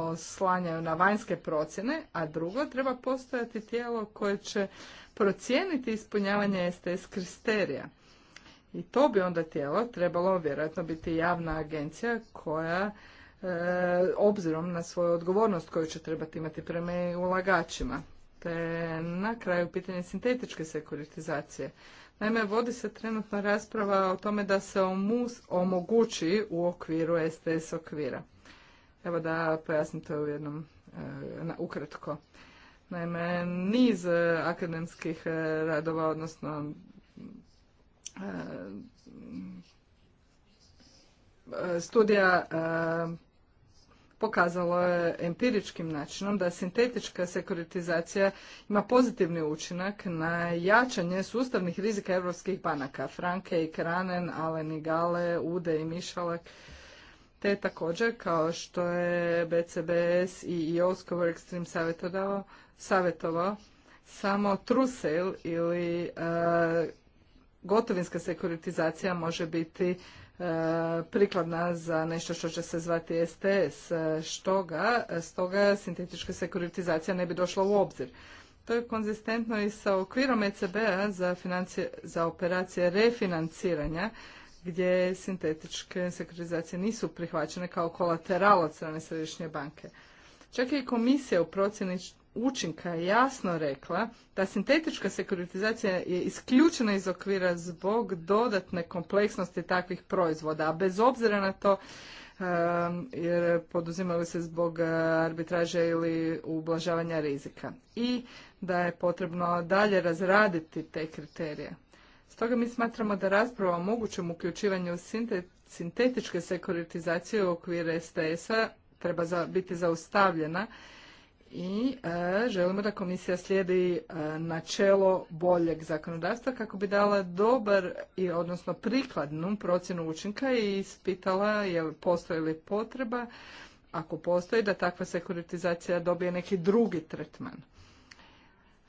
oslanjaju na vanjske procjene, a drugo, treba postojati tijelo koje će procijeniti ispunjavanje STS kriterija. I to bi onda tijelo trebalo vjerojatno biti javna agencija koja e, obzirom na svoju odgovornost koju će trebati imati prema ulagačima. Te na kraju pitanje sintetičke sekuritizacije. Naime, vodi se trenutna rasprava o tome da se omogući u okviru STS okvira. Evo da pojasnim to u jednom e, ukratko. Naime, niz e, akademskih e, radova, odnosno studija pokazalo je empiričkim načinom da sintetička sekuritizacija ima pozitivni učinak na jačanje sustavnih rizika europskih banaka, Franke i Kranen, Alen i Gale, Ude i Mišalak, te također kao što je BCBS i IOSCO ekstrem savjetovao, savjetovao samo true sale ili e, gotovinska sekuritizacija može biti prikladna za nešto što će se zvati STS, štoga, stoga sintetička sekuritizacija ne bi došla u obzir. To je konzistentno i sa okvirom ECB-a za, za operacije refinanciranja, gdje sintetičke sekuritizacije nisu prihvaćene kao kolateral od strane Središnje banke. Čak je i komisija u procjeni učinka je jasno rekla da sintetička sekuritizacija je isključena iz okvira zbog dodatne kompleksnosti takvih proizvoda, a bez obzira na to um, jer poduzimali se zbog uh, arbitraže ili ublažavanja rizika i da je potrebno dalje razraditi te kriterije. Stoga mi smatramo da rasprava o mogućem uključivanju sintetičke sekuritizacije u okvire STS-a treba biti zaustavljena i e, želimo da komisija slijedi e, načelo boljeg zakonodavstva kako bi dala dobar i odnosno prikladnu procjenu učinka i ispitala je postoji li potreba ako postoji da takva sekuritizacija dobije neki drugi tretman.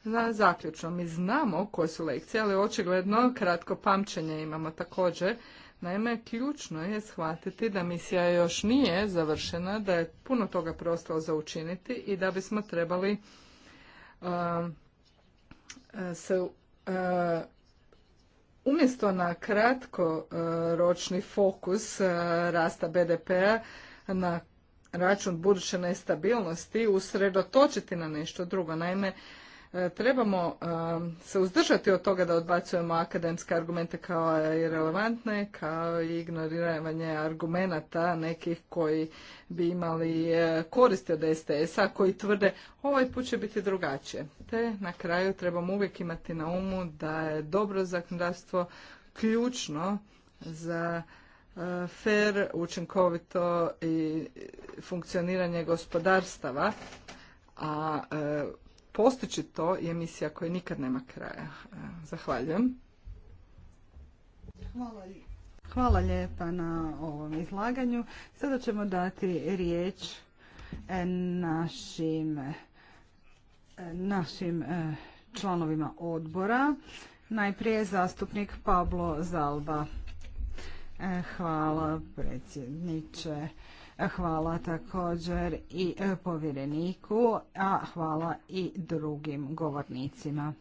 Za zaključno, mi znamo koje su lekcije, ali očigledno kratko pamćenje imamo također Naime, ključno je shvatiti da misija još nije završena, da je puno toga preostalo za učiniti i da bismo trebali um, se uh, umjesto na kratko uh, ročni fokus uh, rasta BDP-a na račun buduće nestabilnosti usredotočiti na nešto drugo. Naime, E, trebamo e, se uzdržati od toga da odbacujemo akademske argumente kao relevantne, kao i ignoriranje argumenata nekih koji bi imali e, koristi od STS-a, koji tvrde ovaj put će biti drugačije. Te na kraju trebamo uvijek imati na umu da je dobro zakonodavstvo ključno za fer, učinkovito i funkcioniranje gospodarstava, a postići to je misija koja nikad nema kraja. E, zahvaljujem. Hvala Hvala lijepa na ovom izlaganju. Sada ćemo dati riječ e, našim, e, našim članovima odbora. Najprije zastupnik Pablo Zalba. Hvala predsjedniče. Hvala također i e, povjereniku, a hvala i drugim govornicima.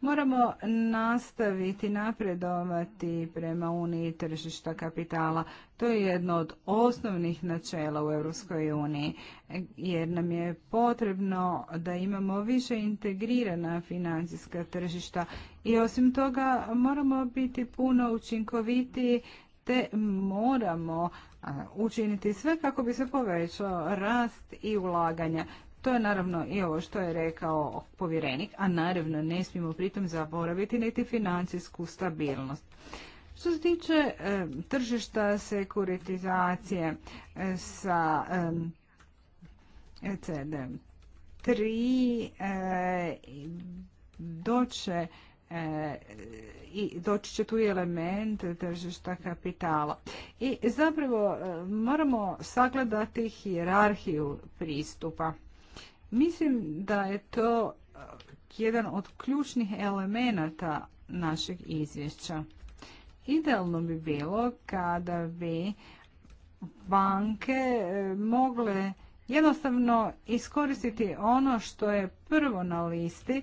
Moramo nastaviti napredovati prema Uniji tržišta kapitala. To je jedno od osnovnih načela u Europskoj uniji, jer nam je potrebno da imamo više integrirana financijska tržišta i osim toga moramo biti puno učinkovitiji te moramo učiniti sve kako bi se povećao rast i ulaganja. To je naravno i ovo što je rekao povjerenik, a naravno ne smijemo pritom zaboraviti niti financijsku stabilnost. Što se tiče e, tržišta sekuritizacije e, sa e, ECD3, e, doće E, i doći će tu element tržišta kapitala. I zapravo e, moramo sagledati hijerarhiju pristupa. Mislim da je to e, jedan od ključnih elemenata našeg izvješća. Idealno bi bilo kada bi banke mogle jednostavno iskoristiti ono što je prvo na listi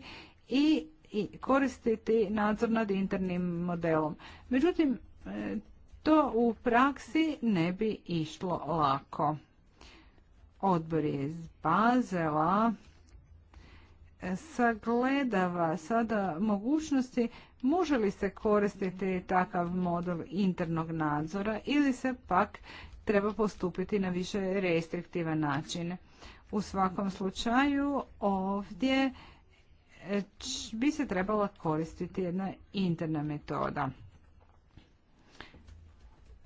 i i koristiti nadzor nad internim modelom. Međutim, e, to u praksi ne bi išlo lako. Odbor je iz Bazela e, sagledava sada mogućnosti može li se koristiti takav model internog nadzora ili se pak treba postupiti na više restriktivan način. U svakom slučaju ovdje E, bi se trebala koristiti jedna interna metoda.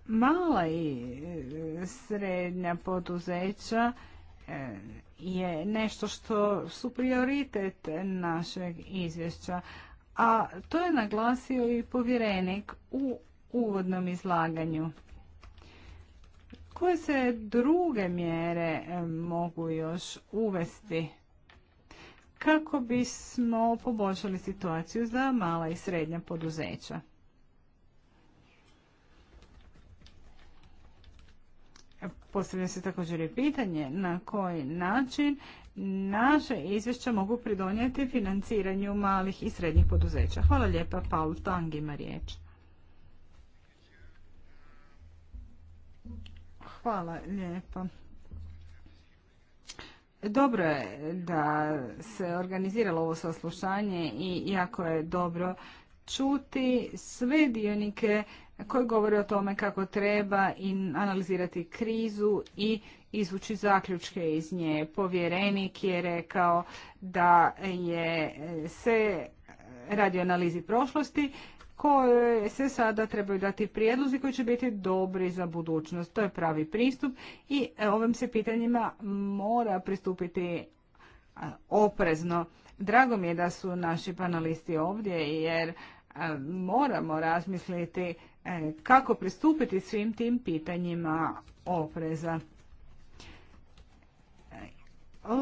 Mala i e, srednja poduzeća e, je nešto što su prioritet našeg izvješća, a to je naglasio i povjerenik u uvodnom izlaganju. Koje se druge mjere mogu još uvesti? kako bismo poboljšali situaciju za mala i srednja poduzeća. Postavlja se također i pitanje na koji način naše izvješća mogu pridonijeti financiranju malih i srednjih poduzeća. Hvala lijepa, Paul Tang ima riječ. Hvala lijepa. Dobro je da se organiziralo ovo saslušanje i jako je dobro čuti sve dionike koji govore o tome kako treba analizirati krizu i izvući zaključke iz nje. Povjerenik je rekao da je se radi o analizi prošlosti, koje se sada trebaju dati prijedlozi koji će biti dobri za budućnost. To je pravi pristup i e, ovim se pitanjima mora pristupiti e, oprezno. Drago mi je da su naši panelisti ovdje jer e, moramo razmisliti kako pristupiti svim tim pitanjima opreza.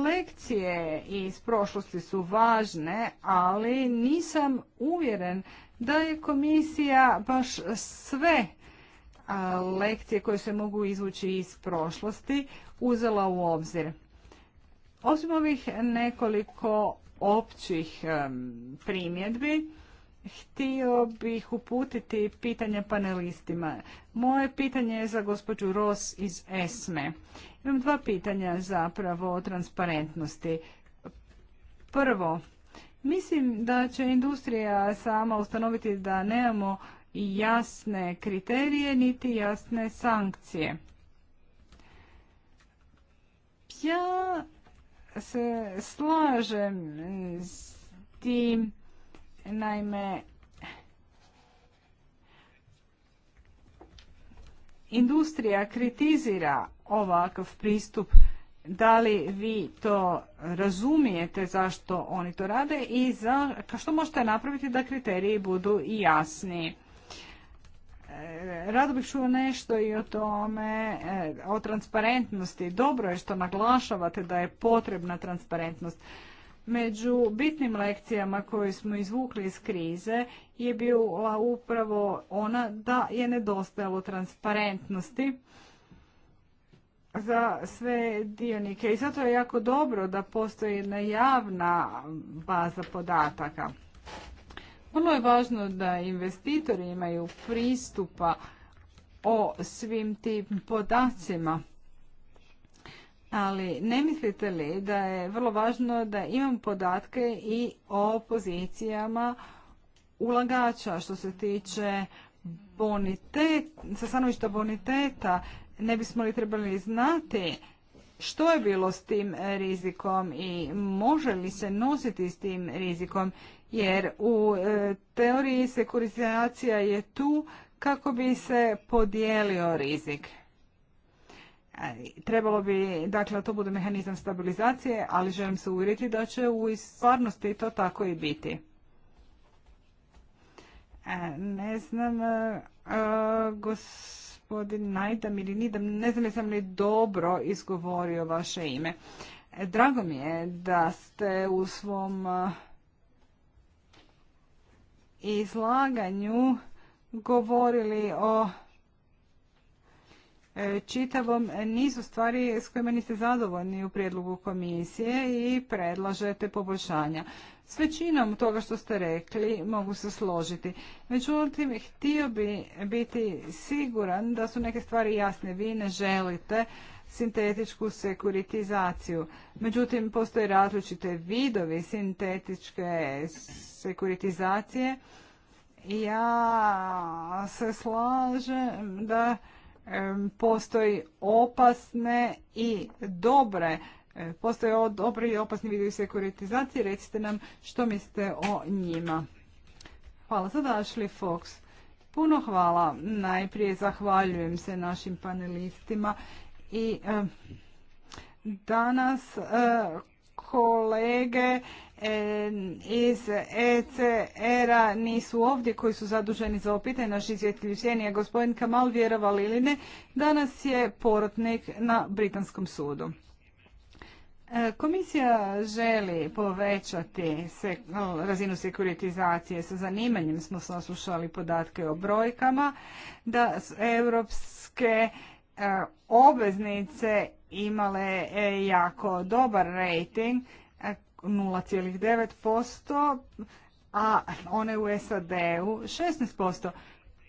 Lekcije iz prošlosti su važne, ali nisam uvjeren da je komisija baš sve lekcije koje se mogu izvući iz prošlosti uzela u obzir. Osim ovih nekoliko općih primjedbi, htio bih uputiti pitanje panelistima. Moje pitanje je za gospođu Ros iz ESME. Imam dva pitanja zapravo o transparentnosti. Prvo, Mislim da će industrija sama ustanoviti da nemamo jasne kriterije niti jasne sankcije. Ja se slažem s tim, naime, industrija kritizira ovakav pristup da li vi to razumijete zašto oni to rade i za, što možete napraviti da kriteriji budu i jasniji. E, rado bih čuo nešto i o tome, e, o transparentnosti. Dobro je što naglašavate da je potrebna transparentnost. Među bitnim lekcijama koje smo izvukli iz krize je bila upravo ona da je nedostajalo transparentnosti za sve dionike i zato je jako dobro da postoji jedna javna baza podataka. Vrlo je važno da investitori imaju pristupa o svim tim podacima. Ali ne mislite li da je vrlo važno da imam podatke i o pozicijama ulagača što se tiče boniteta, sa stanovišta boniteta ne bismo li trebali znati što je bilo s tim rizikom i može li se nositi s tim rizikom jer u e, teoriji sekurizacija je tu kako bi se podijelio rizik. Trebalo bi, dakle, to bude mehanizam stabilizacije, ali želim se uvjeriti da će u stvarnosti to tako i biti. E, ne znam, e, gos gospodin Najdam ili Nidam, ne znam jesam li dobro izgovorio vaše ime. E, drago mi je da ste u svom e, izlaganju govorili o e, čitavom nizu stvari s kojima niste zadovoljni u prijedlogu komisije i predlažete poboljšanja. S većinom toga što ste rekli mogu se složiti. Međutim, htio bi biti siguran da su neke stvari jasne. Vi ne želite sintetičku sekuritizaciju. Međutim, postoje različite vidovi sintetičke sekuritizacije. Ja se slažem da postoji opasne i dobre E, postoje dobri i opasni video sekuritizacije. Recite nam što mislite o njima. Hvala za dašli Fox. Puno hvala. Najprije zahvaljujem se našim panelistima i e, danas e, kolege iz ECR-a nisu ovdje koji su zaduženi za opitaj naši izvjetljučenija je Gospodin Kamal, vjerovali ili ne, danas je porotnik na Britanskom sudu. E, komisija želi povećati razinu sekuritizacije. Sa zanimanjem smo saslušali podatke o brojkama da europske e, obveznice imale e, jako dobar rating 0,9%, a one u SAD-u 16%.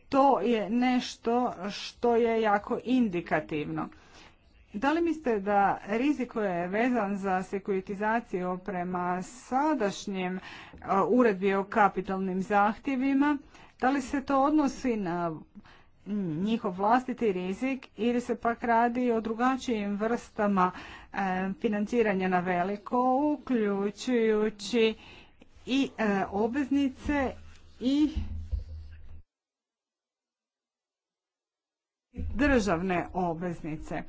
To je nešto što je jako indikativno. Da li mislite da rizik koji je vezan za sekuritizaciju prema sadašnjem uredbi o kapitalnim zahtjevima, da li se to odnosi na njihov vlastiti rizik ili se pak radi o drugačijim vrstama e, financiranja na veliko, uključujući i e, obveznice i državne obveznice.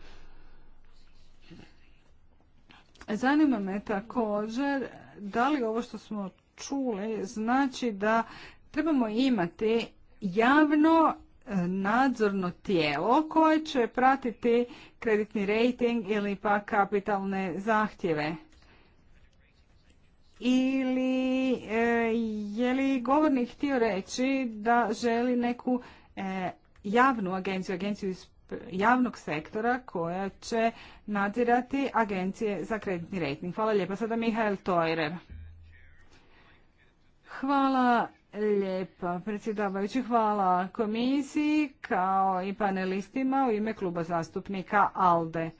Zanima me također da li ovo što smo čuli znači da trebamo imati javno e, nadzorno tijelo koje će pratiti kreditni rating ili pa kapitalne zahtjeve. Ili e, je li govornik htio reći da želi neku e, javnu agenciju, agenciju iz javnog sektora koja će nadzirati agencije za kreditni rejting. Hvala lijepa. Sada Mihael Tojrer. Hvala lijepa predsjedavajući. Hvala komisiji kao i panelistima u ime kluba zastupnika ALDE.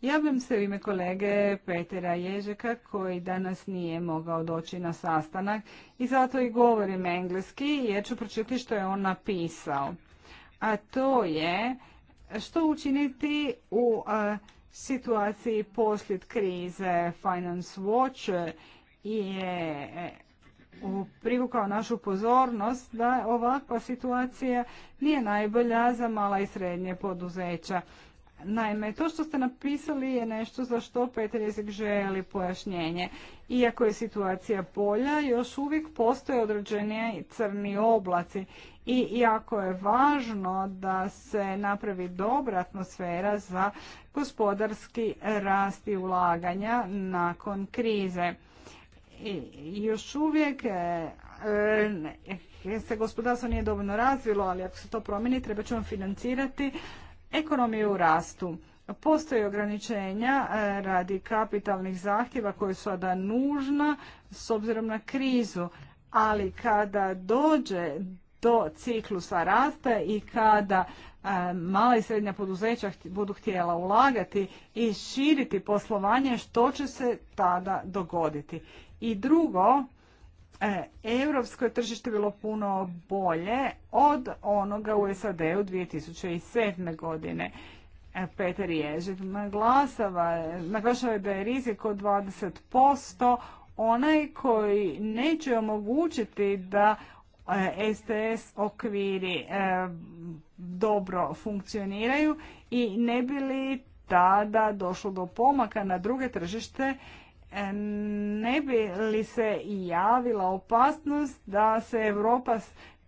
Javljam se u ime kolege Petera Ježeka koji danas nije mogao doći na sastanak i zato i govorim engleski jer ću pročiti što je on napisao. A to je što učiniti u e, situaciji posljed krize Finance Watch je e, privukao našu pozornost da ovakva situacija nije najbolja za mala i srednje poduzeća. Naime, to što ste napisali je nešto za što Petar Jezik želi pojašnjenje. Iako je situacija bolja, još uvijek postoje određeni crni oblaci i jako je važno da se napravi dobra atmosfera za gospodarski rast i ulaganja nakon krize. još uvijek e, e, se gospodarstvo nije dovoljno razvilo, ali ako se to promijeni treba ćemo financirati ekonomiju u rastu. Postoje ograničenja e, radi kapitalnih zahtjeva koje su sada nužna s obzirom na krizu, ali kada dođe do ciklusa rasta i kada e, mala i srednja poduzeća budu htjela ulagati i širiti poslovanje, što će se tada dogoditi. I drugo, e, europsko tržište bilo puno bolje od onoga u SAD-u 2007. godine. E, Peter Ježik naglašava da je rizik od 20% onaj koji neće omogućiti da STS e, okviri e, dobro funkcioniraju i ne bi li tada došlo do pomaka na druge tržište, e, ne bi li se javila opasnost da se Europa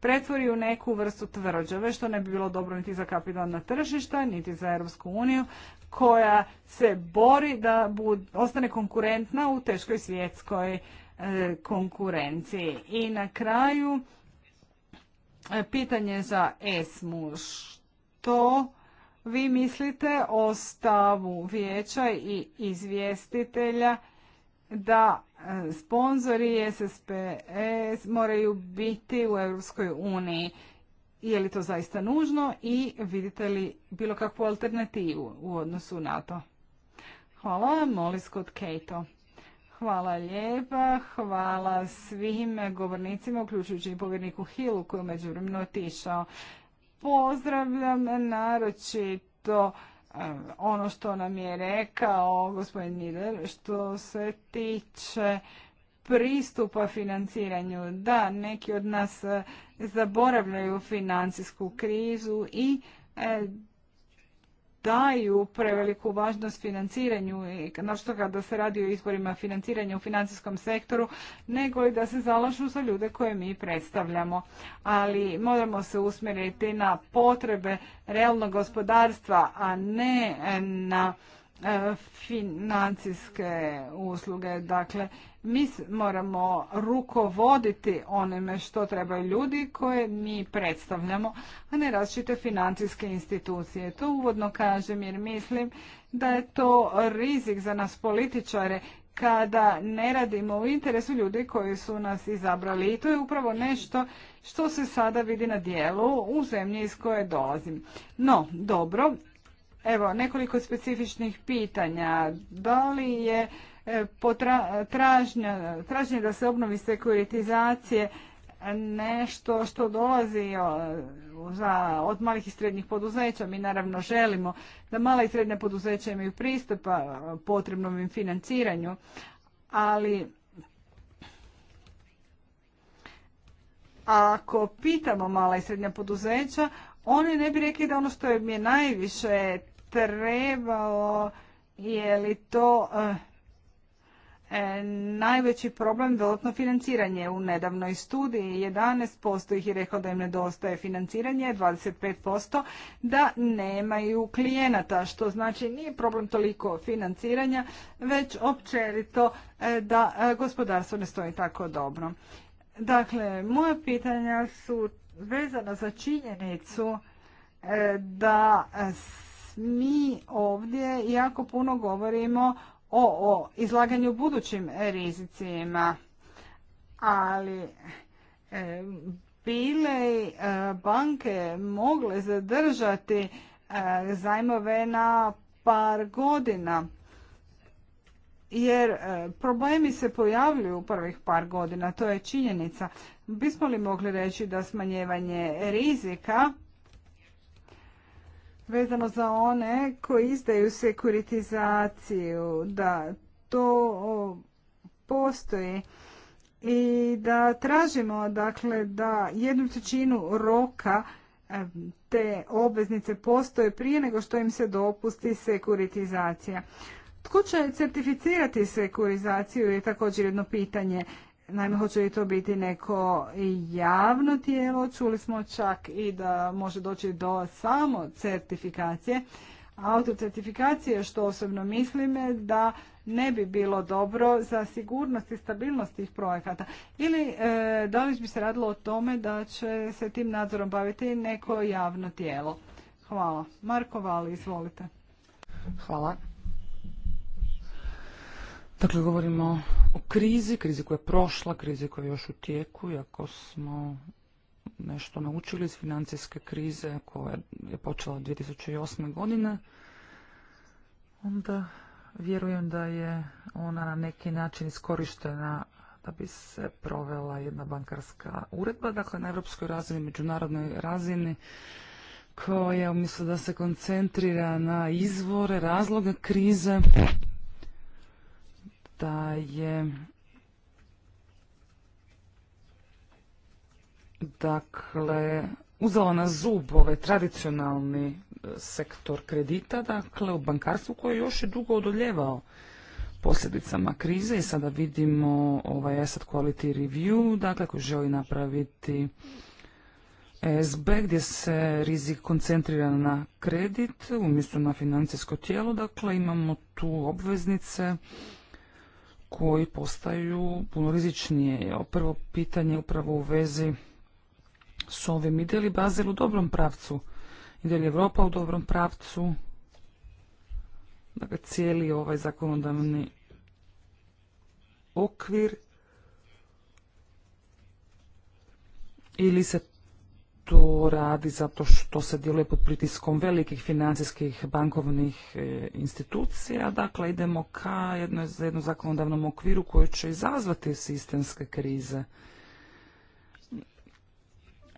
pretvori u neku vrstu tvrđave, što ne bi bilo dobro niti za kapitalna tržišta, niti za Europsku uniju, koja se bori da ostane konkurentna u teškoj svjetskoj konkurenciji. I na kraju E, pitanje za ESMU. Što vi mislite o stavu vijeća i izvjestitelja da e, sponzori SSPS moraju biti u Europskoj uniji? Je li to zaista nužno i vidite li bilo kakvu alternativu u odnosu na to? Hvala, Molis kod Kejto. Hvala lijepa, hvala svim govornicima, uključujući i povjerniku Hilu koji je međuvremeno otišao. Pozdravljam naročito eh, ono što nam je rekao gospodin Miller što se tiče pristupa financiranju. Da, neki od nas eh, zaboravljaju financijsku krizu i eh, daju preveliku važnost financiranju, našto kada se radi o izborima financiranja u financijskom sektoru, nego i da se zalažu za ljude koje mi predstavljamo. Ali moramo se usmjeriti na potrebe realnog gospodarstva, a ne na E, financijske usluge. Dakle, mi moramo rukovoditi onime što trebaju ljudi koje mi predstavljamo, a ne različite financijske institucije. To uvodno kažem jer mislim da je to rizik za nas političare kada ne radimo u interesu ljudi koji su nas izabrali. I to je upravo nešto što se sada vidi na dijelu u zemlji iz koje dolazim. No, dobro, Evo, nekoliko specifičnih pitanja. Da li je e, tražnje da se obnovi sekuritizacije nešto što dolazi e, od malih i srednjih poduzeća. Mi naravno želimo da mala i srednja poduzeća imaju pristupa e, potrebnom im financiranju, ali ako pitamo mala i srednja poduzeća, oni ne bi rekli da ono što im je najviše trebalo, je li to eh, najveći problem dodatno financiranje. U nedavnoj studiji 11% ih je rekao da im nedostaje financiranje, 25% da nemaju klijenata, što znači nije problem toliko financiranja, već općenito eh, da eh, gospodarstvo ne stoji tako dobro. Dakle, moja pitanja su vezana za činjenicu da mi ovdje jako puno govorimo o, izlaganju budućim rizicima, ali e, bile e, banke mogle zadržati e, zajmove na par godina. Jer e, problemi se pojavljuju u prvih par godina, to je činjenica. Bismo li mogli reći da smanjevanje rizika vezano za one koji izdaju sekuritizaciju, da to postoji i da tražimo dakle da jednu trećinu roka e, te obveznice postoje prije nego što im se dopusti sekuritizacija. Tko će certificirati sekurizaciju je također jedno pitanje. Naime, hoće li to biti neko javno tijelo, čuli smo čak i da može doći do samo certifikacije, autocertifikacije, što osobno mislim da ne bi bilo dobro za sigurnost i stabilnost tih projekata. Ili e, da li bi se radilo o tome da će se tim nadzorom baviti neko javno tijelo? Hvala. Marko Vali, izvolite. Hvala. Dakle, govorimo o krizi, krizi koja je prošla, krizi koja je još u tijeku, iako smo nešto naučili iz financijske krize koja je počela 2008. godine, onda vjerujem da je ona na neki način iskorištena da bi se provela jedna bankarska uredba, dakle na europskoj razini, međunarodnoj razini, koja umjesto da se koncentrira na izvore, razloga krize, da je dakle uzela na zub ovaj tradicionalni e, sektor kredita, dakle u bankarstvu koji je još i dugo odoljevao posljedicama krize i sada vidimo ovaj asset quality review, dakle koji želi napraviti SB gdje se rizik koncentrira na kredit umjesto na financijsko tijelo, dakle imamo tu obveznice koji postaju puno rizičnije. Prvo pitanje upravo u vezi s ovim. Ide li Bazel u dobrom pravcu? Ide li Europa u dobrom pravcu? Dakle, cijeli ovaj zakonodavni okvir ili se to radi zato što se djeluje pod pritiskom velikih financijskih bankovnih e, institucija. Dakle, idemo ka jedno, jednom zakonodavnom okviru koji će izazvati sistemske krize.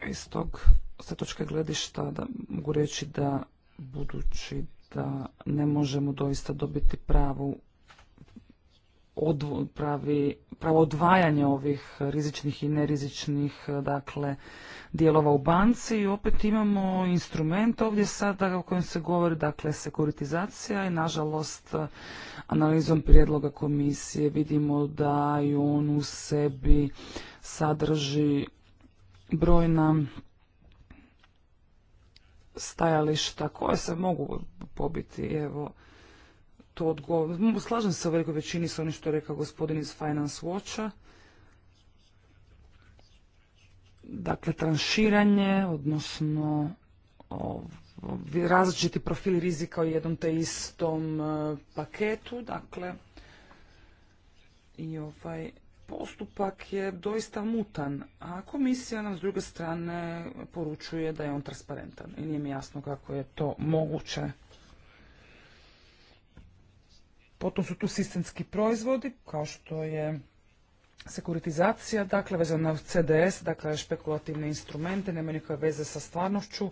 Iz tog sa gledišta da, mogu reći da budući da ne možemo doista dobiti pravu odvo, pravo odvajanje ovih rizičnih i nerizičnih dakle, dijelova u banci i opet imamo instrument ovdje sada o kojem se govori, dakle sekuritizacija i nažalost analizom prijedloga komisije vidimo da i on u sebi sadrži brojna stajališta koje se mogu pobiti. Evo, to Slažem se u velikoj većini sa onim što je rekao gospodin iz Finance Watcha. Dakle, tranširanje, odnosno različiti profili rizika u jednom te istom e, paketu. Dakle, i ovaj postupak je doista mutan, a komisija nam s druge strane poručuje da je on transparentan. I nije mi jasno kako je to moguće. Potom su tu sistemski proizvodi, kao što je sekuritizacija, dakle, vezana na CDS, dakle, špekulativne instrumente, nema nikakve veze sa stvarnošću.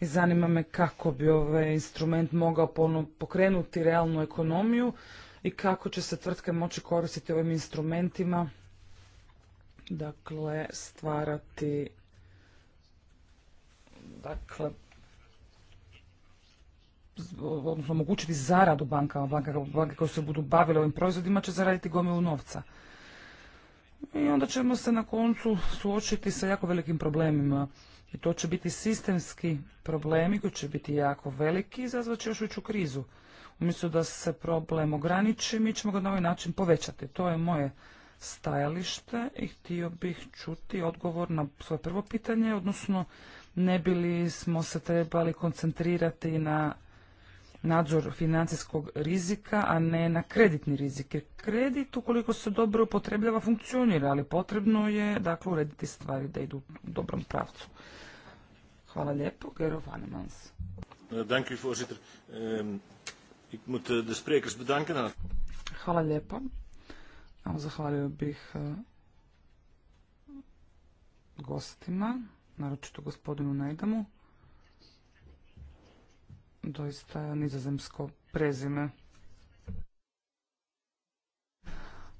I zanima me kako bi ovaj instrument mogao pokrenuti realnu ekonomiju i kako će se tvrtke moći koristiti ovim instrumentima, dakle, stvarati dakle, odnosno omogućiti zaradu bankama, banke koje se budu bavile ovim proizvodima će zaraditi gomilu novca. I onda ćemo se na koncu suočiti sa jako velikim problemima. I to će biti sistemski problemi koji će biti jako veliki i izazvat će još veću krizu. Umjesto da se problem ograniči, mi ćemo ga na ovaj način povećati. To je moje stajalište i htio bih čuti odgovor na svoje prvo pitanje, odnosno ne bi li smo se trebali koncentrirati na nadzor financijskog rizika, a ne na kreditni rizik. kredit, ukoliko se dobro upotrebljava, funkcionira, ali potrebno je dakle, urediti stvari da idu u dobrom pravcu. Hvala lijepo, Gerov Vanemans. Hvala lijepo. Zahvalio bih eh, gostima, naročito gospodinu Najdamu doista nizozemsko prezime.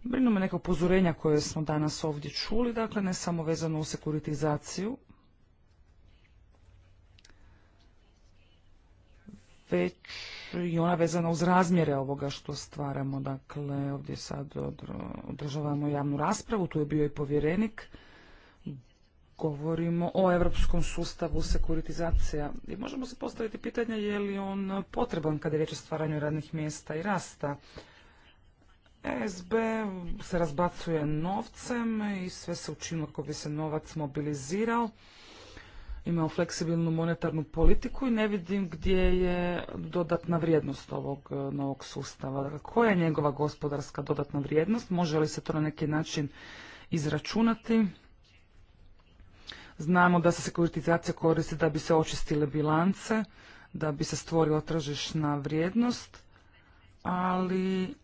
Brinu me neka upozorenja koje smo danas ovdje čuli, dakle ne samo vezano u sekuritizaciju, već i ona vezana uz razmjere ovoga što stvaramo. Dakle, ovdje sad održavamo javnu raspravu, tu je bio i povjerenik govorimo o europskom sustavu sekuritizacija i možemo se postaviti pitanje je li on potreban kada je riječ o stvaranju radnih mjesta i rasta. ESB se razbacuje novcem i sve se učinilo kako bi se novac mobilizirao. Imao fleksibilnu monetarnu politiku i ne vidim gdje je dodatna vrijednost ovog e, novog sustava. Dakle, koja je njegova gospodarska dodatna vrijednost? Može li se to na neki način izračunati? Znamo da se sekuritizacija koristi da bi se očistile bilance, da bi se stvorila tržišna vrijednost, ali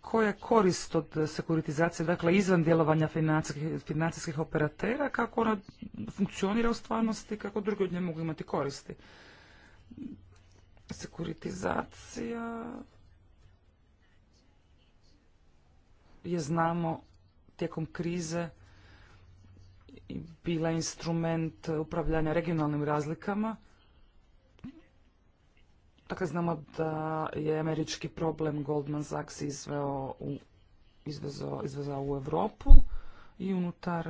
koja je korist od sekuritizacije, dakle izvan djelovanja financijskih, operatera, kako ona funkcionira u stvarnosti, kako drugi od nje mogu imati koristi. Sekuritizacija je znamo tijekom krize bila instrument upravljanja regionalnim razlikama. Dakle, znamo da je američki problem Goldman Sachs izveo u, izvezao u Europu i unutar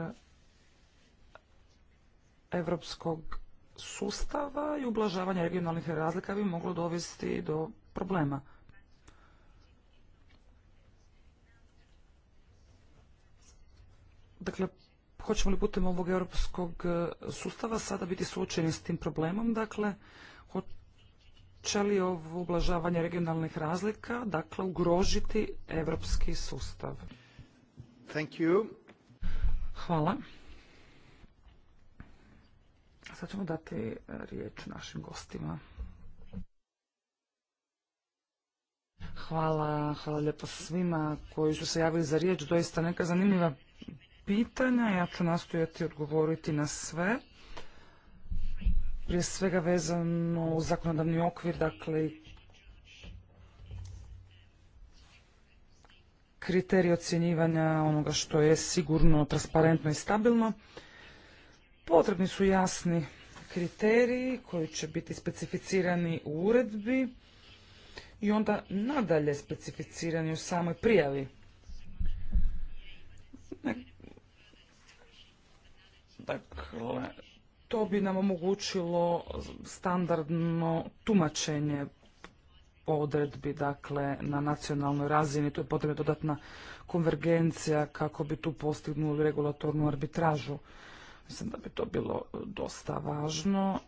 evropskog sustava i ublažavanje regionalnih razlika bi moglo dovesti do problema. Dakle, hoćemo li putem ovog europskog e, sustava sada biti suočeni s tim problemom, dakle, hoće li ovo ublažavanje regionalnih razlika, dakle, ugrožiti europski sustav? Thank you. Hvala. Sad ćemo dati riječ našim gostima. Hvala, hvala lijepo svima koji su se javili za riječ. Doista neka zanimljiva pitanja. Ja ću nastojati odgovoriti na sve. Prije svega vezano u zakonodavni okvir, dakle kriterij ocjenjivanja onoga što je sigurno, transparentno i stabilno. Potrebni su jasni kriteriji koji će biti specificirani u uredbi i onda nadalje specificirani u samoj prijavi. Dakle, to bi nam omogućilo standardno tumačenje odredbi dakle, na nacionalnoj razini. To je potrebna dodatna konvergencija kako bi tu postignuli regulatornu arbitražu. Mislim da bi to bilo dosta važno.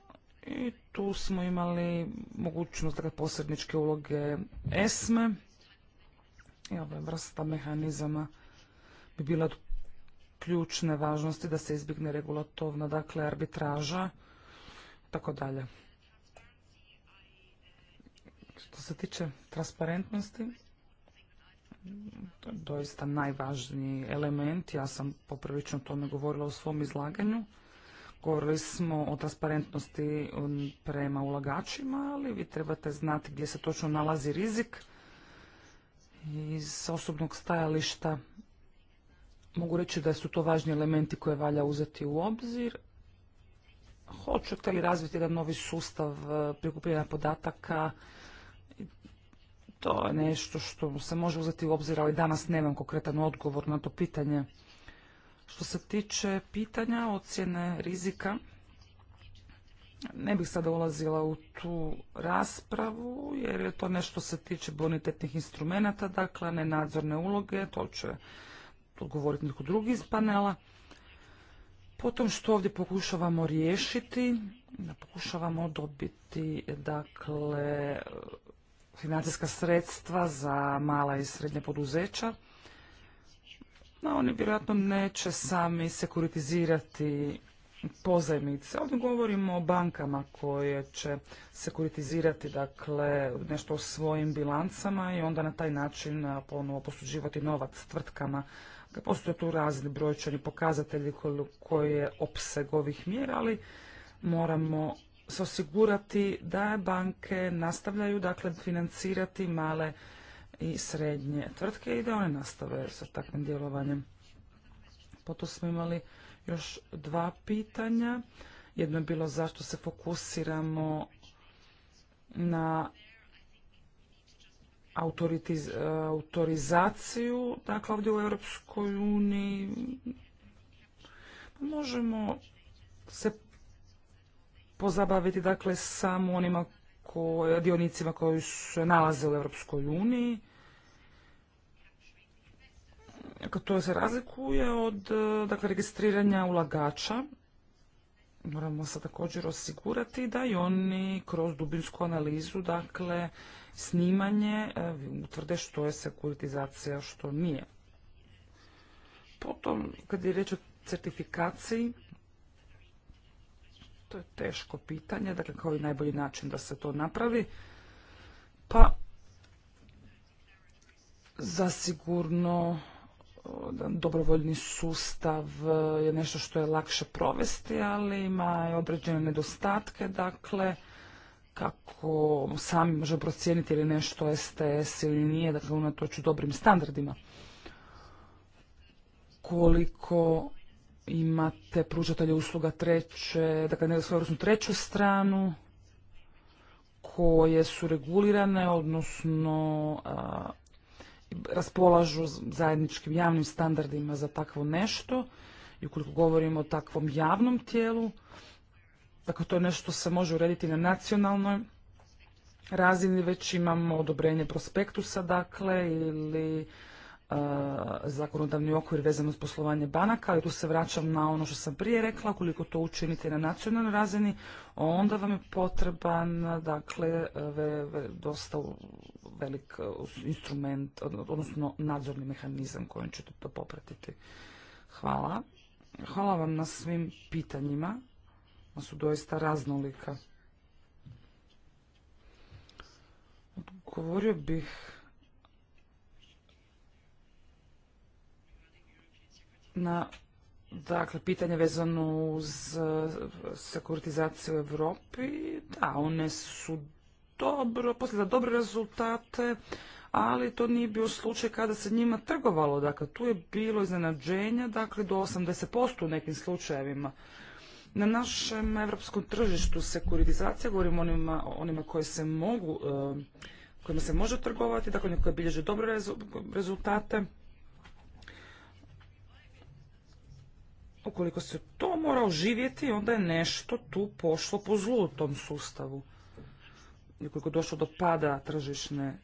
I tu smo imali mogućnost dakle, posredničke uloge ESME i ova vrsta mehanizama bi bila ključne važnosti da se izbjegne regulatorna, dakle, arbitraža, tako dalje. Što se tiče transparentnosti, to je doista najvažniji element. Ja sam poprilično o tome govorila u svom izlaganju. Govorili smo o transparentnosti um, prema ulagačima, ali vi trebate znati gdje se točno nalazi rizik. Iz osobnog stajališta mogu reći da su to važni elementi koje valja uzeti u obzir. Hoćete li razviti jedan novi sustav e, prikupljanja podataka? To je nešto što se može uzeti u obzir, ali danas nemam konkretan odgovor na to pitanje. Što se tiče pitanja ocjene rizika, ne bih sada ulazila u tu raspravu, jer je to nešto se tiče bonitetnih instrumenata, dakle ne nadzorne uloge, to će govoriti neko drugi iz panela. Potom što ovdje pokušavamo riješiti, pokušavamo dobiti dakle financijska sredstva za mala i srednja poduzeća. No, oni vjerojatno neće sami sekuritizirati pozajmice. Ovdje govorimo o bankama koje će sekuritizirati dakle, nešto o svojim bilancama i onda na taj način ponovo posuđivati novac tvrtkama Postoje tu razni brojčani pokazatelji koji je opseg ovih mjera, ali moramo se osigurati da banke nastavljaju dakle financirati male i srednje tvrtke i da one nastave sa takvim djelovanjem. Potom smo imali još dva pitanja. Jedno je bilo zašto se fokusiramo na E, autorizaciju, dakle ovdje u Europskoj uniji možemo se pozabaviti dakle samo onima dionicima koji se nalaze u Europskoj uniji. Dakle, to se razlikuje od e, dakle, registriranja ulagača moramo se također osigurati da i oni kroz dubinsku analizu, dakle snimanje, e, utvrde što je sekuritizacija, što nije. Potom, kad je reč o certifikaciji, to je teško pitanje, dakle kao i najbolji način da se to napravi. Pa, zasigurno dobrovoljni sustav eh, je nešto što je lakše provesti, ali ima i određene nedostatke, dakle kako sami možemo procijeniti ili nešto STS ili nije, dakle unatoč dobrim standardima. Koliko imate pružatelje usluga treće, dakle ne svojevrsnu treću stranu, koje su regulirane, odnosno eh, raspolažu zajedničkim javnim standardima za takvo nešto i ukoliko govorimo o takvom javnom tijelu, dakle to je nešto se može urediti na nacionalnoj razini, već imamo odobrenje prospektusa, dakle, ili E, zakonodavni okvir vezan uz poslovanje banaka, ali tu se vraćam na ono što sam prije rekla, koliko to učinite na nacionalnoj razini, onda vam je potreban dakle, ve, dosta velik e, instrument, odnosno nadzorni mehanizam kojim ćete to popratiti. Hvala. Hvala vam na svim pitanjima. Ona su doista raznolika. Govorio bih na dakle, pitanje vezano uz eh, sekuritizaciju u Europi. Da, one su dobro, poslije dobre rezultate, ali to nije bio slučaj kada se njima trgovalo. Dakle, tu je bilo iznenađenja, dakle, do 80% u nekim slučajevima. Na našem evropskom tržištu sekuritizacija, govorimo o onima, koje se mogu, eh, kojima se može trgovati, dakle, koje bilježe dobre rezultate, Ukoliko se to mora oživjeti, onda je nešto tu pošlo po zlu u tom sustavu. Ukoliko je došlo do pada tržišne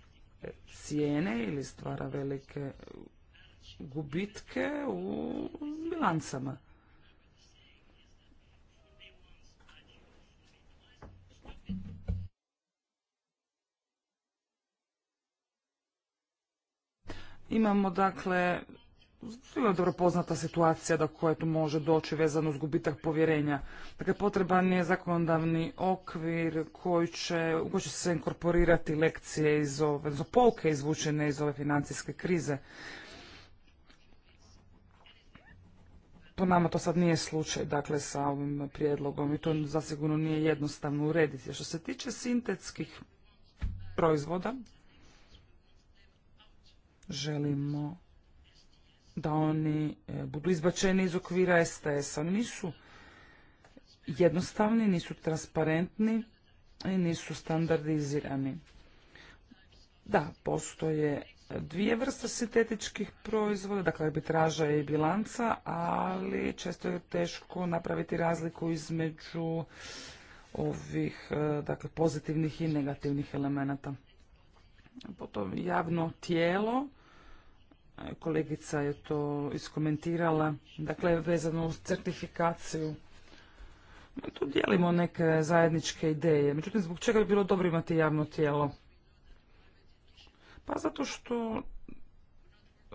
e, cijene ili stvara velike e, gubitke u bilancama. Imamo dakle svima dobro poznata situacija do koje tu može doći vezano uz gubitak povjerenja. Dakle, potreban je zakonodavni okvir koji će, u koji će se inkorporirati lekcije iz ove, za polke izvučene iz ove financijske krize. To nama to sad nije slučaj, dakle, sa ovim prijedlogom i to zasigurno nije jednostavno urediti. Što se tiče sintetskih proizvoda, želimo da oni e, budu izbačeni iz okvira STS-a. Nisu jednostavni, nisu transparentni i nisu standardizirani. Da, postoje dvije vrste sintetičkih proizvoda, dakle arbitraža i bilanca, ali često je teško napraviti razliku između ovih e, dakle, pozitivnih i negativnih elemenata. Potom javno tijelo kolegica je to iskomentirala, dakle vezano uz certifikaciju. Tu dijelimo neke zajedničke ideje, međutim zbog čega bi bilo dobro imati javno tijelo? Pa zato što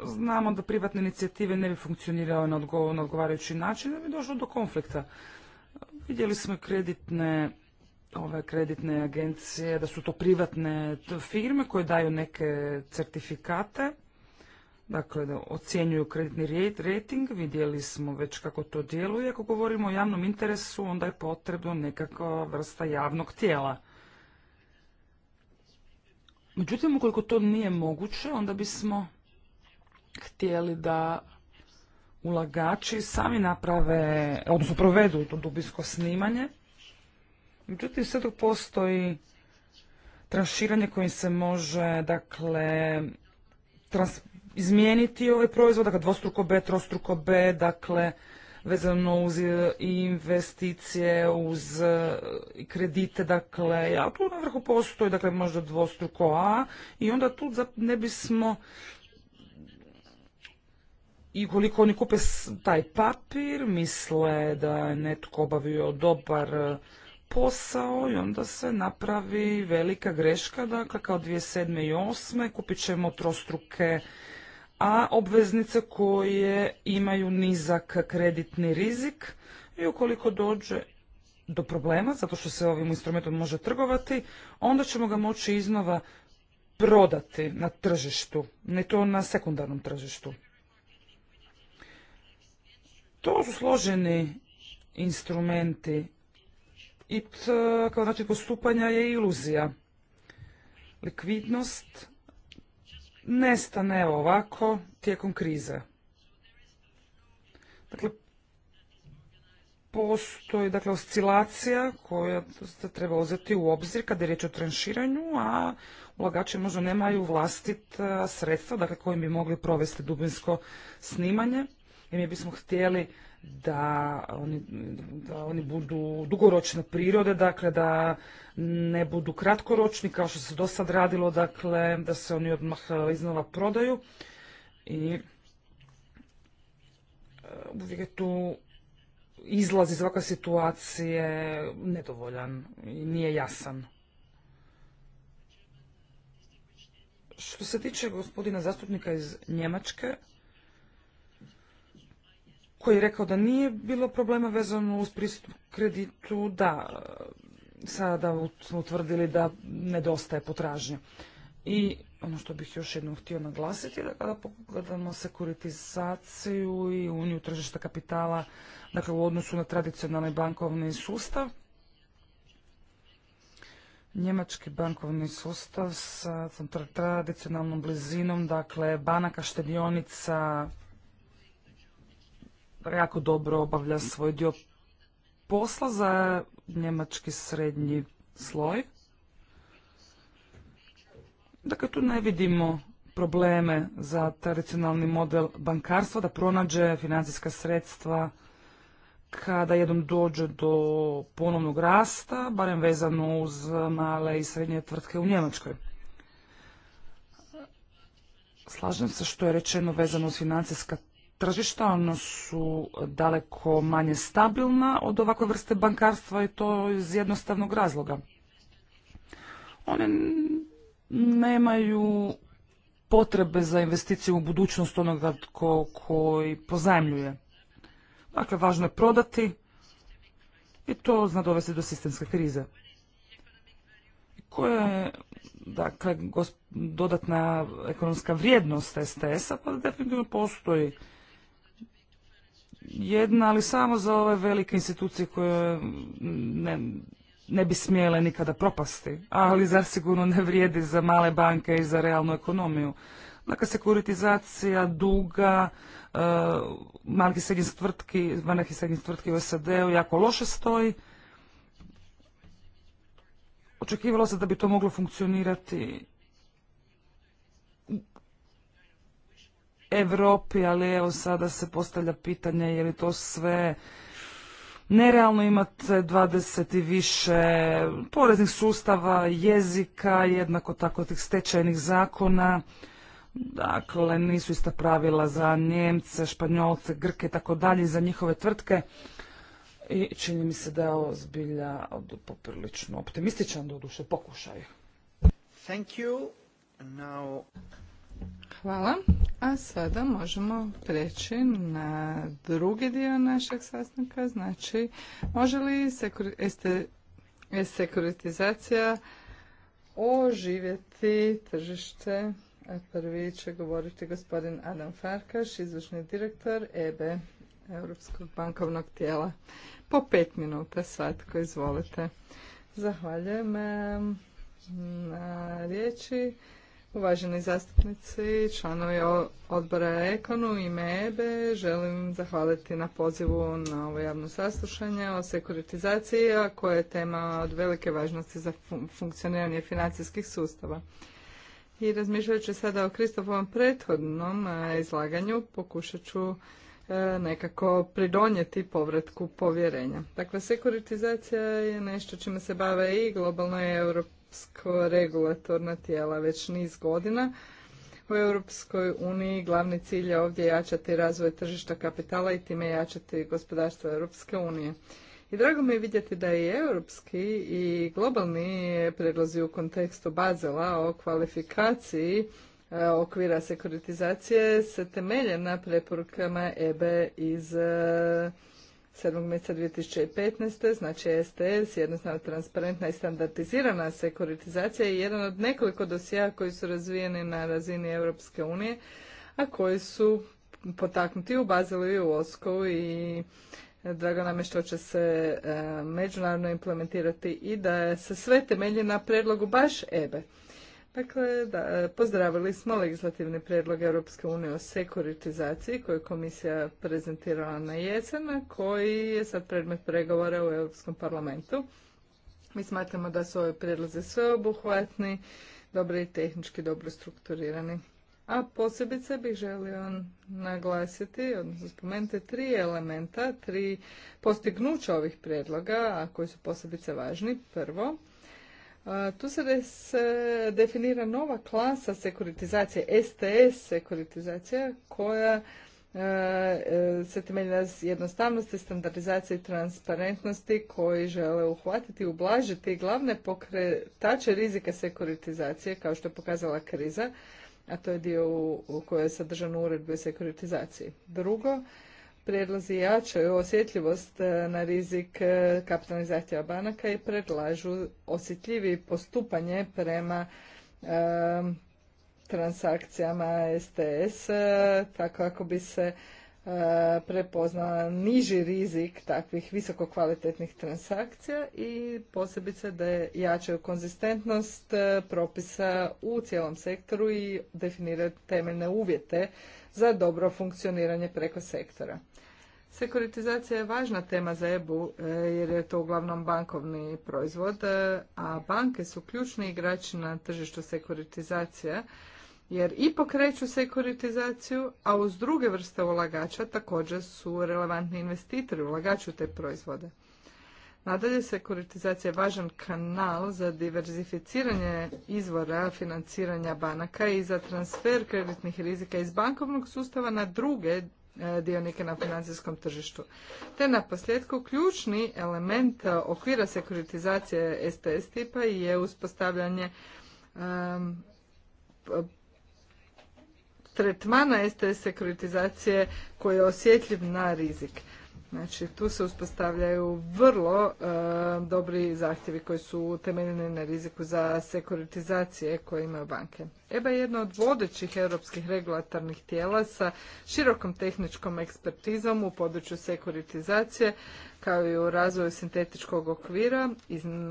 znamo da privatne inicijative ne bi funkcionirale na odgovarajući način, da bi došlo do konflikta. Vidjeli smo kreditne ove kreditne agencije, da su to privatne firme koje daju neke certifikate dakle da ocjenjuju kreditni rating, vidjeli smo već kako to djeluje. Ako govorimo o javnom interesu, onda je potrebno nekakva vrsta javnog tijela. Međutim, ukoliko to nije moguće, onda bismo htjeli da ulagači sami naprave, odnosno provedu to dubinsko snimanje. Međutim, sve dok postoji transširanje kojim se može, dakle, izmijeniti ovaj proizvod, dakle dvostruko B, trostruko B, dakle vezano uz e, investicije, uz e, kredite, dakle, a tu na vrhu postoji, dakle, možda dvostruko A i onda tu ne bismo i koliko oni kupe taj papir, misle da je netko obavio dobar e, posao i onda se napravi velika greška, dakle kao 2007. i 2008. kupit ćemo trostruke a obveznice koje imaju nizak kreditni rizik i ukoliko dođe do problema, zato što se ovim instrumentom može trgovati, onda ćemo ga moći iznova prodati na tržištu, ne to na sekundarnom tržištu. To su složeni instrumenti i kao način postupanja je iluzija. Likvidnost nestane ovako tijekom krize. Dakle, postoji dakle, oscilacija koja se treba uzeti u obzir kada je riječ o tranširanju, a ulagači možda nemaju vlastita e, sredstva dakle, kojim bi mogli provesti dubinsko snimanje. I mi bismo htjeli da oni, da oni budu dugoročne prirode, dakle da ne budu kratkoročni kao što se do sad radilo, dakle da se oni odmah e, iznova prodaju i e, uvijek je tu izlaz iz ovakve situacije nedovoljan i nije jasan. Što se tiče gospodina zastupnika iz Njemačke, koji je rekao da nije bilo problema vezano uz pristup kreditu, da sada smo utvrdili da nedostaje potražnja. I ono što bih još jednom htio naglasiti je da kada pogledamo sekuritizaciju i uniju tržišta kapitala, dakle u odnosu na tradicionalni bankovni sustav, Njemački bankovni sustav sa tradicionalnom blizinom, dakle banaka, štedionica, jako dobro obavlja svoj dio posla za njemački srednji sloj. Dakle, tu ne vidimo probleme za tradicionalni model bankarstva, da pronađe financijska sredstva kada jednom dođe do ponovnog rasta, barem vezano uz male i srednje tvrtke u Njemačkoj. Slažem se što je rečeno vezano uz financijska tržišta, ona su daleko manje stabilna od ovakve vrste bankarstva i to iz jednostavnog razloga. One nemaju potrebe za investiciju u budućnost onoga tko koji pozajmljuje. Dakle, važno je prodati i to zna dovesti do sistemske krize. Koja je dakle, dodatna ekonomska vrijednost STS-a, pa definitivno postoji jedna, ali samo za ove velike institucije koje ne, ne bi smjele nikada propasti, ali zasigurno ne vrijedi za male banke i za realnu ekonomiju. Dakle, sekuritizacija duga e, malih i srednjih tvrtki, malih i srednjih tvrtki u SAD-u jako loše stoji. Očekivalo se da bi to moglo funkcionirati Europi, ali evo sada se postavlja pitanje je li to sve nerealno imate 20 i više poreznih sustava, jezika, jednako tako tih stečajnih zakona. Dakle, nisu ista pravila za Njemce, Španjolce, Grke i tako dalje, za njihove tvrtke. I čini mi se da je ovo zbilja poprilično optimističan, doduše pokušaj. Thank you. Now... Hvala. A sada možemo preći na drugi dio našeg sastanka. Znači, može li sekuritizacija oživjeti tržište? prvi će govoriti gospodin Adam Farkaš, izvršni direktor EBE, Europskog bankovnog tijela. Po pet minuta svatko, izvolite. Zahvaljujem na riječi. Uvaženi zastupnici, članovi odbora Ekonu i MEBE, želim zahvaliti na pozivu na ovo javno saslušanje o sekuritizaciji, a koja je tema od velike važnosti za funkcioniranje financijskih sustava. I razmišljajući sada o Kristofovom prethodnom e, izlaganju, pokušat ću e, nekako pridonijeti povratku povjerenja. Dakle, sekuritizacija je nešto čime se bave i globalno i europsko regulatorna tijela već niz godina. U Europskoj uniji glavni cilj je ovdje jačati razvoj tržišta kapitala i time jačati gospodarstvo Europske unije. I drago mi je vidjeti da i europski i globalni predlozi u kontekstu Bazela o kvalifikaciji e, okvira sekuritizacije se temelje na preporukama EBE iz e, 7. mjeseca 2015. znači STS, jednostavno transparentna i standardizirana sekuritizacija je jedan od nekoliko dosija koji su razvijeni na razini Europske unije, a koji su potaknuti u Bazilu i u Oskovu i e, drago nam je što će se e, međunarodno implementirati i da se sve temelji na predlogu baš EBE. Dakle, da, pozdravili smo legislativni predlog Europske unije o sekuritizaciji koju je komisija prezentirala na jesen, koji je sad predmet pregovora u Europskom parlamentu. Mi smatramo da su ove prijedlozi sveobuhvatni, dobro i tehnički dobro strukturirani. A posebice bih želio naglasiti, odnosno spomenuti tri elementa, tri postignuća ovih prijedloga, a koji su posebice važni. Prvo, tu se e, definira nova klasa sekuritizacije, STS sekuritizacija, koja e, e, se temelja na jednostavnosti, standardizaciji i transparentnosti koji žele uhvatiti i ublažiti glavne pokretače rizika sekuritizacije, kao što je pokazala kriza, a to je dio u kojoj je sadržan u uredbi o sekuritizaciji. Drugo, Prijedlozi jačaju osjetljivost e, na rizik e, kapitalnih zahtjeva banaka i predlažu osjetljivije postupanje prema e, transakcijama STS, tako ako bi se prepoznala niži rizik takvih visokokvalitetnih transakcija i posebice da je jačaju konzistentnost propisa u cijelom sektoru i definiraju temeljne uvjete za dobro funkcioniranje preko sektora. Sekuritizacija je važna tema za EBU e, jer je to uglavnom bankovni proizvod, e, a banke su ključni igrači na tržištu sekuritizacija jer i pokreću sekuritizaciju, a uz druge vrste ulagača također su relevantni investitori ulagači u te proizvode. Nadalje, sekuritizacija je važan kanal za diverzificiranje izvora financiranja banaka i za transfer kreditnih rizika iz bankovnog sustava na druge e, dionike na financijskom tržištu. Te na posljedku ključni element e, okvira sekuritizacije STS tipa je uspostavljanje tretmana STS sekuritizacije koji je osjetljiv na rizik. Znači, tu se uspostavljaju vrlo e, dobri zahtjevi koji su temeljeni na riziku za sekuritizacije koje imaju banke. EBA je jedna od vodećih europskih regulatornih tijela sa širokom tehničkom ekspertizom u području sekuritizacije kao i u razvoju sintetičkog okvira.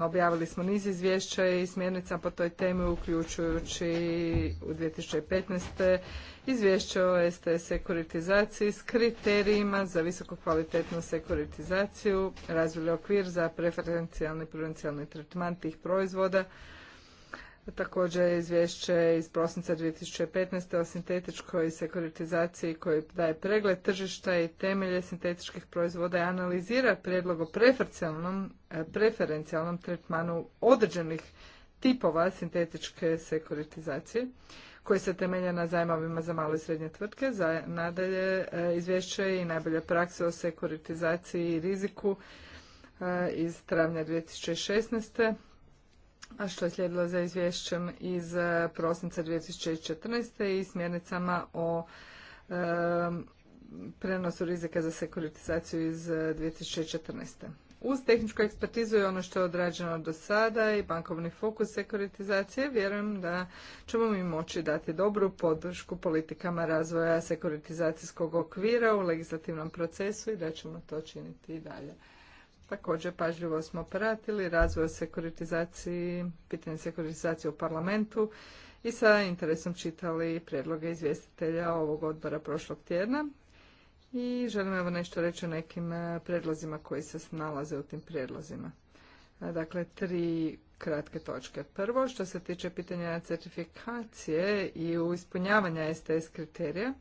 Objavili smo niz izvješća i smjernica po toj temi, uključujući u 2015. izvješće o ST sekuritizaciji s kriterijima za kvalitetnu sekuritizaciju, razvili okvir za preferencijalni i prudencijalni tretman tih proizvoda, Također izvješće iz prosinca 2015. o sintetičkoj sekuritizaciji koji daje pregled tržišta i temelje sintetičkih proizvoda i analizira prijedlog o preferencijalnom, e, tretmanu određenih tipova sintetičke sekuritizacije koji se temelja na zajmovima za male i srednje tvrtke. Za, nadalje e, izvješće i najbolje prakse o sekuritizaciji i riziku e, iz travnja 2016 a što je slijedilo za izvješćem iz e, prosinca 2014. i smjernicama o e, prenosu rizika za sekuritizaciju iz 2014. E, Uz tehničku ekspertizu i ono što je odrađeno do sada i bankovni fokus sekuritizacije, vjerujem da ćemo mi moći dati dobru podršku politikama razvoja sekuritizacijskog okvira u legislativnom procesu i da ćemo to činiti i dalje. Također pažljivo smo pratili razvoj sekuritizaciji, pitanje sekuritizacije u parlamentu i sa interesom čitali prijedloge izvjestitelja ovog odbora prošlog tjedna. I želim evo nešto reći o nekim e, predlozima koji se nalaze u tim prijedlozima. E, dakle, tri kratke točke. Prvo, što se tiče pitanja certifikacije i ispunjavanja STS kriterija,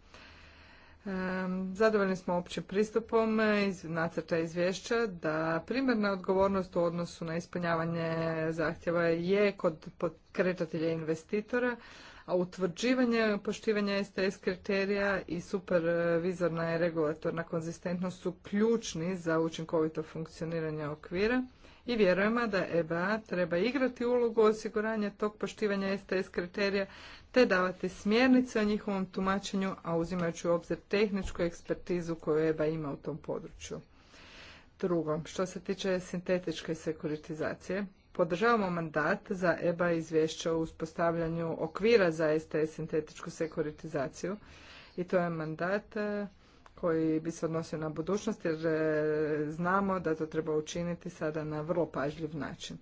Zadovoljni smo općim pristupom iz nacrta izvješća da primarna odgovornost u odnosu na ispunjavanje zahtjeva je kod kretatelja investitora, a utvrđivanje poštivanja STS kriterija i supervizorna i regulatorna konzistentnost su ključni za učinkovito funkcioniranje okvira i vjerujemo da EBA treba igrati ulogu osiguranja tog poštivanja STS kriterija te davati smjernice o njihovom tumačenju, a uzimajući u obzir tehničku ekspertizu koju EBA ima u tom području. Drugo, što se tiče sintetičke sekuritizacije, podržavamo mandat za EBA izvješća o uspostavljanju okvira za STS sintetičku sekuritizaciju i to je mandat koji bi se odnosio na budućnost jer e, znamo da to treba učiniti sada na vrlo pažljiv način.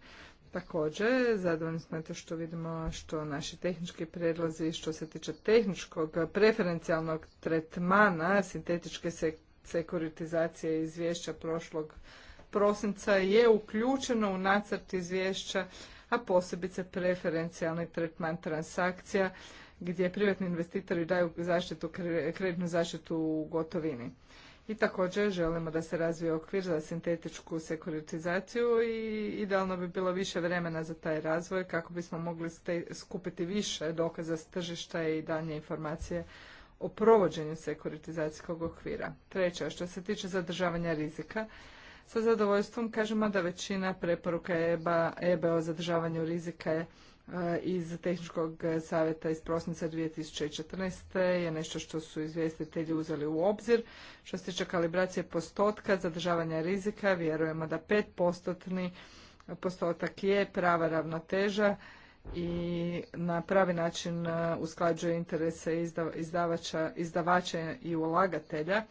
Također, zadovoljni smo to što vidimo što naši tehnički prijedlozi što se tiče tehničkog preferencijalnog tretmana sintetičke sekuritizacije izvješća prošlog prosinca je uključeno u nacrt izvješća, a posebice preferencijalni tretman transakcija gdje privatni investitori daju zaštitu, kreditnu zaštitu u gotovini. I također želimo da se razvije okvir za sintetičku sekuritizaciju i idealno bi bilo više vremena za taj razvoj kako bismo mogli skupiti više dokaza s tržišta i dalje informacije o provođenju sekuritizacijskog okvira. Treće, što se tiče zadržavanja rizika, sa zadovoljstvom kažemo da većina preporuka EBA, EBA o zadržavanju rizika je E, iz Tehničkog savjeta iz prosinca 2014. je nešto što su izvjestitelji uzeli u obzir. Što se tiče kalibracije postotka, zadržavanja rizika, vjerujemo da 5% postotak je prava ravnoteža i na pravi način e, usklađuje interese izdavača, izdavača i ulagatelja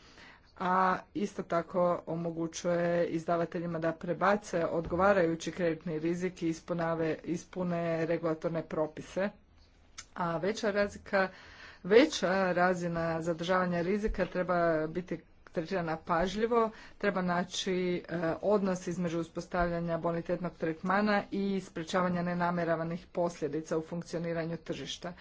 a isto tako omogućuje izdavateljima da prebace odgovarajući kreditni rizik i ispunave, ispune regulatorne propise. A veća razlika, veća razina zadržavanja rizika treba biti tretirana pažljivo, treba naći e, odnos između uspostavljanja bonitetnog tretmana i sprečavanja nenamjeravanih posljedica u funkcioniranju tržišta.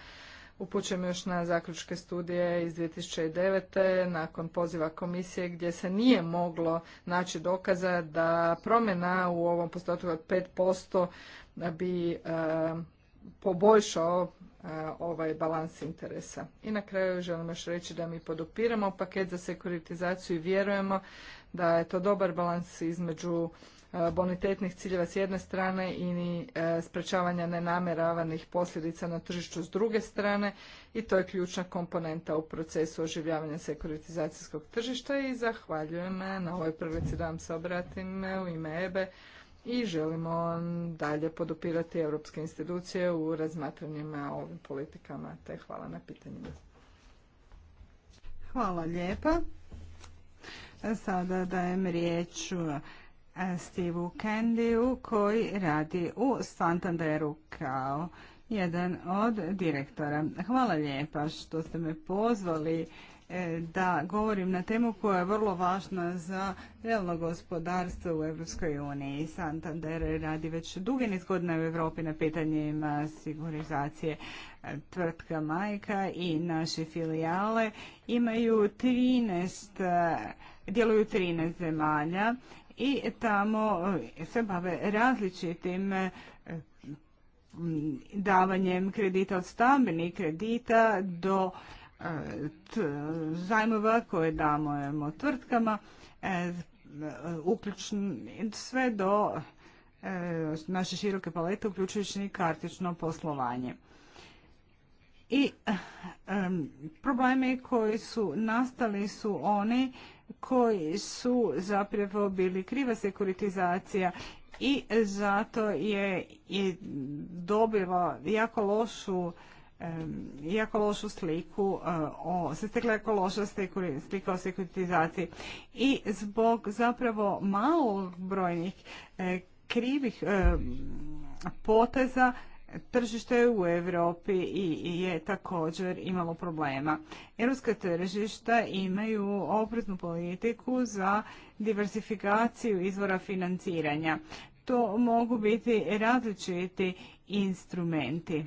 Upućujem još na zaključke studije iz 2009. nakon poziva komisije gdje se nije moglo naći dokaza da promjena u ovom postotku od 5% bi e, poboljšao e, ovaj balans interesa. I na kraju želim još reći da mi podupiramo paket za sekuritizaciju i vjerujemo da je to dobar balans između E, bonitetnih ciljeva s jedne strane i e, sprečavanja nenameravanih posljedica na tržištu s druge strane i to je ključna komponenta u procesu oživljavanja sekuritizacijskog tržišta i zahvaljujem e, na ovoj prilici da vam se obratim u ime EBE i želimo dalje podupirati europske institucije u razmatranjima ovim politikama te hvala na pitanjima. Hvala lijepa. Sada dajem riječ E, Steve Candyu koji radi u Santanderu kao jedan od direktora. Hvala lijepa što ste me pozvali e, da govorim na temu koja je vrlo važna za realno gospodarstvo u Evropskoj uniji. Santander radi već dugi niz godina u Europi na pitanjima sigurizacije tvrtka majka i naše filijale imaju 13 djeluju 13 zemalja i tamo e, se bave različitim e, davanjem kredita od stambenih kredita do e, zajmova koje damo tvrtkama, sve do naše široke palete, uključujući i kartično poslovanje. I problemi koji su nastali su oni koji su zapravo bili kriva sekuritizacija i zato je dobilo jako lošu jako lošu sliku e, o, se stekla jako loša slika o sekuritizaciji i zbog zapravo malo brojnih e, krivih poteza tržište u Europi i je također imalo problema. Europska tržišta imaju opretnu politiku za diversifikaciju izvora financiranja. To mogu biti različiti instrumenti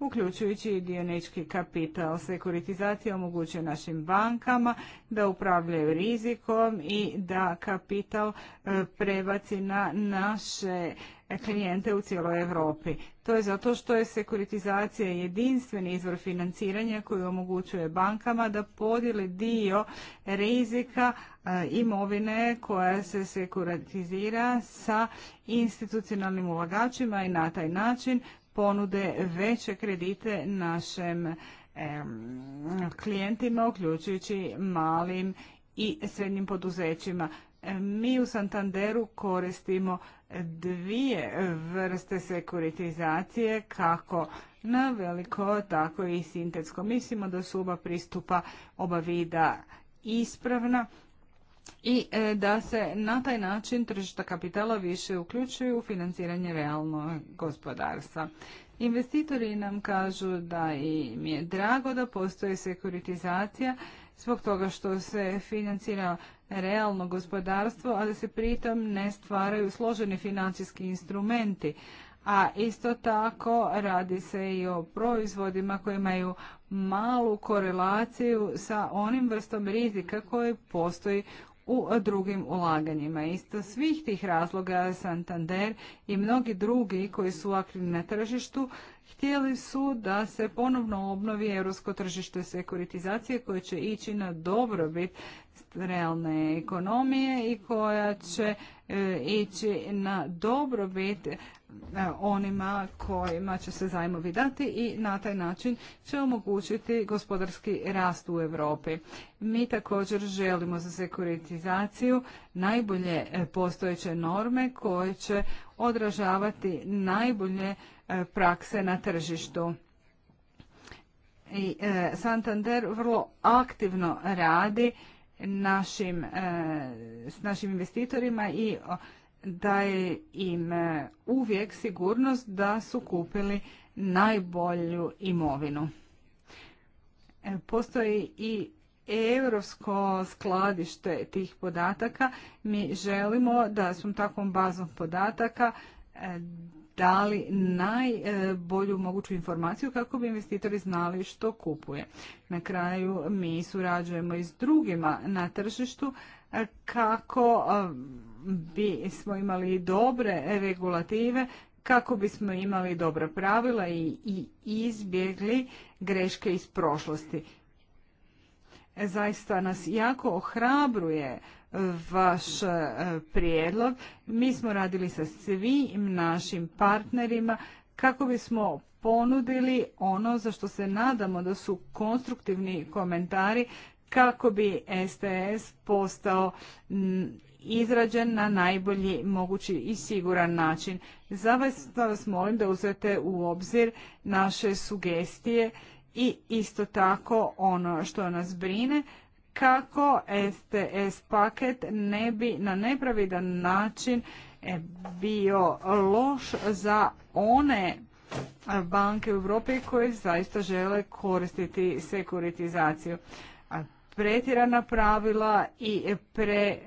uključujući i dionički kapital. Sekuritizacija omogućuje našim bankama da upravljaju rizikom i da kapital e, prebaci na naše klijente u cijeloj Europi. To je zato što je sekuritizacija jedinstveni izvor financiranja koji omogućuje bankama da podijeli dio rizika imovine koja se sekuritizira sa institucionalnim ulagačima i na taj način ponude veće kredite našem klijentima, uključujući malim i srednjim poduzećima. Mi u Santanderu koristimo dvije vrste sekuritizacije kako na veliko, tako i sintetsko. Mislimo da su oba pristupa oba vida ispravna i e, da se na taj način tržišta kapitala više uključuju u financiranje realnog gospodarstva. Investitori nam kažu da im je drago da postoji sekuritizacija zbog toga što se financira realno gospodarstvo, a da se pritom ne stvaraju složeni financijski instrumenti. A isto tako radi se i o proizvodima koji imaju malu korelaciju sa onim vrstom rizika koji postoji u drugim ulaganjima. Isto svih tih razloga Santander i mnogi drugi koji su aktivni na tržištu htjeli su da se ponovno obnovi europsko tržište sekuritizacije koje će ići na dobrobit realne ekonomije i koja će e, ići na dobrobit e, onima kojima će se zajmovi dati i na taj način će omogućiti gospodarski rast u Europi. Mi također želimo za sekuritizaciju najbolje e, postojeće norme koje će odražavati najbolje prakse na tržištu. I e, Santander vrlo aktivno radi našim, e, s našim investitorima i daje im e, uvijek sigurnost da su kupili najbolju imovinu. Postoji i europsko skladište tih podataka. Mi želimo da smo takvom bazom podataka dali najbolju moguću informaciju kako bi investitori znali što kupuje. Na kraju mi surađujemo i s drugima na tržištu e, kako bi smo imali dobre regulative kako bismo imali dobra pravila i, i izbjegli greške iz prošlosti. E, zaista nas jako ohrabruje vaš e, prijedlog. Mi smo radili sa svim našim partnerima kako bismo ponudili ono za što se nadamo da su konstruktivni komentari kako bi STS postao izrađen na najbolji mogući i siguran način. Za vas, vas molim da uzete u obzir naše sugestije i isto tako ono što nas brine, kako STS paket ne bi na nepravidan način e, bio loš za one e, banke u Europi koje zaista žele koristiti sekuritizaciju. Pretjerana pravila i pre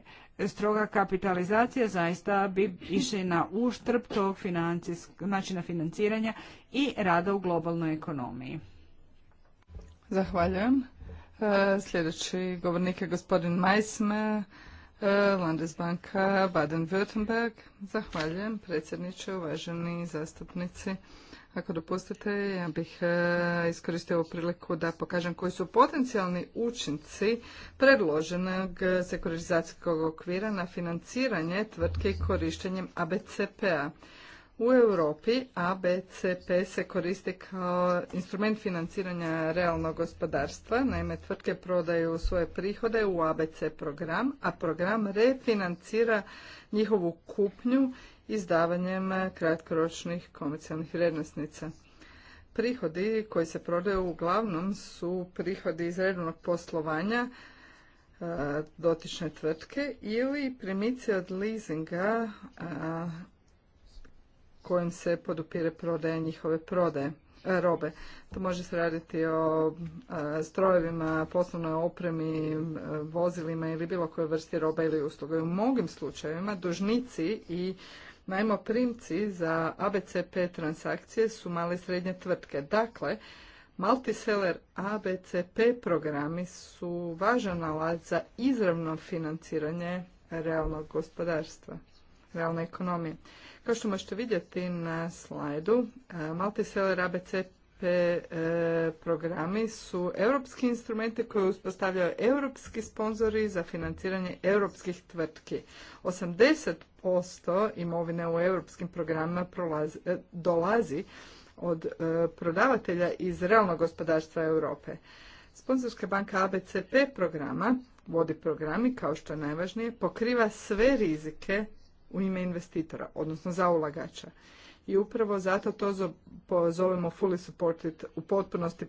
stroga kapitalizacija zaista bi išli na uštrb tog načina financiranja i rada u globalnoj ekonomiji. Zahvaljujem. E, sljedeći govornik je gospodin Majsme, e, Landesbanka Baden-Württemberg. Zahvaljujem predsjedniče, uvaženi zastupnici. Ako dopustite, ja bih e, iskoristio ovu priliku da pokažem koji su potencijalni učinci predloženog sekurizacijskog okvira na financiranje tvrtke korištenjem ABCP-a. U Europi ABCP se koristi kao instrument financiranja realnog gospodarstva. Naime, tvrtke prodaju svoje prihode u ABC program, a program refinancira njihovu kupnju izdavanjem kratkoročnih komercijalnih vrijednosnica. Prihodi koji se prodaju uglavnom su prihodi iz redovnog poslovanja e, dotične tvrtke ili primici od leasinga kojim se podupire prodaja njihove prodaje e, robe. To može se raditi o e, strojevima, poslovnoj opremi, e, vozilima ili bilo koje vrsti roba ili usluga. U mnogim slučajevima dužnici i najmoprimci za ABCP transakcije su male i srednje tvrtke. Dakle, Multiseller ABCP programi su važan alat za izravno financiranje realnog gospodarstva, realne ekonomije. Kao što možete vidjeti na slajdu, e, Multiseller ABCP e, programi su europski instrumenti koje uspostavljaju europski sponzori za financiranje europskih tvrtki. 80% imovine u europskim programima e, dolazi od prodavatelja iz realnog gospodarstva Europe. Sponzorska banka ABCP programa vodi programi, kao što je najvažnije, pokriva sve rizike u ime investitora, odnosno za ulagača. I upravo zato to zovemo fully supported, u potpunosti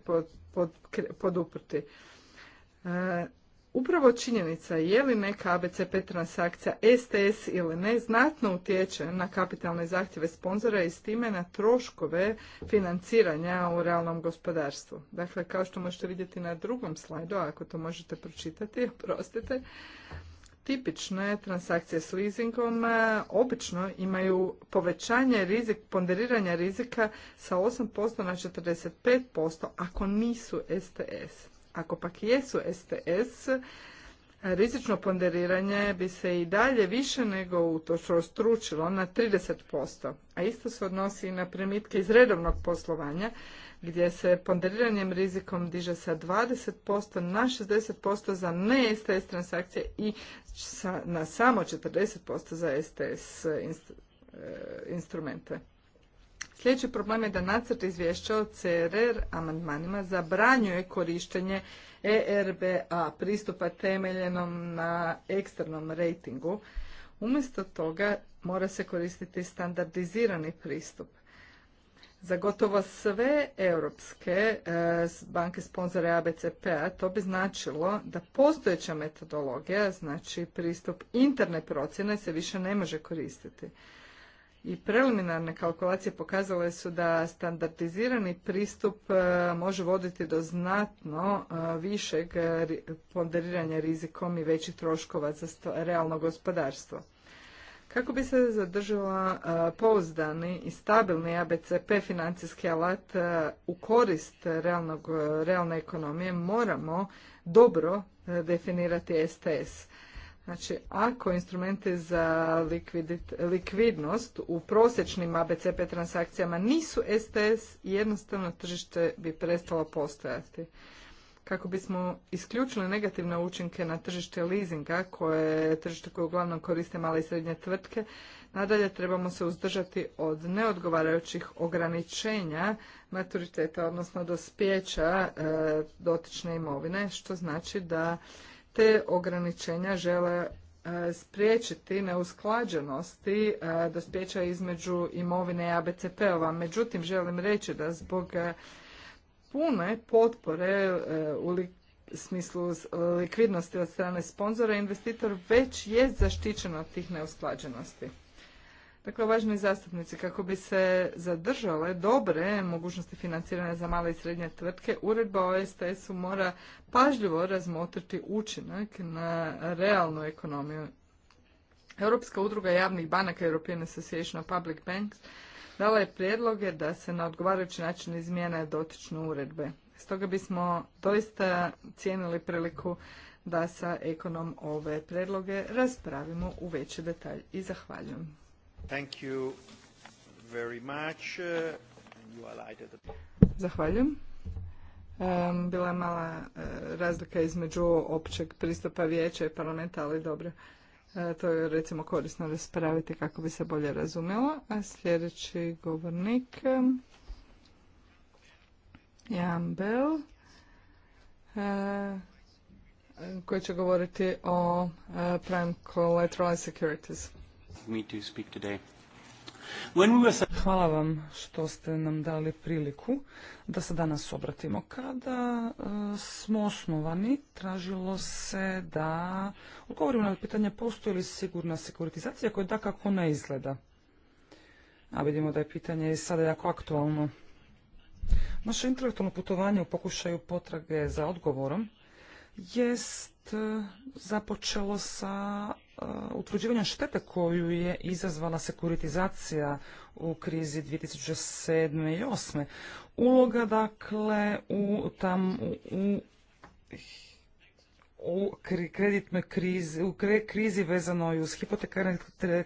poduprti. E, upravo činjenica je li neka ABCP transakcija STS ili ne znatno utječe na kapitalne zahtjeve sponzora i s time na troškove financiranja u realnom gospodarstvu. Dakle, kao što možete vidjeti na drugom slajdu, ako to možete pročitati, prostite, tipične transakcije s leasingom e, obično imaju povećanje rizik, ponderiranja rizika sa 8% na 45% ako nisu STS. Ako pak jesu STS, rizično ponderiranje bi se i dalje više nego stručilo na 30%, a isto se odnosi i na primitke iz redovnog poslovanja gdje se ponderiranjem rizikom diže sa 20% na 60% za ne STS transakcije i na samo 40% za STS e, instrumente. Sljedeći problem je da nacrt izvješća o CRR amandmanima zabranjuje korištenje ERBA pristupa temeljenom na eksternom rejtingu. Umjesto toga mora se koristiti standardizirani pristup za gotovo sve europske e, banke sponzore ABCP-a to bi značilo da postojeća metodologija, znači pristup interne procjene se više ne može koristiti. I preliminarne kalkulacije pokazale su da standardizirani pristup e, može voditi do znatno e, višeg ponderiranja rizikom i većih troškova za realno gospodarstvo. Kako bi se zadržala pouzdani i stabilni ABCP financijski alat u korist realnog, realne ekonomije, moramo dobro definirati STS. Znači, ako instrumenti za likvidnost u prosječnim ABCP transakcijama nisu STS, jednostavno tržište bi prestalo postojati kako bismo isključili negativne učinke na tržište leasinga, koje je tržište koje uglavnom koriste male i srednje tvrtke, nadalje trebamo se uzdržati od neodgovarajućih ograničenja maturiteta, odnosno dospjeća e, dotične imovine, što znači da te ograničenja žele e, spriječiti neusklađenosti e, dospjeća između imovine i ABCP-ova. Međutim, želim reći da zbog pune potpore e, u smislu likvidnosti od strane sponzora, investitor već je zaštićen od tih neusklađenosti. Dakle, važni zastupnici, kako bi se zadržale dobre mogućnosti financiranja za male i srednje tvrtke, uredba o STS-u mora pažljivo razmotriti učinak na realnu ekonomiju. Europska udruga javnih banaka European Association of Public Banks dala je prijedloge da se na odgovarajući način izmijene dotične uredbe. Stoga bismo doista cijenili priliku da sa ekonom ove predloge raspravimo u veći detalj i zahvaljujem. Thank you very much. Zahvaljujem. Bila je mala eh, razlika između općeg pristupa vijeća i parlamenta, ali dobro. E, to je recimo korisno raspraviti kako bi se bolje razumjelo. A sljedeći govornik Jan Bell e, koji će govoriti o e, Prime Collateral Securities. Hvala vam što ste nam dali priliku da se danas obratimo. Kada e, smo osnovani, tražilo se da odgovorimo na pitanje postoji li sigurna sekuritizacija koja da kako ne izgleda. A vidimo da je pitanje i sada jako aktualno. Naše intelektualno putovanje u pokušaju potrage za odgovorom jest E, započelo sa e, utvrđivanjem štete koju je izazvala sekuritizacija u krizi 2007. i 2008. Uloga, dakle, u, tam, u, u kreditnoj krizi, u krizi vezanoj uz hipotekarne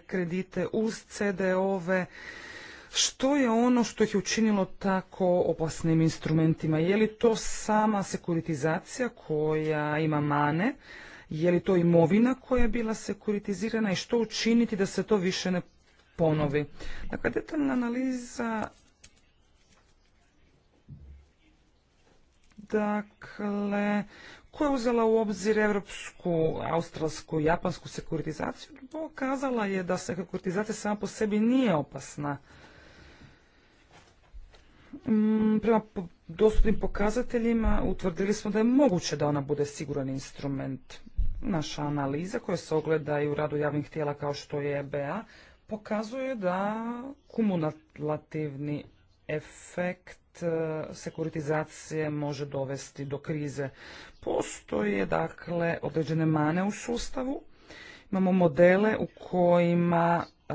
kredite, uz cdo što je ono što ih je učinilo tako opasnim instrumentima? Je li to sama sekuritizacija koja ima mane? Je li to imovina koja je bila sekuritizirana i što učiniti da se to više ne ponovi? Dakle, detaljna analiza dakle, koja je uzela u obzir evropsku, australsku i japansku sekuritizaciju, pokazala je da sekuritizacija sama po sebi nije opasna. Mm, prema dostupnim pokazateljima utvrdili smo da je moguće da ona bude siguran instrument. Naša analiza koja se ogleda i u radu javnih tijela kao što je EBA pokazuje da kumulativni efekt e, sekuritizacije može dovesti do krize. Postoje dakle određene mane u sustavu. Imamo modele u kojima e,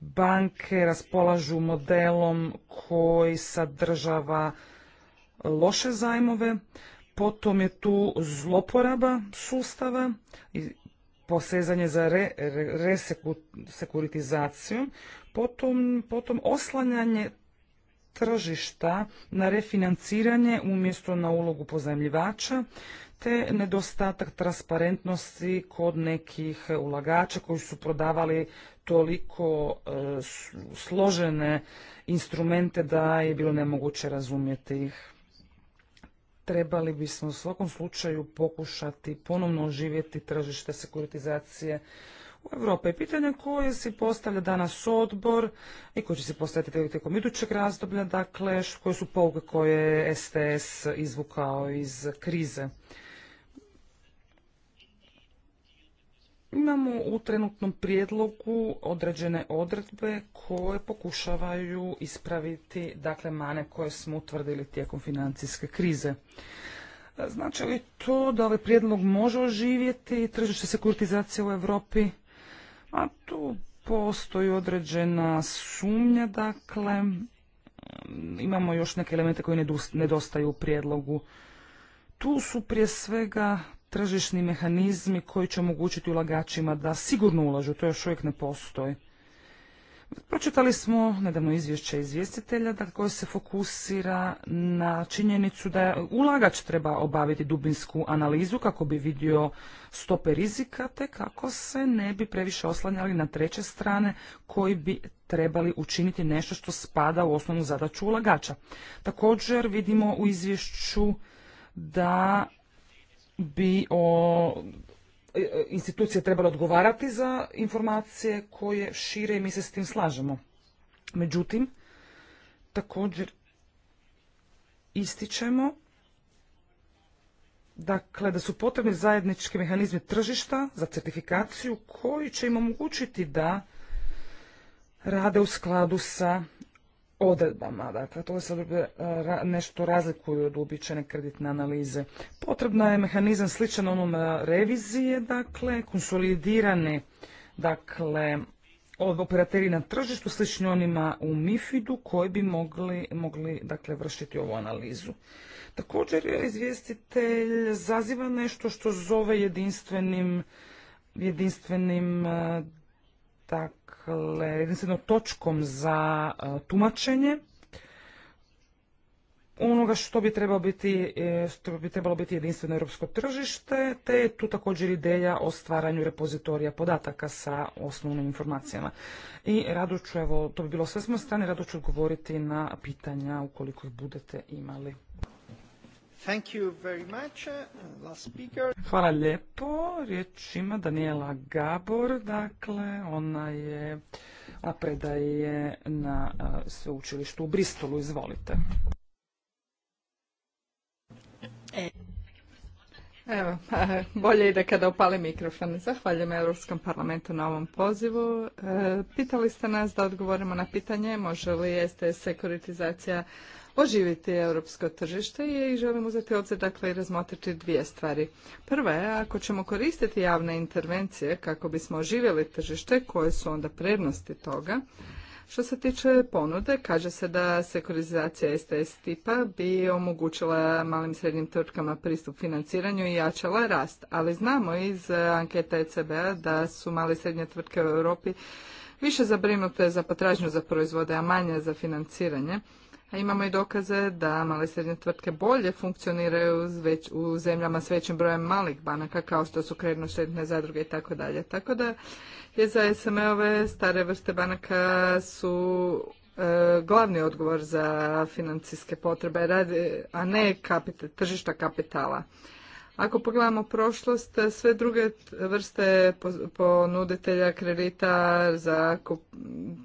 banke raspolažu modelom koji sadržava loše zajmove, potom je tu zloporaba sustava i posezanje za resekuritizaciju, potom oslanjanje tržišta na refinanciranje umjesto na ulogu pozajmljivača, te nedostatak transparentnosti kod nekih ulagača koji su prodavali toliko e, složene instrumente da je bilo nemoguće razumjeti ih. Trebali bismo u svakom slučaju pokušati ponovno oživjeti tržište sekuritizacije Europe. I pitanje koje si postavlja danas odbor i koje će se postaviti tijekom idućeg razdoblja, dakle, koje su pouke koje je STS izvukao iz krize. Imamo u trenutnom prijedlogu određene odredbe koje pokušavaju ispraviti dakle mane koje smo utvrdili tijekom financijske krize. Znači li to da ovaj prijedlog može oživjeti tržište sekuritizacije u Europi? A tu postoji određena sumnja, dakle, imamo još neke elemente koji nedostaju u prijedlogu. Tu su prije svega tržišni mehanizmi koji će omogućiti ulagačima da sigurno ulažu, to još uvijek ne postoji. Pročitali smo nedavno izvješće izvjestitelja da koje se fokusira na činjenicu da ulagač treba obaviti dubinsku analizu kako bi vidio stope rizika te kako se ne bi previše oslanjali na treće strane koji bi trebali učiniti nešto što spada u osnovnu zadaću ulagača. Također vidimo u izvješću da bi o E, e, institucije trebale odgovarati za informacije koje šire i mi se s tim slažemo. Međutim, također ističemo dakle, da su potrebni zajednički mehanizmi tržišta za certifikaciju koji će im omogućiti da rade u skladu sa odredbama. Dakle, to se e, nešto razlikuju od uobičajene kreditne analize. Potrebna je mehanizam sličan onom e, revizije, dakle, konsolidirane, dakle, operateri na tržištu, slični onima u MIFID-u koji bi mogli, mogli dakle, vršiti ovu analizu. Također, izvjestitelj zaziva nešto što zove jedinstvenim jedinstvenim e, dakle, jedinstveno točkom za e, tumačenje onoga što bi trebalo biti, e, što bi trebalo biti jedinstveno europsko tržište, te je tu također ideja o stvaranju repozitorija podataka sa osnovnim informacijama. I rado ću, evo, to bi bilo sve s moje strane, rado ću odgovoriti na pitanja ukoliko ih budete imali. Thank you very much. Uh, Hvala lijepo. Riječ ima Daniela Gabor, dakle ona je, a predaje na uh, sveučilištu u Bristolu, izvolite. E, evo, bolje ide kada upali mikrofon. Zahvaljujem Europskom parlamentu na ovom pozivu. E, pitali ste nas da odgovorimo na pitanje može li jeste sekuritizacija oživiti europsko tržište i želim uzeti obzir dakle i razmotriti dvije stvari. Prva je ako ćemo koristiti javne intervencije kako bismo oživjeli tržište koje su onda prednosti toga, što se tiče ponude, kaže se da sekurizacija STS tipa bi omogućila malim srednjim tvrtkama pristup financiranju i jačala rast, ali znamo iz anketa ECB-a da su male i srednje tvrtke u Europi više zabrinute za potražnju za proizvode, a manje za financiranje a imamo i dokaze da male i srednje tvrtke bolje funkcioniraju u zemljama s većim brojem malih banaka kao što su kredno štedne zadruge i tako dalje. Tako da je za SME-ove stare vrste banaka su e, glavni odgovor za financijske potrebe, a ne kapita, tržišta kapitala. Ako pogledamo prošlost, sve druge vrste ponuditelja kredita za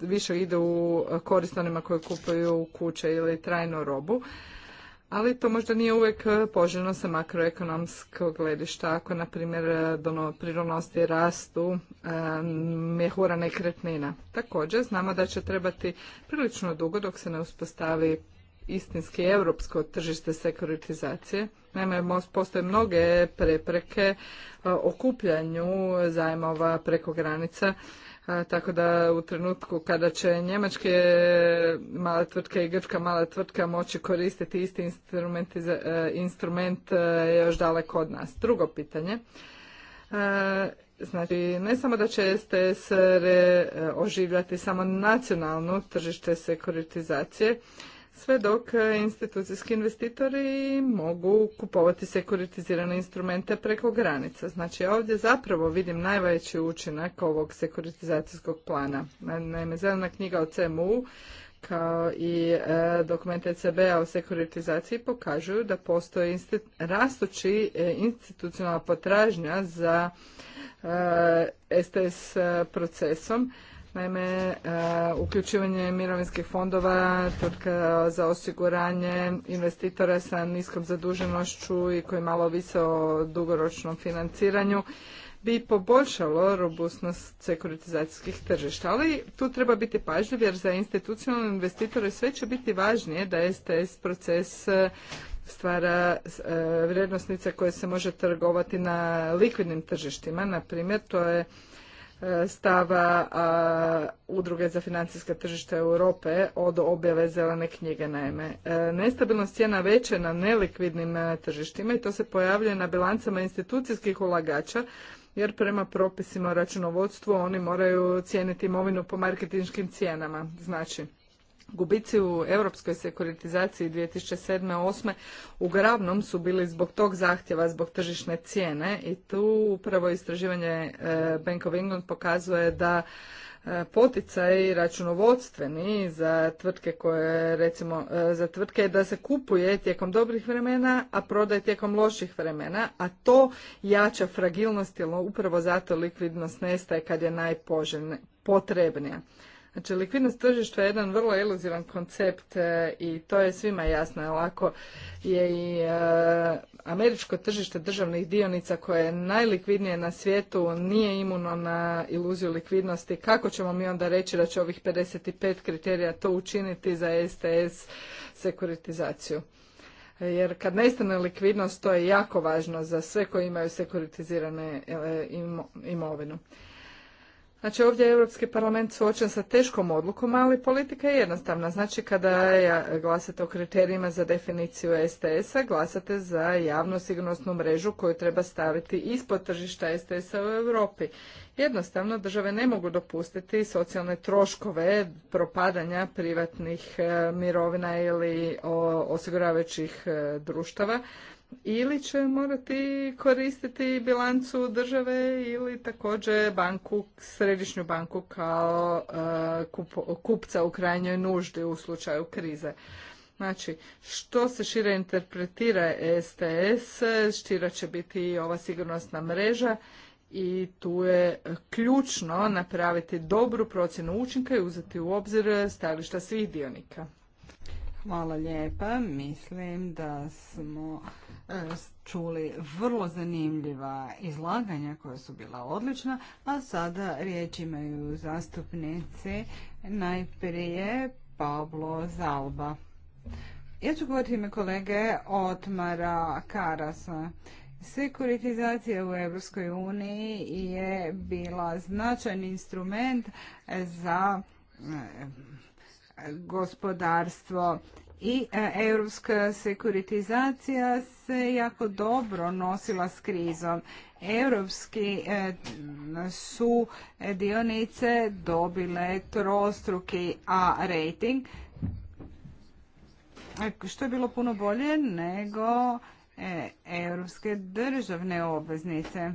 više idu u korist onima koji kupuju kuće ili trajnu robu, ali to možda nije uvijek poželjno sa makroekonomskog gledišta. Ako, na primjer, prirodnosti rastu mjehura nekretnina. Također, znamo da će trebati prilično dugo dok se ne uspostavi istinski europsko tržište sekuritizacije. Naime, postoje mnoge prepreke e, okupljanju zajmova preko granica, e, tako da u trenutku kada će njemačke mala tvrtka i grčka mala tvrtka moći koristiti isti e, instrument, instrument još daleko od nas. Drugo pitanje. Znači, ne samo da će STS oživljati samo nacionalno tržište sekuritizacije, sve dok e, institucijski investitori mogu kupovati sekuritizirane instrumente preko granica. Znači ja ovdje zapravo vidim najveći učinak ovog sekuritizacijskog plana. Naime, zelena knjiga o CMU kao i e, dokument ECB-a o sekuritizaciji pokažuju da postoji insti rastući e, institucionalna potražnja za STS e, procesom Naime, e, uključivanje mirovinskih fondova tvrtka za osiguranje investitora sa niskom zaduženošću i koji malo vise o dugoročnom financiranju bi poboljšalo robustnost sekuritizacijskih tržišta. Ali tu treba biti pažljiv jer za institucionalne investitore sve će biti važnije da STS proces e, stvara e, vrijednosnice koje se može trgovati na likvidnim tržištima. Na primjer, to je stava Udruge za financijska tržišta Europe od objave zelene knjige naime. E, nestabilnost cijena veća na nelikvidnim e, tržištima i to se pojavljuje na bilancama institucijskih ulagača jer prema propisima o računovodstvu oni moraju cijeniti imovinu po marketinškim cijenama. Znači, Gubici u europskoj sekuritizaciji 2007-2008 gravnom su bili zbog tog zahtjeva, zbog tržišne cijene i tu upravo istraživanje e, Bank of England pokazuje da e, poticaj računovodstveni za tvrtke koje recimo e, za tvrtke da se kupuje tijekom dobrih vremena, a prodaje tijekom loših vremena, a to jača fragilnost jer upravo zato likvidnost nestaje kad je najpotrebnija. Znači, likvidnost tržišta je jedan vrlo iluzivan koncept e, i to je svima jasno. Lako je i e, američko tržište državnih dionica koje je najlikvidnije na svijetu nije imuno na iluziju likvidnosti. Kako ćemo mi onda reći da će ovih 55 kriterija to učiniti za STS sekuritizaciju? E, jer kad nestane likvidnost to je jako važno za sve koji imaju sekuritizirane imovinu. Znači ovdje je Europski parlament suočen sa teškom odlukom, ali politika je jednostavna. Znači kada glasate o kriterijima za definiciju STS-a, glasate za javnu sigurnosnu mrežu koju treba staviti ispod tržišta STS-a u Europi. Jednostavno države ne mogu dopustiti socijalne troškove propadanja privatnih eh, mirovina ili osiguravajućih eh, društava ili će morati koristiti bilancu države ili također banku, središnju banku kao e, kupca u krajnjoj nuždi u slučaju krize. Znači, što se šire interpretira STS, šira će biti i ova sigurnosna mreža i tu je ključno napraviti dobru procjenu učinka i uzeti u obzir stajališta svih dionika. Hvala lijepa. Mislim da smo e, čuli vrlo zanimljiva izlaganja koja su bila odlična, a sada riječ imaju zastupnici najprije Pablo Zalba. Ja ću govoriti ime kolege Otmara Karasa. Sekuritizacija u EU uniji je bila značajni instrument za e, gospodarstvo i e, europska sekuritizacija se jako dobro nosila s krizom. Europski e, su dionice dobile trostruki A rating, e, što je bilo puno bolje nego europske državne obveznice.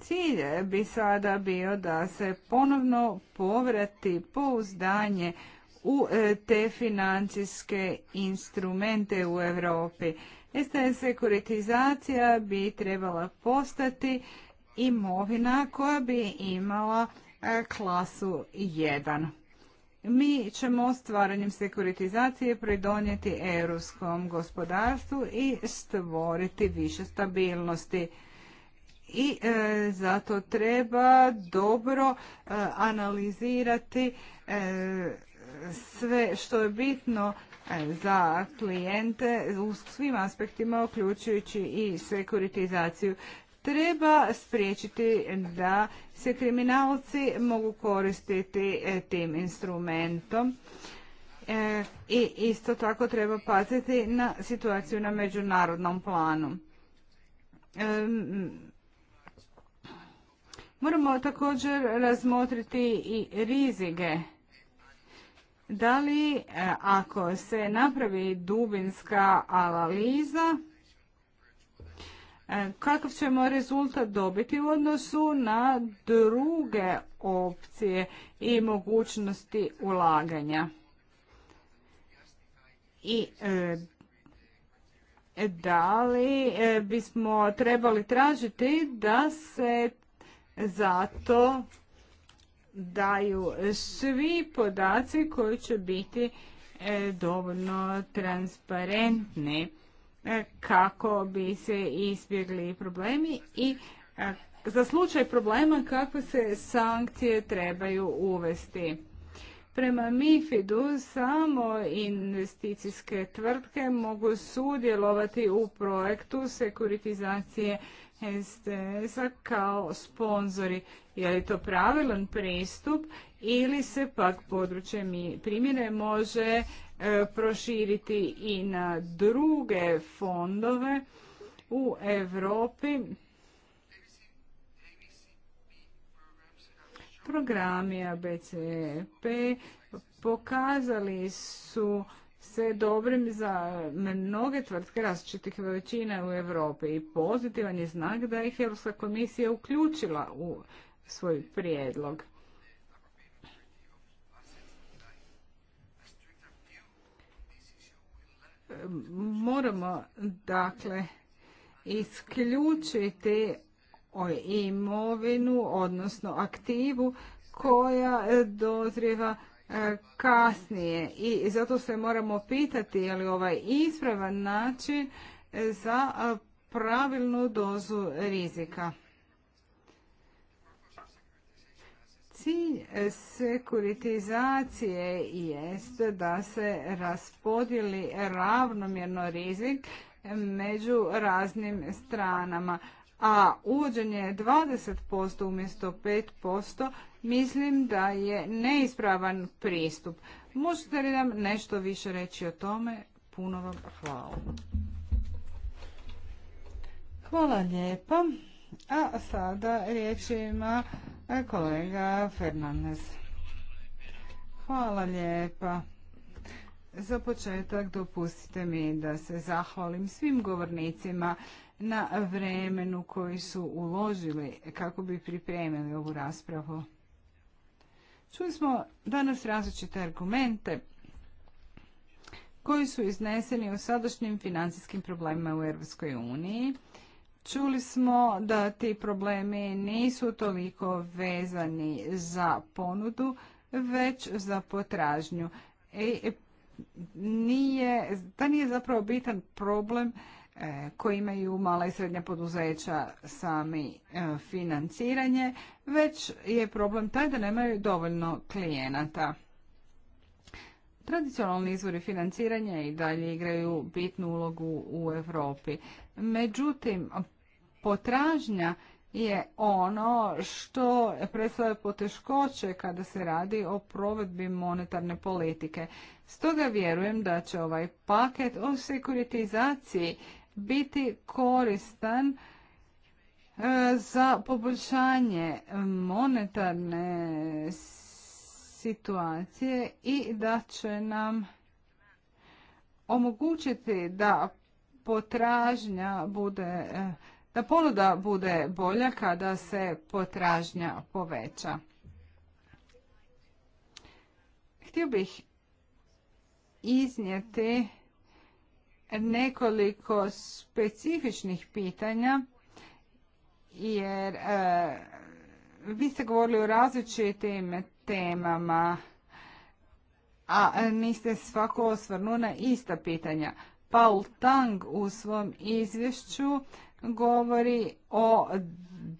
Cilj bi sada bio da se ponovno povrati pouzdanje u e, te financijske instrumente u Europi. Esta sekuritizacija bi trebala postati imovina koja bi imala e, klasu 1. Mi ćemo stvaranjem sekuritizacije pridonijeti europskom gospodarstvu i stvoriti više stabilnosti. I e, zato treba dobro analizirati e, sve što je bitno e, za klijente u svim aspektima, uključujući i sekuritizaciju. Treba spriječiti da se kriminalci mogu koristiti e, tim instrumentom e, i isto tako treba paziti na situaciju na međunarodnom planu. Moramo također razmotriti i rizike da li e, ako se napravi dubinska analiza, e, kakav ćemo rezultat dobiti u odnosu na druge opcije i mogućnosti ulaganja? I e, da li bismo trebali tražiti da se zato daju svi podaci koji će biti e, dovoljno transparentni e, kako bi se izbjegli problemi i e, za slučaj problema kako se sankcije trebaju uvesti. Prema MIFID-u samo investicijske tvrtke mogu sudjelovati u projektu sekuritizacije Jeste, kao sponzori. Je li to pravilan pristup ili se pak područje primjene može e, proširiti i na druge fondove u Europi? Programi ABCP e pokazali su se dobrim za mnoge tvrtke različitih veličina u Europi i pozitivan je znak da ih Europska komisija uključila u svoj prijedlog. Moramo dakle isključiti imovinu, odnosno aktivu koja dozrijeva kasnije i zato se moramo pitati je li ovaj ispravan način za pravilnu dozu rizika. Cilj sekuritizacije jest da se raspodijeli ravnomjerno rizik među raznim stranama a uvođenje 20% umjesto 5% mislim da je neispravan pristup. Možete li nam nešto više reći o tome? Puno vam hvala. Hvala lijepa. A sada riječ ima e, kolega Fernandez. Hvala lijepa. Za početak dopustite mi da se zahvalim svim govornicima na vremenu koji su uložili kako bi pripremili ovu raspravu. Čuli smo danas različite argumente koji su izneseni u sadašnjim financijskim problemima u Europskoj uniji. Čuli smo da ti problemi nisu toliko vezani za ponudu, već za potražnju. E, nije, da nije zapravo bitan problem E, koji imaju mala i srednja poduzeća sami e, financiranje, već je problem taj da nemaju dovoljno klijenata. Tradicionalni izvori financiranja i dalje igraju bitnu ulogu u Europi. Međutim, potražnja je ono što predstavlja poteškoće kada se radi o provedbi monetarne politike. Stoga vjerujem da će ovaj paket o sekuritizaciji biti koristan e, za poboljšanje monetarne situacije i da će nam omogućiti da potražnja bude, e, da ponuda bude bolja kada se potražnja poveća. Htio bih iznijeti nekoliko specifičnih pitanja jer e, vi ste govorili o različitim temama, a niste svako osvrnuo na ista pitanja. Paul Tang u svom izvješću govori o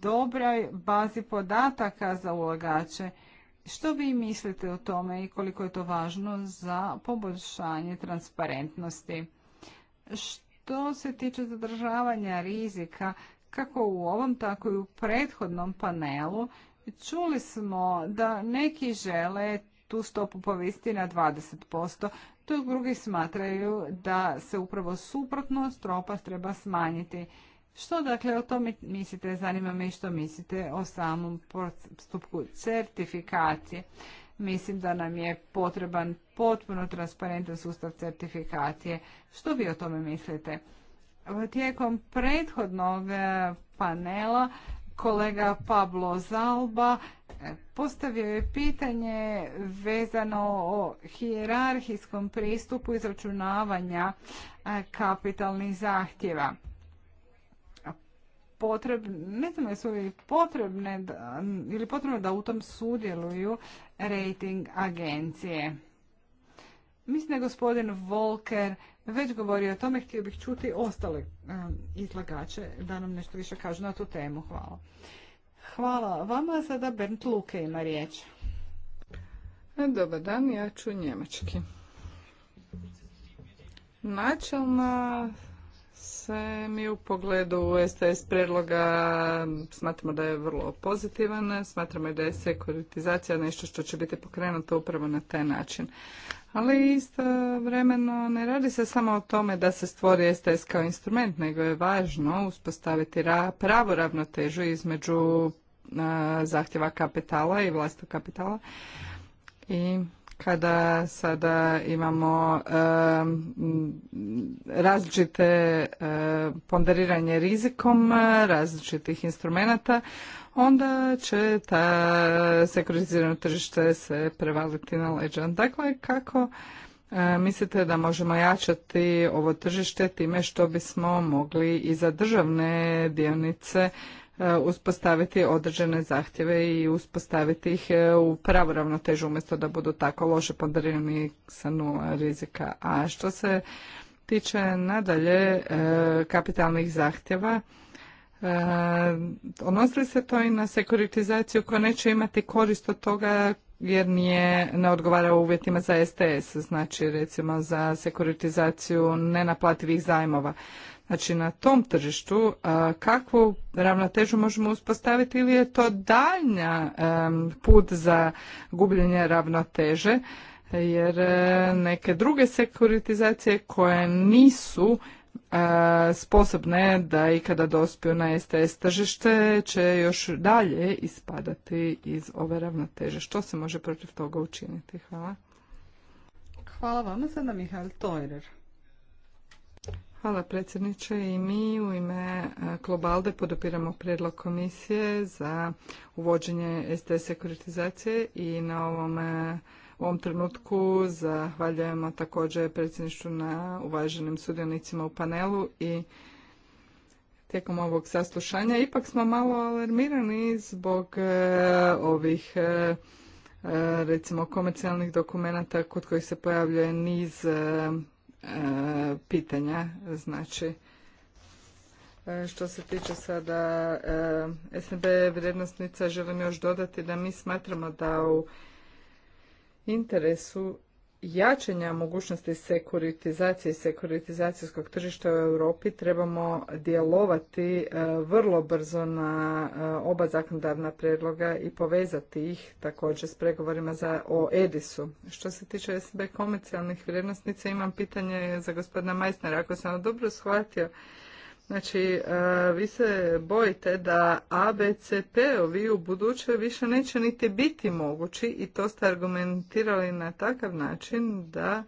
dobroj bazi podataka za ulagače. Što vi mislite o tome i koliko je to važno za poboljšanje transparentnosti? Što se tiče zadržavanja rizika, kako u ovom, tako i u prethodnom panelu, čuli smo da neki žele tu stopu povesti na 20%, to drugi smatraju da se upravo suprotno stropa treba smanjiti. Što dakle o tome mislite? Zanima me što mislite o samom postupku certifikacije. Mislim da nam je potreban potpuno transparentan sustav certifikacije. Što vi o tome mislite? Tijekom prethodnog e, panela kolega Pablo Zalba e, postavio je pitanje vezano o hijerarhijskom pristupu izračunavanja e, kapitalnih zahtjeva potrebne, ne znam jesu li potrebne ili potrebno da u tom sudjeluju rating agencije. Mislim da je gospodin Volker već govorio o tome, htio bih čuti ostale e, izlagače da nam nešto više kažu na tu temu. Hvala. Hvala vama, sada Bernd Luke ima riječ. E, dobar dan, ja ću njemački. Načelna se mi u pogledu STS predloga smatramo da je vrlo pozitivan, smatramo da je sekuritizacija nešto što će biti pokrenuto upravo na taj način. Ali istovremeno ne radi se samo o tome da se stvori STS kao instrument, nego je važno uspostaviti pravu ravnotežu između zahtjeva kapitala i vlastog kapitala i kada sada imamo različite ponderiranje rizikom različitih instrumenata, onda će ta sekurizirano tržište se prevaliti na leđa. Dakle, kako mislite da možemo jačati ovo tržište time što bismo mogli i za državne dionice E, uspostaviti određene zahtjeve i uspostaviti ih e, u pravu ravnotežu umjesto da budu tako loše ponderirani sa nula rizika. A što se tiče nadalje e, kapitalnih zahtjeva, odnosi se to i na sekuritizaciju koja neće imati korist od toga jer nije ne odgovara uvjetima za STS, znači recimo za sekuritizaciju nenaplativih zajmova. Znači na tom tržištu e, kakvu ravnotežu možemo uspostaviti ili je to daljnja e, put za gubljenje ravnoteže jer e, neke druge sekuritizacije koje nisu sposobne da i kada dospiju na STS tržište će još dalje ispadati iz ove ravnoteže. Što se može protiv toga učiniti? Hvala. Hvala vama sada Mihajl Tojrer. Hvala predsjedniče i mi u ime Globalde e, podopiramo prijedlog komisije za uvođenje ST sekuritizacije i na ovom, u e, ovom trenutku zahvaljujemo također predsjedništvu na uvaženim sudionicima u panelu i tijekom ovog saslušanja. Ipak smo malo alarmirani zbog e, ovih recimo komercijalnih dokumenata kod kojih se pojavljuje niz pitanja. Znači, e, što se tiče sada e, SNB vrijednostnica, želim još dodati da mi smatramo da u interesu jačanja mogućnosti sekuritizacije i sekuritizacijskog tržišta u Europi trebamo djelovati e, vrlo brzo na e, oba zakonodavna predloga i povezati ih također s pregovorima za, o Edisu. Što se tiče SB komercijalnih vrijednosnica imam pitanje za gospodina Majsnera. Ako sam dobro shvatio, Znači, e, vi se bojite da ABCP-ovi u buduće više neće niti biti mogući i to ste argumentirali na takav način da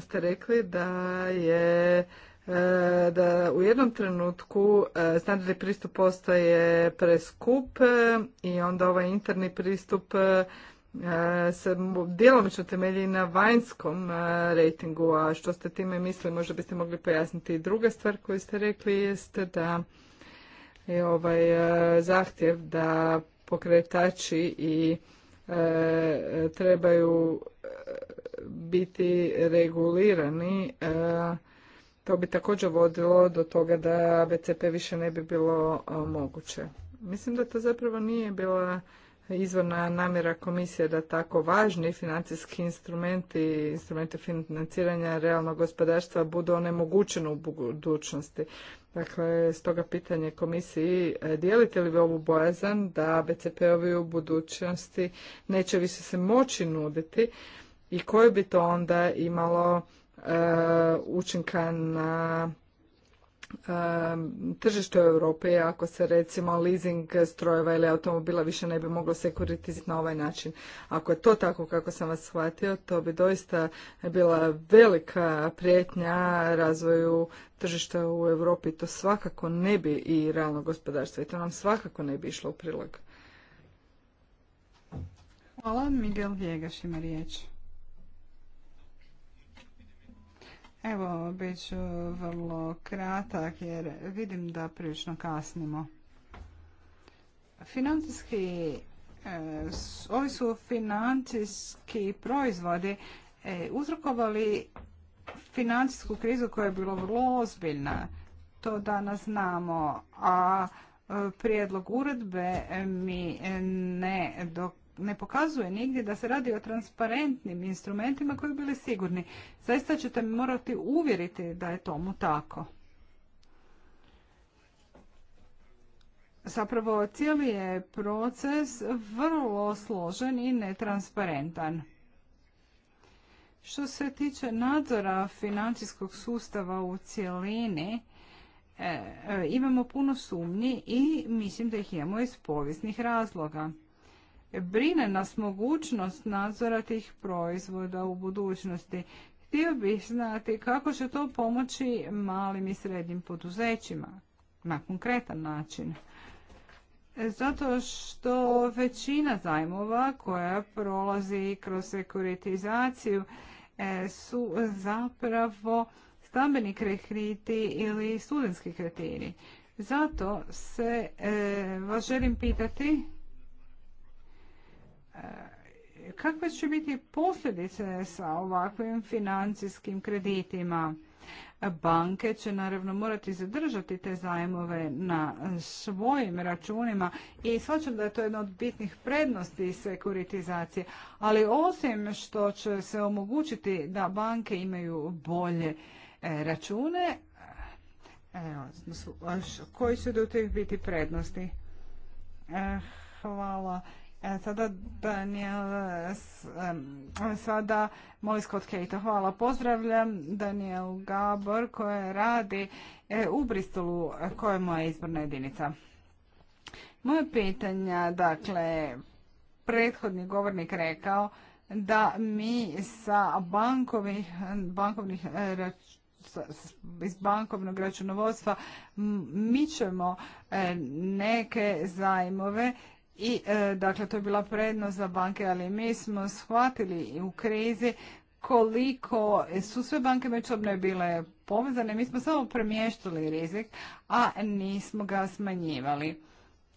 ste rekli da je e, da u jednom trenutku e, standardni pristup postaje preskup i onda ovaj interni pristup E, se djelomično temelji na vanjskom e, rejtingu, a što ste time mislili, možda biste mogli pojasniti. I druga stvar koju ste rekli jeste da je ovaj e, zahtjev da pokretači i trebaju biti regulirani, to bi također vodilo do toga da BCP više ne bi bilo moguće. Mislim da to zapravo nije bila izvorna namjera komisije da tako važni financijski instrumenti, instrumenti financiranja realnog gospodarstva budu onemogućeni u budućnosti. Dakle, stoga pitanje komisiji, e, dijelite li vi ovu bojazan da BCP-ovi u budućnosti neće više se moći nuditi i koje bi to onda imalo e, učinka na tržište u Europi ako se recimo leasing strojeva ili automobila više ne bi moglo sekuritizirati na ovaj način. Ako je to tako kako sam vas shvatio, to bi doista bila velika prijetnja razvoju tržišta u Europi. To svakako ne bi i realno gospodarstvo i to nam svakako ne bi išlo u prilog. Hvala. Miguel ima riječ. Evo, bit ću vrlo kratak jer vidim da prilično kasnimo. Financijski, e, ovi su financijski proizvodi e, uzrokovali financijsku krizu koja je bila vrlo ozbiljna. To danas znamo, a e, prijedlog uredbe mi ne dok ne pokazuje nigdje da se radi o transparentnim instrumentima koji bili sigurni. Zaista ćete morati uvjeriti da je tomu tako. Zapravo cijeli je proces vrlo složen i netransparentan. Što se tiče nadzora financijskog sustava u cijelini, e, e, imamo puno sumnji i mislim da ih imamo iz povijesnih razloga brine nas mogućnost nadzora tih proizvoda u budućnosti. Htio bih znati kako će to pomoći malim i srednjim poduzećima na konkretan način. Zato što većina zajmova koja prolazi kroz sekuritizaciju e, su zapravo stambeni krediti ili studentski krediti. Zato se e, vas želim pitati kakve će biti posljedice sa ovakvim financijskim kreditima? Banke će naravno morati zadržati te zajmove na svojim računima i svačam da je to jedna od bitnih prednosti sekuritizacije, ali osim što će se omogućiti da banke imaju bolje e, račune, e, koji će do tih biti prednosti? E, hvala. E, sada Daniel, sada Molly Scott Kate, hvala. Pozdravljam Daniel Gabor koja radi e, u Bristolu, koja je moja izborna jedinica. Moje pitanja, dakle, prethodni govornik rekao da mi sa bankovnih e, iz bankovnog računovodstva mičemo neke zajmove i e, dakle to je bila prednost za banke, ali mi smo shvatili u krizi koliko su sve banke međusobno bile povezane, mi smo samo premještali rizik, a nismo ga smanjivali.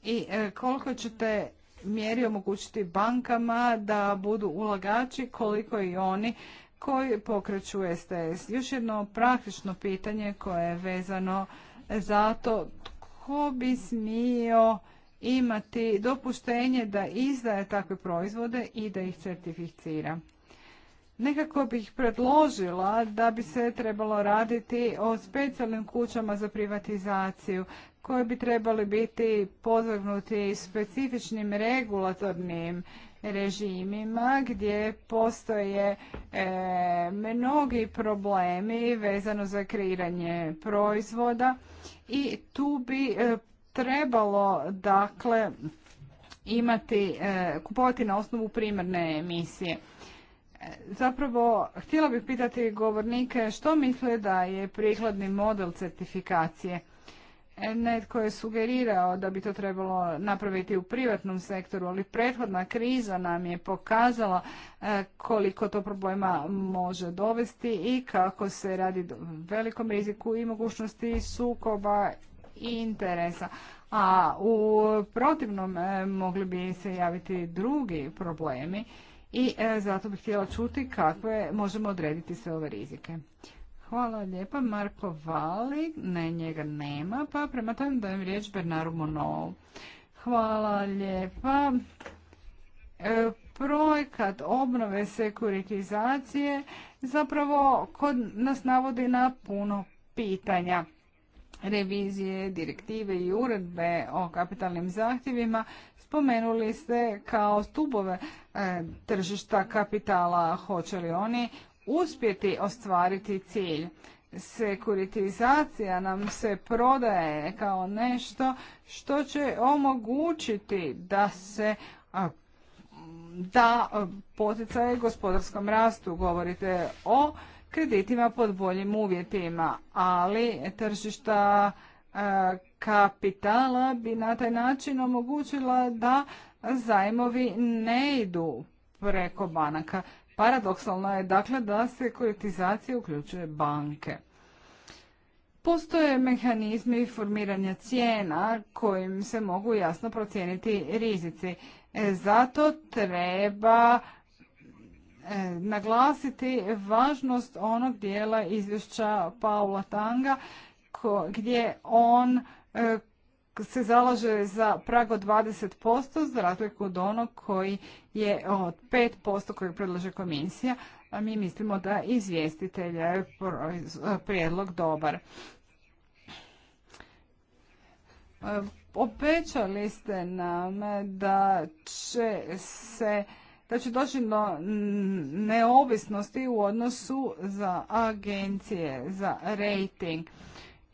I e, koliko ćete mjeri omogućiti bankama da budu ulagači, koliko i oni koji pokreću STS. Još jedno praktično pitanje koje je vezano za to tko bi smio imati dopuštenje da izdaje takve proizvode i da ih certificira. Nekako bih predložila da bi se trebalo raditi o specijalnim kućama za privatizaciju koje bi trebali biti podvrgnuti specifičnim regulatornim režimima gdje postoje e, mnogi problemi vezano za kreiranje proizvoda i tu bi e, trebalo dakle imati, e, kupovati na osnovu primarne emisije. E, zapravo, htjela bih pitati govornike što misle da je prikladni model certifikacije. E, netko je sugerirao da bi to trebalo napraviti u privatnom sektoru, ali prethodna kriza nam je pokazala koliko to problema može dovesti i kako se radi velikom riziku i mogućnosti sukoba interesa. A u protivnom e, mogli bi se javiti drugi problemi i e, zato bih htjela čuti kakve možemo odrediti sve ove rizike. Hvala lijepa. Marko Vali, ne, njega nema, pa prema tome dajem riječ Bernaru Monovu. Hvala lijepa. E, projekat obnove sekuritizacije zapravo kod nas navodi na puno pitanja revizije, direktive i uredbe o kapitalnim zahtjevima spomenuli ste kao stubove e, tržišta kapitala. Hoće li oni uspjeti ostvariti cilj? Sekuritizacija nam se prodaje kao nešto što će omogućiti da se da poticaje gospodarskom rastu. Govorite o kreditima pod boljim uvjetima, ali tržišta e, kapitala bi na taj način omogućila da zajmovi ne idu preko banaka. Paradoksalno je dakle da sekuritizacija uključuje banke. Postoje mehanizmi formiranja cijena kojim se mogu jasno procijeniti rizici. E, zato treba naglasiti važnost onog dijela izvješća Paula Tanga gdje on e, se zalaže za prag od 20% za razliku od onog koji je od 5% kojeg predlaže komisija, a mi mislimo da izvjestitelj je e, prijedlog dobar. E, obećali ste nam da će se da će doći do neovisnosti u odnosu za agencije, za rating.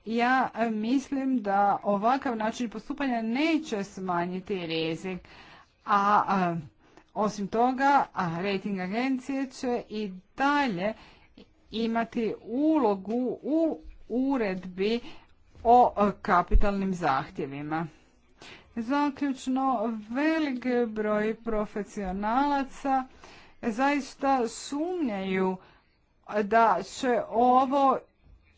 Ja mislim da ovakav način postupanja neće smanjiti rizik, a, osim toga, a rating agencije će i dalje imati ulogu u uredbi o kapitalnim zahtjevima. Zaključno, velik broj profesionalaca zaista sumnjaju da će ovo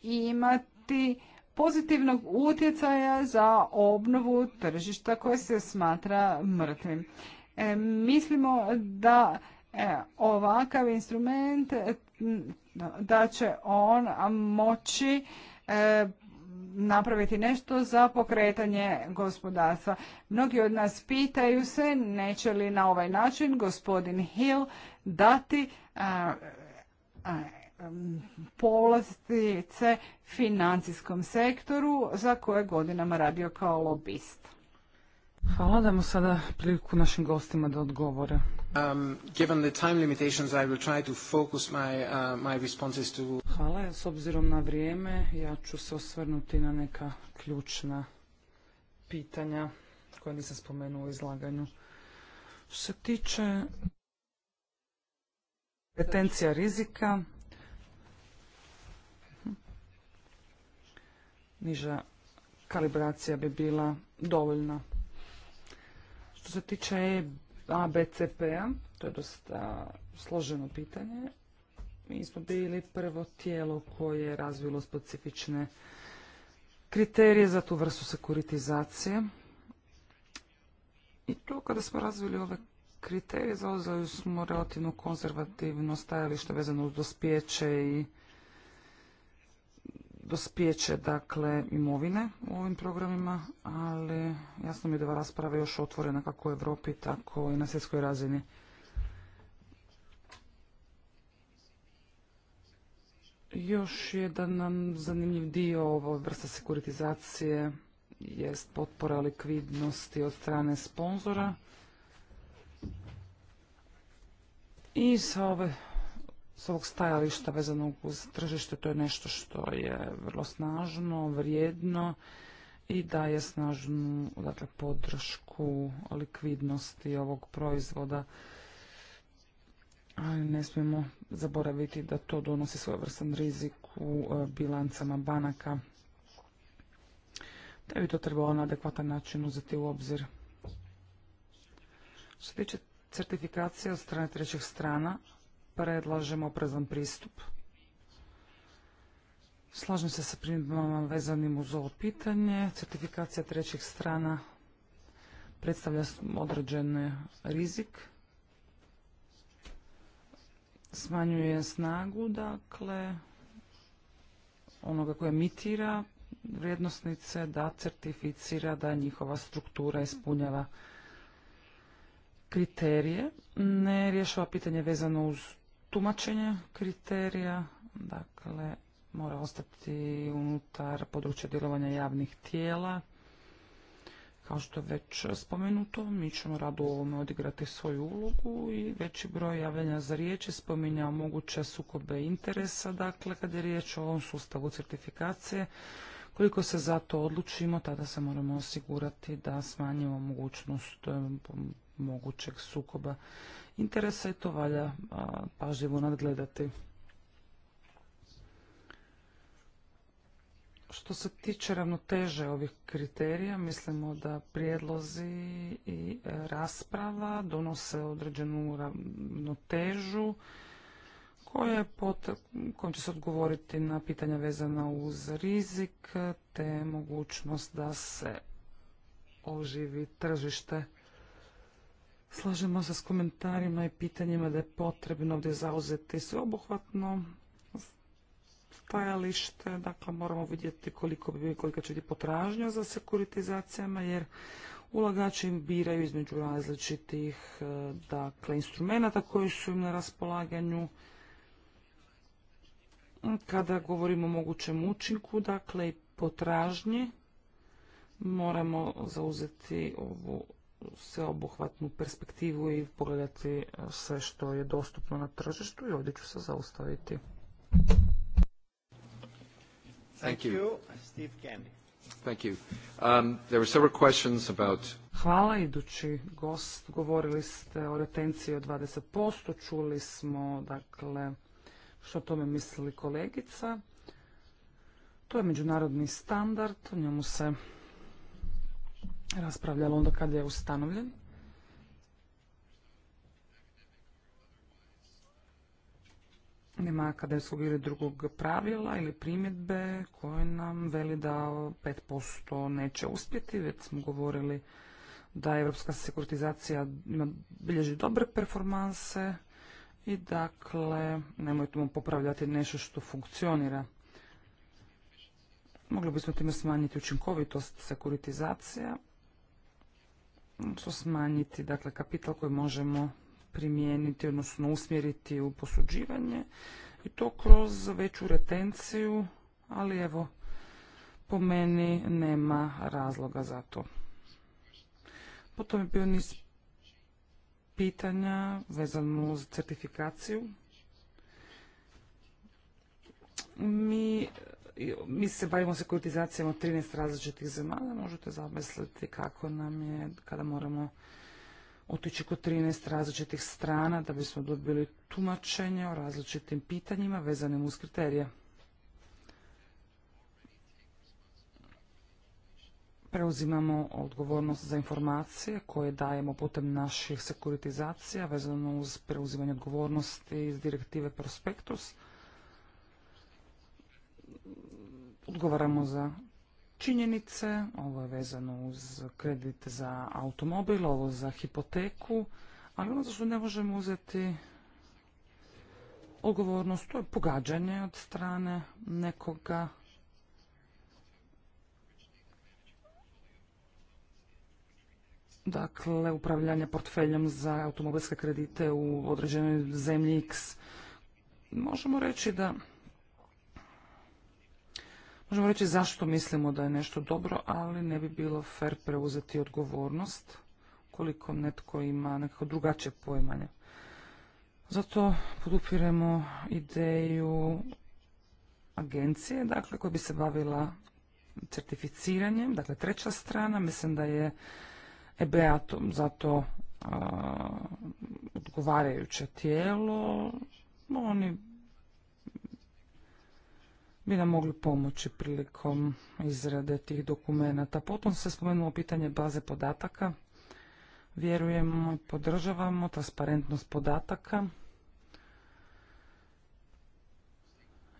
imati pozitivnog utjecaja za obnovu tržišta koje se smatra mrtvim. E, mislimo da e, ovakav instrument da će on moći e, napraviti nešto za pokretanje gospodarstva. Mnogi od nas pitaju se neće li na ovaj način gospodin Hill dati a, povlastice financijskom sektoru za koje godinama radio kao lobist. Hvala, damo sada priliku našim gostima da odgovore. Um, given the time limitations, I will try to focus uh, Hvala. S obzirom na vrijeme, ja ću se osvrnuti na neka ključna pitanja koja nisam spomenuo u izlaganju. Što se tiče retencija rizika, niža kalibracija bi bila dovoljna. Što se tiče ABCP-a, to je dosta složeno pitanje. Mi smo bili prvo tijelo koje je razvilo specifične kriterije za tu vrstu sekuritizacije. I to kada smo razvili ove kriterije, zauzeli smo relativno konzervativno stajalište vezano uz dospjeće i dospijeće dakle imovine u ovim programima, ali jasno mi je da ova rasprava još otvorena kako u Europi tako i na svjetskoj razini. Još jedan nam zanimljiv dio ovo vrsta sekuritizacije jest potpora likvidnosti od strane sponzora. I sa ove s ovog stajališta vezanog uz tržište, to je nešto što je vrlo snažno, vrijedno i daje snažnu dakle, podršku likvidnosti ovog proizvoda. Ali ne smijemo zaboraviti da to donosi svojevrstan rizik u e, bilancama banaka. Te bi to trebalo na adekvatan način uzeti u obzir. Što se tiče certifikacije od strane trećih strana, Predlažem oprezan pristup. Slažem se sa primjedbama vezanim uz ovo pitanje. Certifikacija trećih strana predstavlja određen rizik. Smanjuje snagu, dakle, onoga koja emitira vrijednosnice, da certificira da njihova struktura ispunjava kriterije. Ne rješava pitanje vezano uz tumačenje kriterija, dakle, mora ostati unutar područja djelovanja javnih tijela. Kao što je već spomenuto, mi ćemo rado u ovome odigrati svoju ulogu i veći broj javljanja za riječi spominja spominjao moguće sukobe interesa, dakle, kad je riječ o ovom sustavu certifikacije, koliko se za to odlučimo, tada se moramo osigurati da smanjimo mogućnost eh, mogućeg sukoba interesa i to valja pažljivo nadgledati. Što se tiče ravnoteže ovih kriterija, mislimo da prijedlozi i e, rasprava donose određenu ravnotežu kojom će se odgovoriti na pitanja vezana uz rizik te mogućnost da se oživi tržište. Slažemo se s komentarima i pitanjima da je potrebno ovdje zauzeti sveobuhvatno stajalište, dakle moramo vidjeti koliko bi kolika će biti potražnja za sekuritizacijama jer ulagači biraju između različitih e, dakle instrumenata koji su im na raspolaganju kada govorimo o mogućem učinku, dakle i potražnji moramo zauzeti ovu sveobuhvatnu perspektivu i pogledati e, sve što je dostupno na tržištu i ovdje ću se zaustaviti. Thank you. Steve Candy. Thank you. Um, there were several questions about... Hvala, idući gost. Govorili ste o retenciji od 20%, čuli smo, dakle, što o tome mislili kolegica. To je međunarodni standard, o njemu se raspravljalo onda kada je ustanovljen. Nema akademskog ili drugog pravila ili primjedbe koje nam veli da 5% neće uspjeti. Već smo govorili da evropska sekuritizacija ima bilježi dobre performanse i dakle nemojte popravljati nešto što funkcionira. Mogli bismo time smanjiti učinkovitost sekuritizacija su smanjiti dakle, kapital koji možemo primijeniti, odnosno usmjeriti u posuđivanje i to kroz veću retenciju, ali evo, po meni nema razloga za to. Potom je bio niz pitanja vezano uz certifikaciju. Mi mi se bavimo sekuritizacijama 13 različitih zemalja, možete zamisliti kako nam je kada moramo otići kod 13 različitih strana da bismo dobili tumačenje o različitim pitanjima vezanim uz kriterije. Preuzimamo odgovornost za informacije koje dajemo putem naših sekuritizacija vezano uz preuzimanje odgovornosti iz direktive Prospektus. odgovaramo za činjenice, ovo je vezano uz kredit za automobil, ovo za hipoteku, ali ono za što ne možemo uzeti odgovornost, to je pogađanje od strane nekoga dakle upravljanje portfeljem za automobilske kredite u određenoj zemlji X. Možemo reći da Možemo reći zašto mislimo da je nešto dobro, ali ne bi bilo fer preuzeti odgovornost koliko netko ima nekako drugačije poimanje. Zato podupiremo ideju agencije, dakle, koja bi se bavila certificiranjem, dakle, treća strana. Mislim da je EBA zato odgovarajuće tijelo. Oni bi nam mogli pomoći prilikom izrade tih dokumenata. Potom se spomenulo pitanje baze podataka. Vjerujemo i podržavamo transparentnost podataka.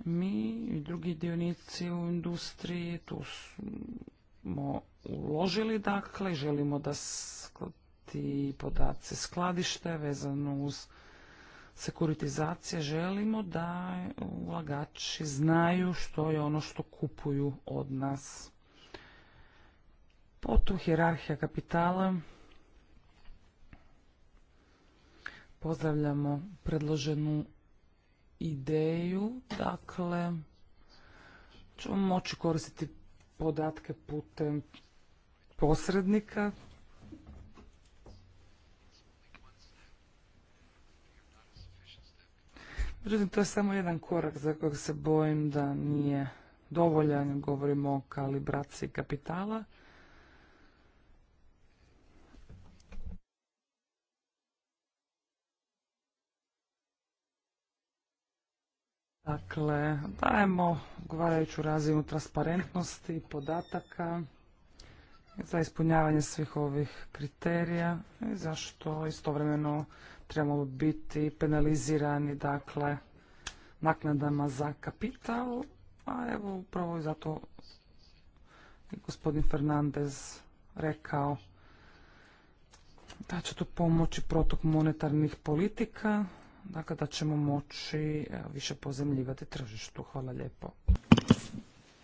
Mi i drugi dionici u industriji tu smo uložili, dakle, želimo da ti podaci skladište vezano uz sekuritizacije želimo da ulagači znaju što je ono što kupuju od nas. Potom hjerarhija kapitala. Pozdravljamo predloženu ideju. Dakle, ćemo moći koristiti podatke putem posrednika Međutim, to je samo jedan korak za kojeg se bojim da nije dovoljan. Govorimo o kalibraciji kapitala. Dakle, dajemo odgovarajuću razinu transparentnosti podataka za ispunjavanje svih ovih kriterija i zašto istovremeno trebamo biti penalizirani dakle naknadama za kapital, a evo upravo zato je gospodin Fernandez rekao da će to pomoći protok monetarnih politika, dakle da ćemo moći više pozemljivati tržištu. Hvala lijepo.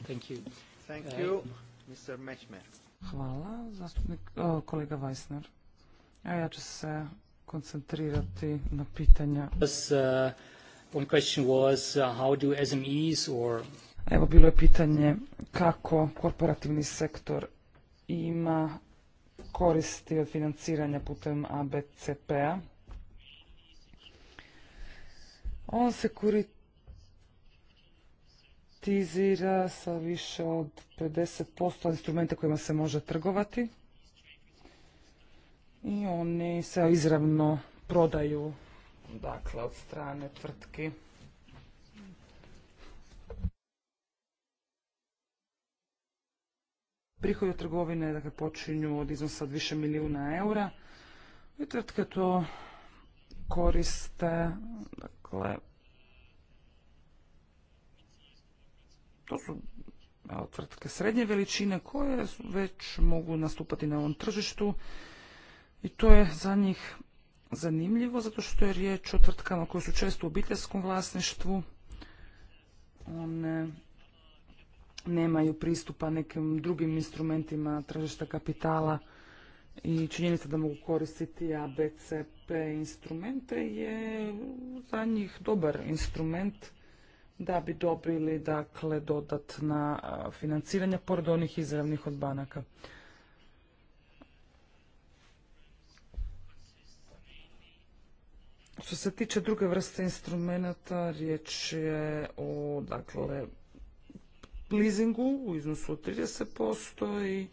Thank you. Thank uh, you, Mr. Hvala, zastupnik, kolega Weissner. Evo ja ću se koncentrirati na pitanja. Uh, uh, Evo bilo je pitanje kako korporativni sektor ima koristi od financiranja putem ABCP-a. On se kuritizira sa više od 50% instrumenta kojima se može trgovati i oni se izravno prodaju dakle od strane tvrtki. Prihodi od trgovine dakle, počinju od iznosa od više milijuna eura i tvrtke to koriste dakle to su tvrtke srednje veličine koje već mogu nastupati na ovom tržištu i to je za njih zanimljivo zato što je riječ o tvrtkama koje su često u obiteljskom vlasništvu. One nemaju pristupa nekim drugim instrumentima tržišta kapitala i činjenica da mogu koristiti ABCP instrumente je za njih dobar instrument da bi dobili dakle dodatna financiranja pored onih izravnih od banaka. Što se tiče druge vrste instrumenta, riječ je o, dakle, leasingu u iznosu od 30% i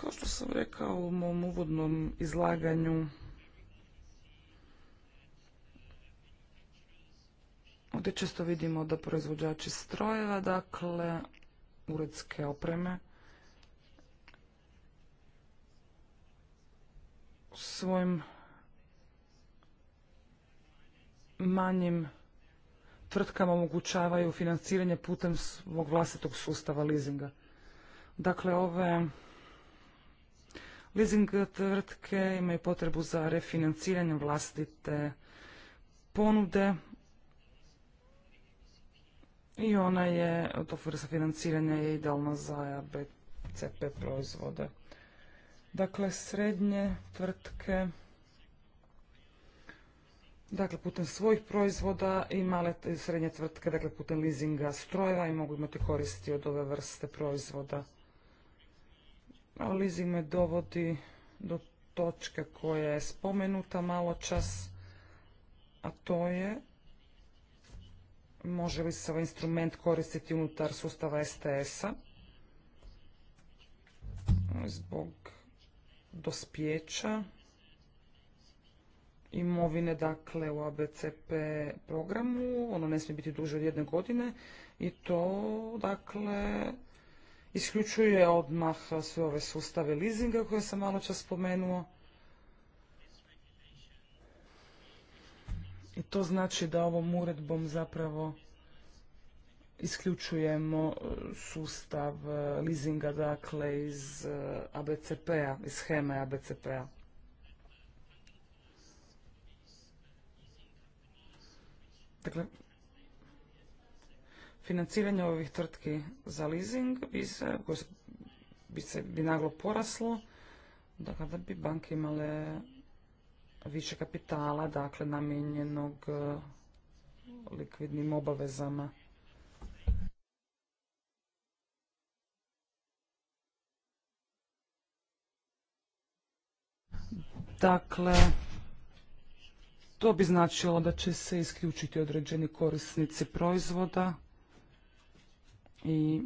kao što sam rekao u mom uvodnom izlaganju, Ovdje često vidimo da proizvođači strojeva, dakle, uredske opreme, svojim manjim tvrtkama omogućavaju financiranje putem svog vlastitog sustava leasinga. Dakle, ove leasing tvrtke imaju potrebu za refinanciranje vlastite ponude i ona je, to vrsta financiranja je idealna za BCP proizvode. Dakle, srednje tvrtke dakle putem svojih proizvoda i male i srednje tvrtke, dakle putem leasinga strojeva i mogu imati koristi od ove vrste proizvoda. A leasing me dovodi do točke koja je spomenuta malo čas, a to je može li se ovaj instrument koristiti unutar sustava STS-a zbog dospjeća imovine, dakle u ABCP programu, ono ne smije biti duže od jedne godine i to, dakle, isključuje odmah sve ove sustave leasinga koje sam malo čas spomenuo. I to znači da ovom uredbom zapravo isključujemo e, sustav e, leasinga, dakle, iz e, ABCP-a, iz scheme ABCP-a. Dakle, financiranje ovih tvrtki za leasing bi se, bi se bi naglo poraslo, da kada bi banke imale više kapitala, dakle namijenjenog e, likvidnim obavezama. Dakle, to bi značilo da će se isključiti određeni korisnici proizvoda i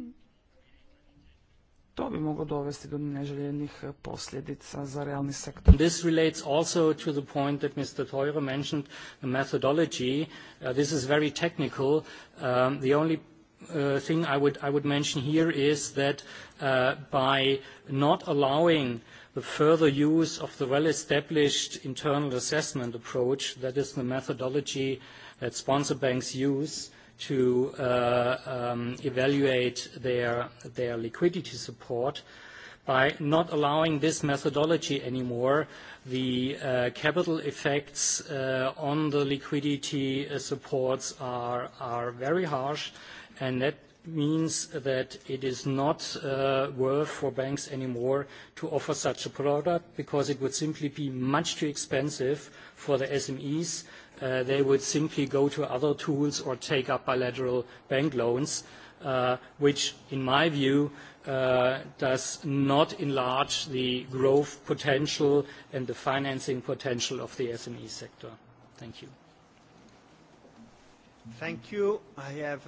to bi moglo dovesti do neželjenih posljedica za realni sektor. This relates also to the point that Mr. Teure mentioned, the methodology. Uh, this is very technical. Um, the only uh, thing I would, I would mention here is that uh, by not allowing the further use of the well-established internal assessment approach, that is the methodology that sponsor banks use to uh, um, evaluate their, their liquidity support. By not allowing this methodology anymore, the uh, capital effects uh, on the liquidity supports are, are very harsh, and that means that it is not uh, worth for banks anymore to offer such a product because it would simply be much too expensive for the SMEs. Uh, they would simply go to other tools or take up bilateral bank loans, uh, which in my view does not enlarge the growth potential and the financing potential of the SME sector. Thank you. Thank you. I have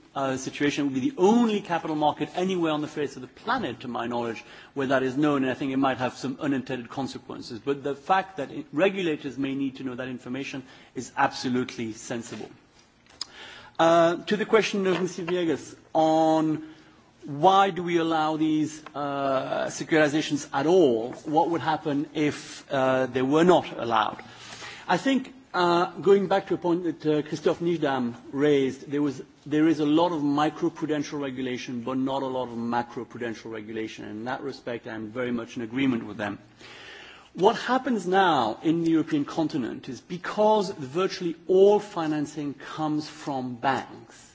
uh, situation. It would be the only capital market anywhere on the face of the planet, to my knowledge, where that is known, and I think it might have some unintended consequences. But the fact that it, regulators may need to know that information is absolutely sensible. Uh, to the question of Mr. Viegas on why do we allow these uh, securitizations at all? What would happen if uh, they were not allowed? I think Uh, going back to a point that uh, Christoph Niedam raised, there, is a lot of microprudential regulation, but not a lot of macroprudential regulation. In that respect, I am very much in agreement with them. What happens now in the European continent is because virtually all financing comes from banks,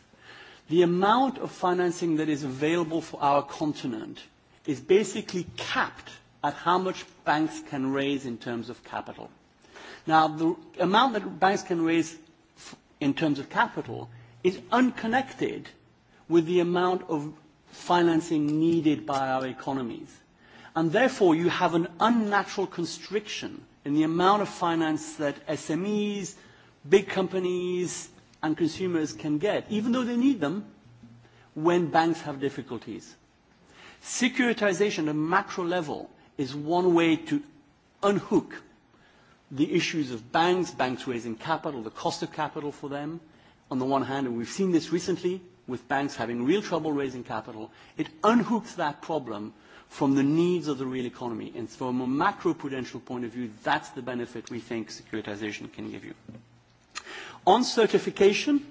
the amount of financing that is available for our continent is basically capped at how much banks can raise in terms of capital. Now, the amount that banks can raise in terms of capital is unconnected with the amount of financing needed by our economies. And therefore, you have an unnatural constriction in the amount of finance that SMEs, big companies, and consumers can get, even though they need them, when banks have difficulties. Securitization at a macro level is one way to unhook the issues of banks, banks raising capital, the cost of capital for them on the one hand, and we've seen this recently with banks having real trouble raising capital, it unhooks that problem from the needs of the real economy. And from a macroprudential point of view, that's the benefit we think securitization can give you. On certification,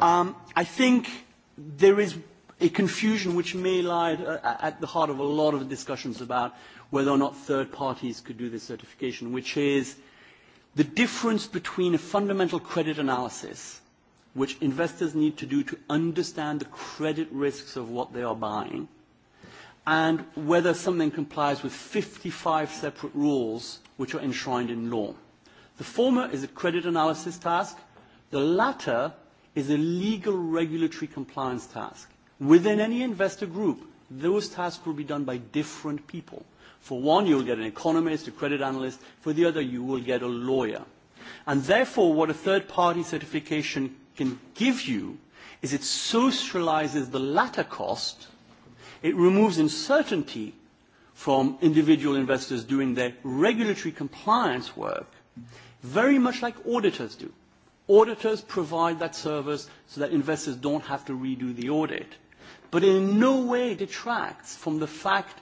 um, I think there is a confusion which may lie at the heart of a lot of discussions about whether or not third parties could do this certification, which is the difference between a fundamental credit analysis, which investors need to do to understand the credit risks of what they are buying, and whether something complies with 55 separate rules which are enshrined in law. The former is a credit analysis task. The latter is a legal regulatory compliance task. Within any investor group, those tasks will be done by different people. For one, you get an economist, a credit analyst. For the other, you will get a lawyer. And therefore, what a third-party certification can give you is it socializes the latter cost. It removes uncertainty from individual investors doing their regulatory compliance work, very much like auditors do. Auditors provide that service so that investors don't have to redo the audit. But in no way detracts from the fact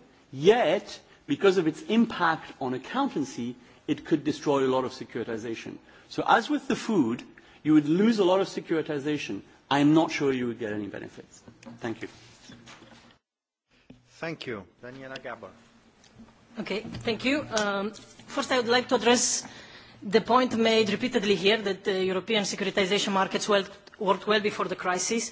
Yet, because of its impact on accountancy, it could destroy a lot of securitization. So as with the food, you would lose a lot of securitization. I'm not sure you would get any benefits. Thank you. Thank you. Daniela Gabor. Okay, thank you. Um, first, I would like to address the point made repeatedly here that the European securitization markets worked well before the crisis.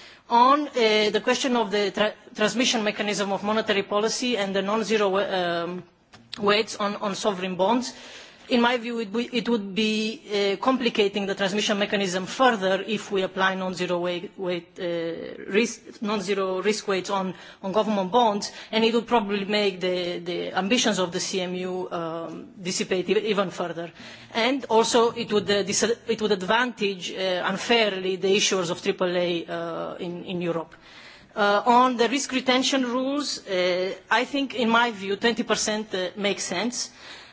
on uh, the question of the transmission mechanism of monetary policy and the non zero um, weights on sovereign bonds in my view it, would be uh, complicating the transmission mechanism further if we apply non zero weight, weight uh, risk non zero risk weights on, on government bonds and it would probably make the, the ambitions of the cmu um, dissipate e-, even further and also it would, uh, it would advantage unfairly the issuers of aaa in, in europe. on the risk retention rules, I think, in my view, 20% makes sense.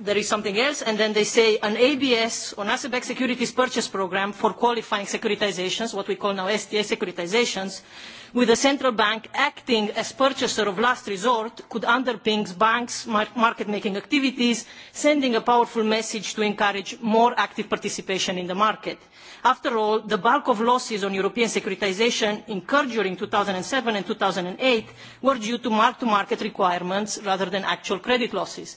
there is something else, and then they say an ABS or backed securities purchase program for qualifying securitizations, what we call now STA securitizations, with the central bank acting as purchaser of last resort could underpin banks' market-making activities, sending a powerful message to encourage more active participation in the market. After all, the bulk of losses on European securitisation incurred during 2007 and 2008 were due to mark-to-market requirements rather than actual credit losses.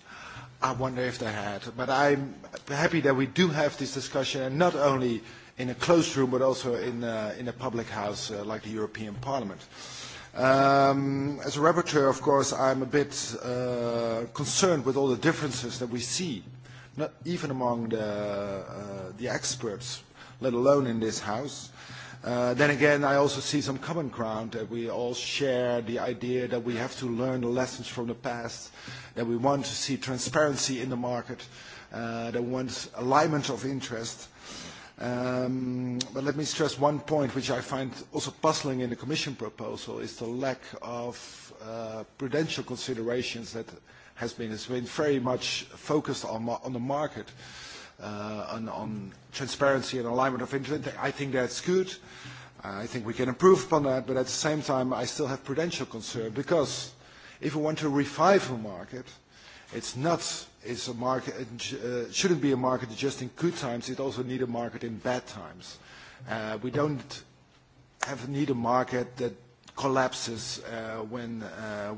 I wonder if they had. But I'm happy that we do have this discussion, and not only in a closed room, but also in, uh, in a public house uh, like the European Parliament. Um, as a rapporteur, of course, I'm a bit uh, concerned with all the differences that we see, not even among the, uh, the experts, let alone in this house. Uh, then again, I also see some common ground that we all share the idea that we have to learn the lessons from the past, that we want to see transparency in the market, uh, that we want alignment of interest. Um, but let me stress one point which I find also puzzling in the Commission proposal is the lack of uh, prudential considerations that has been, has been very much focused on, on the market. Uh, on, on transparency and alignment of interest. I think that's good. I think we can improve upon that, but at the same time, I still have prudential concern because if we want to revive a market, it's not it's a market it uh, shouldn't be a market just in good times. It also need a market in bad times. Uh, we don't have need a market that collapses when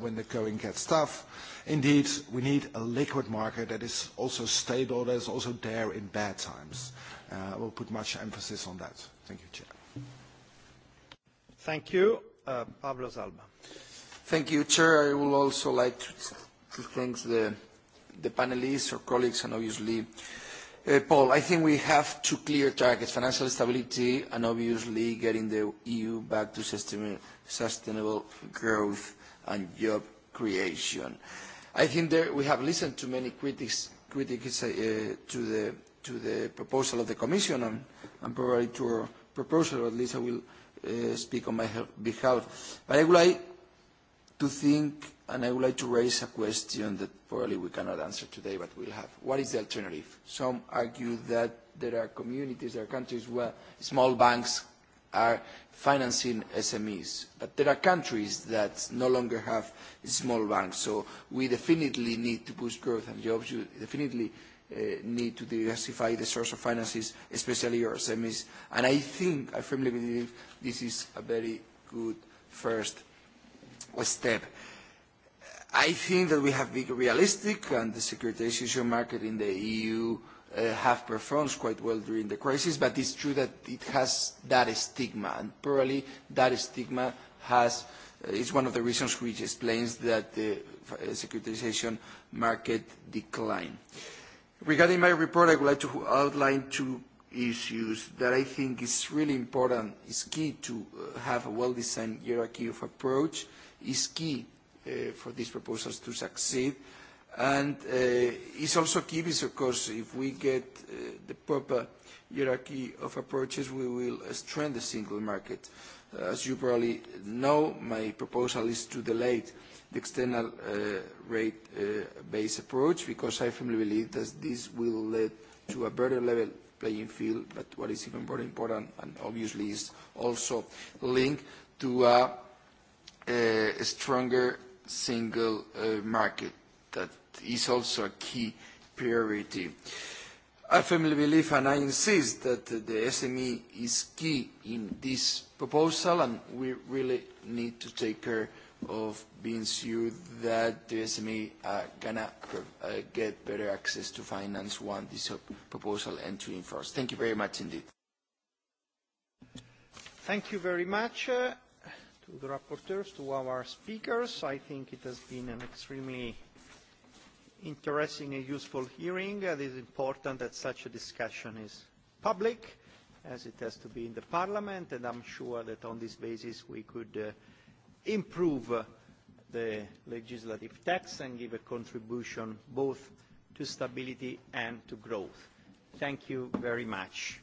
when the going gets tough. Indeed, we need a liquid market that is also stable, that is also there in bad times. Uh, I will put much emphasis on that. Thank you, Chair. Thank you. Uh, Pablo Zalba. Thank you, Chair. I would also like to, to thank the, panelists, or colleagues, and obviously uh, Paul. I think we have two clear targets, financial stability and obviously getting the EU back to sustainable growth and job creation. I think there we have listened to many critics, critics uh, to, the, to the proposal of the Commission and, and probably to our proposal, at least I will uh, speak on my behalf. But I would like to think and I would like to raise a question that probably we cannot answer today, but we'll have. What is the alternative? Some argue that there are communities, there are countries where small banks are financing SMEs. But there are countries that no longer have small banks, so we definitely need to boost growth and jobs. You definitely uh, need to diversify the source of finances, especially your SMEs. And I think, I firmly believe, this is a very good first step. I think that we have been realistic, and the securitization market in the EU Uh, have performed quite well during the crisis, but it's true that it has that stigma, and probably that stigma has, uh, is one of the reasons which explains that the securitization market decline. Regarding my report, I would like to outline two issues that I think is really important, is key to uh, have a well-designed hierarchy of approach, is key for these proposals to succeed, And it uh, it's also key because, of course, if we get uh, the proper hierarchy of approaches, we will strengthen the single market. Uh, as you probably know, my proposal is to delay the external rate-based approach because I firmly believe that this will lead to a better level playing field, but what is even more important and obviously is also linked to a stronger single market that is also a key priority. I firmly believe, and I insist, that the SME is key in this proposal, and we really need to take care of being sure that the SME are gonna uh, get better access to finance once this proposal entry in force. Thank you very much indeed. Thank you very much uh, to the rapporteurs, to our speakers. I think it has been an extremely interesting and useful hearing. It is important that such a discussion is public, as it has to be in the Parliament, and I'm sure that on this basis we could uh, improve the legislative text and give a contribution both to stability and to growth. Thank you very much.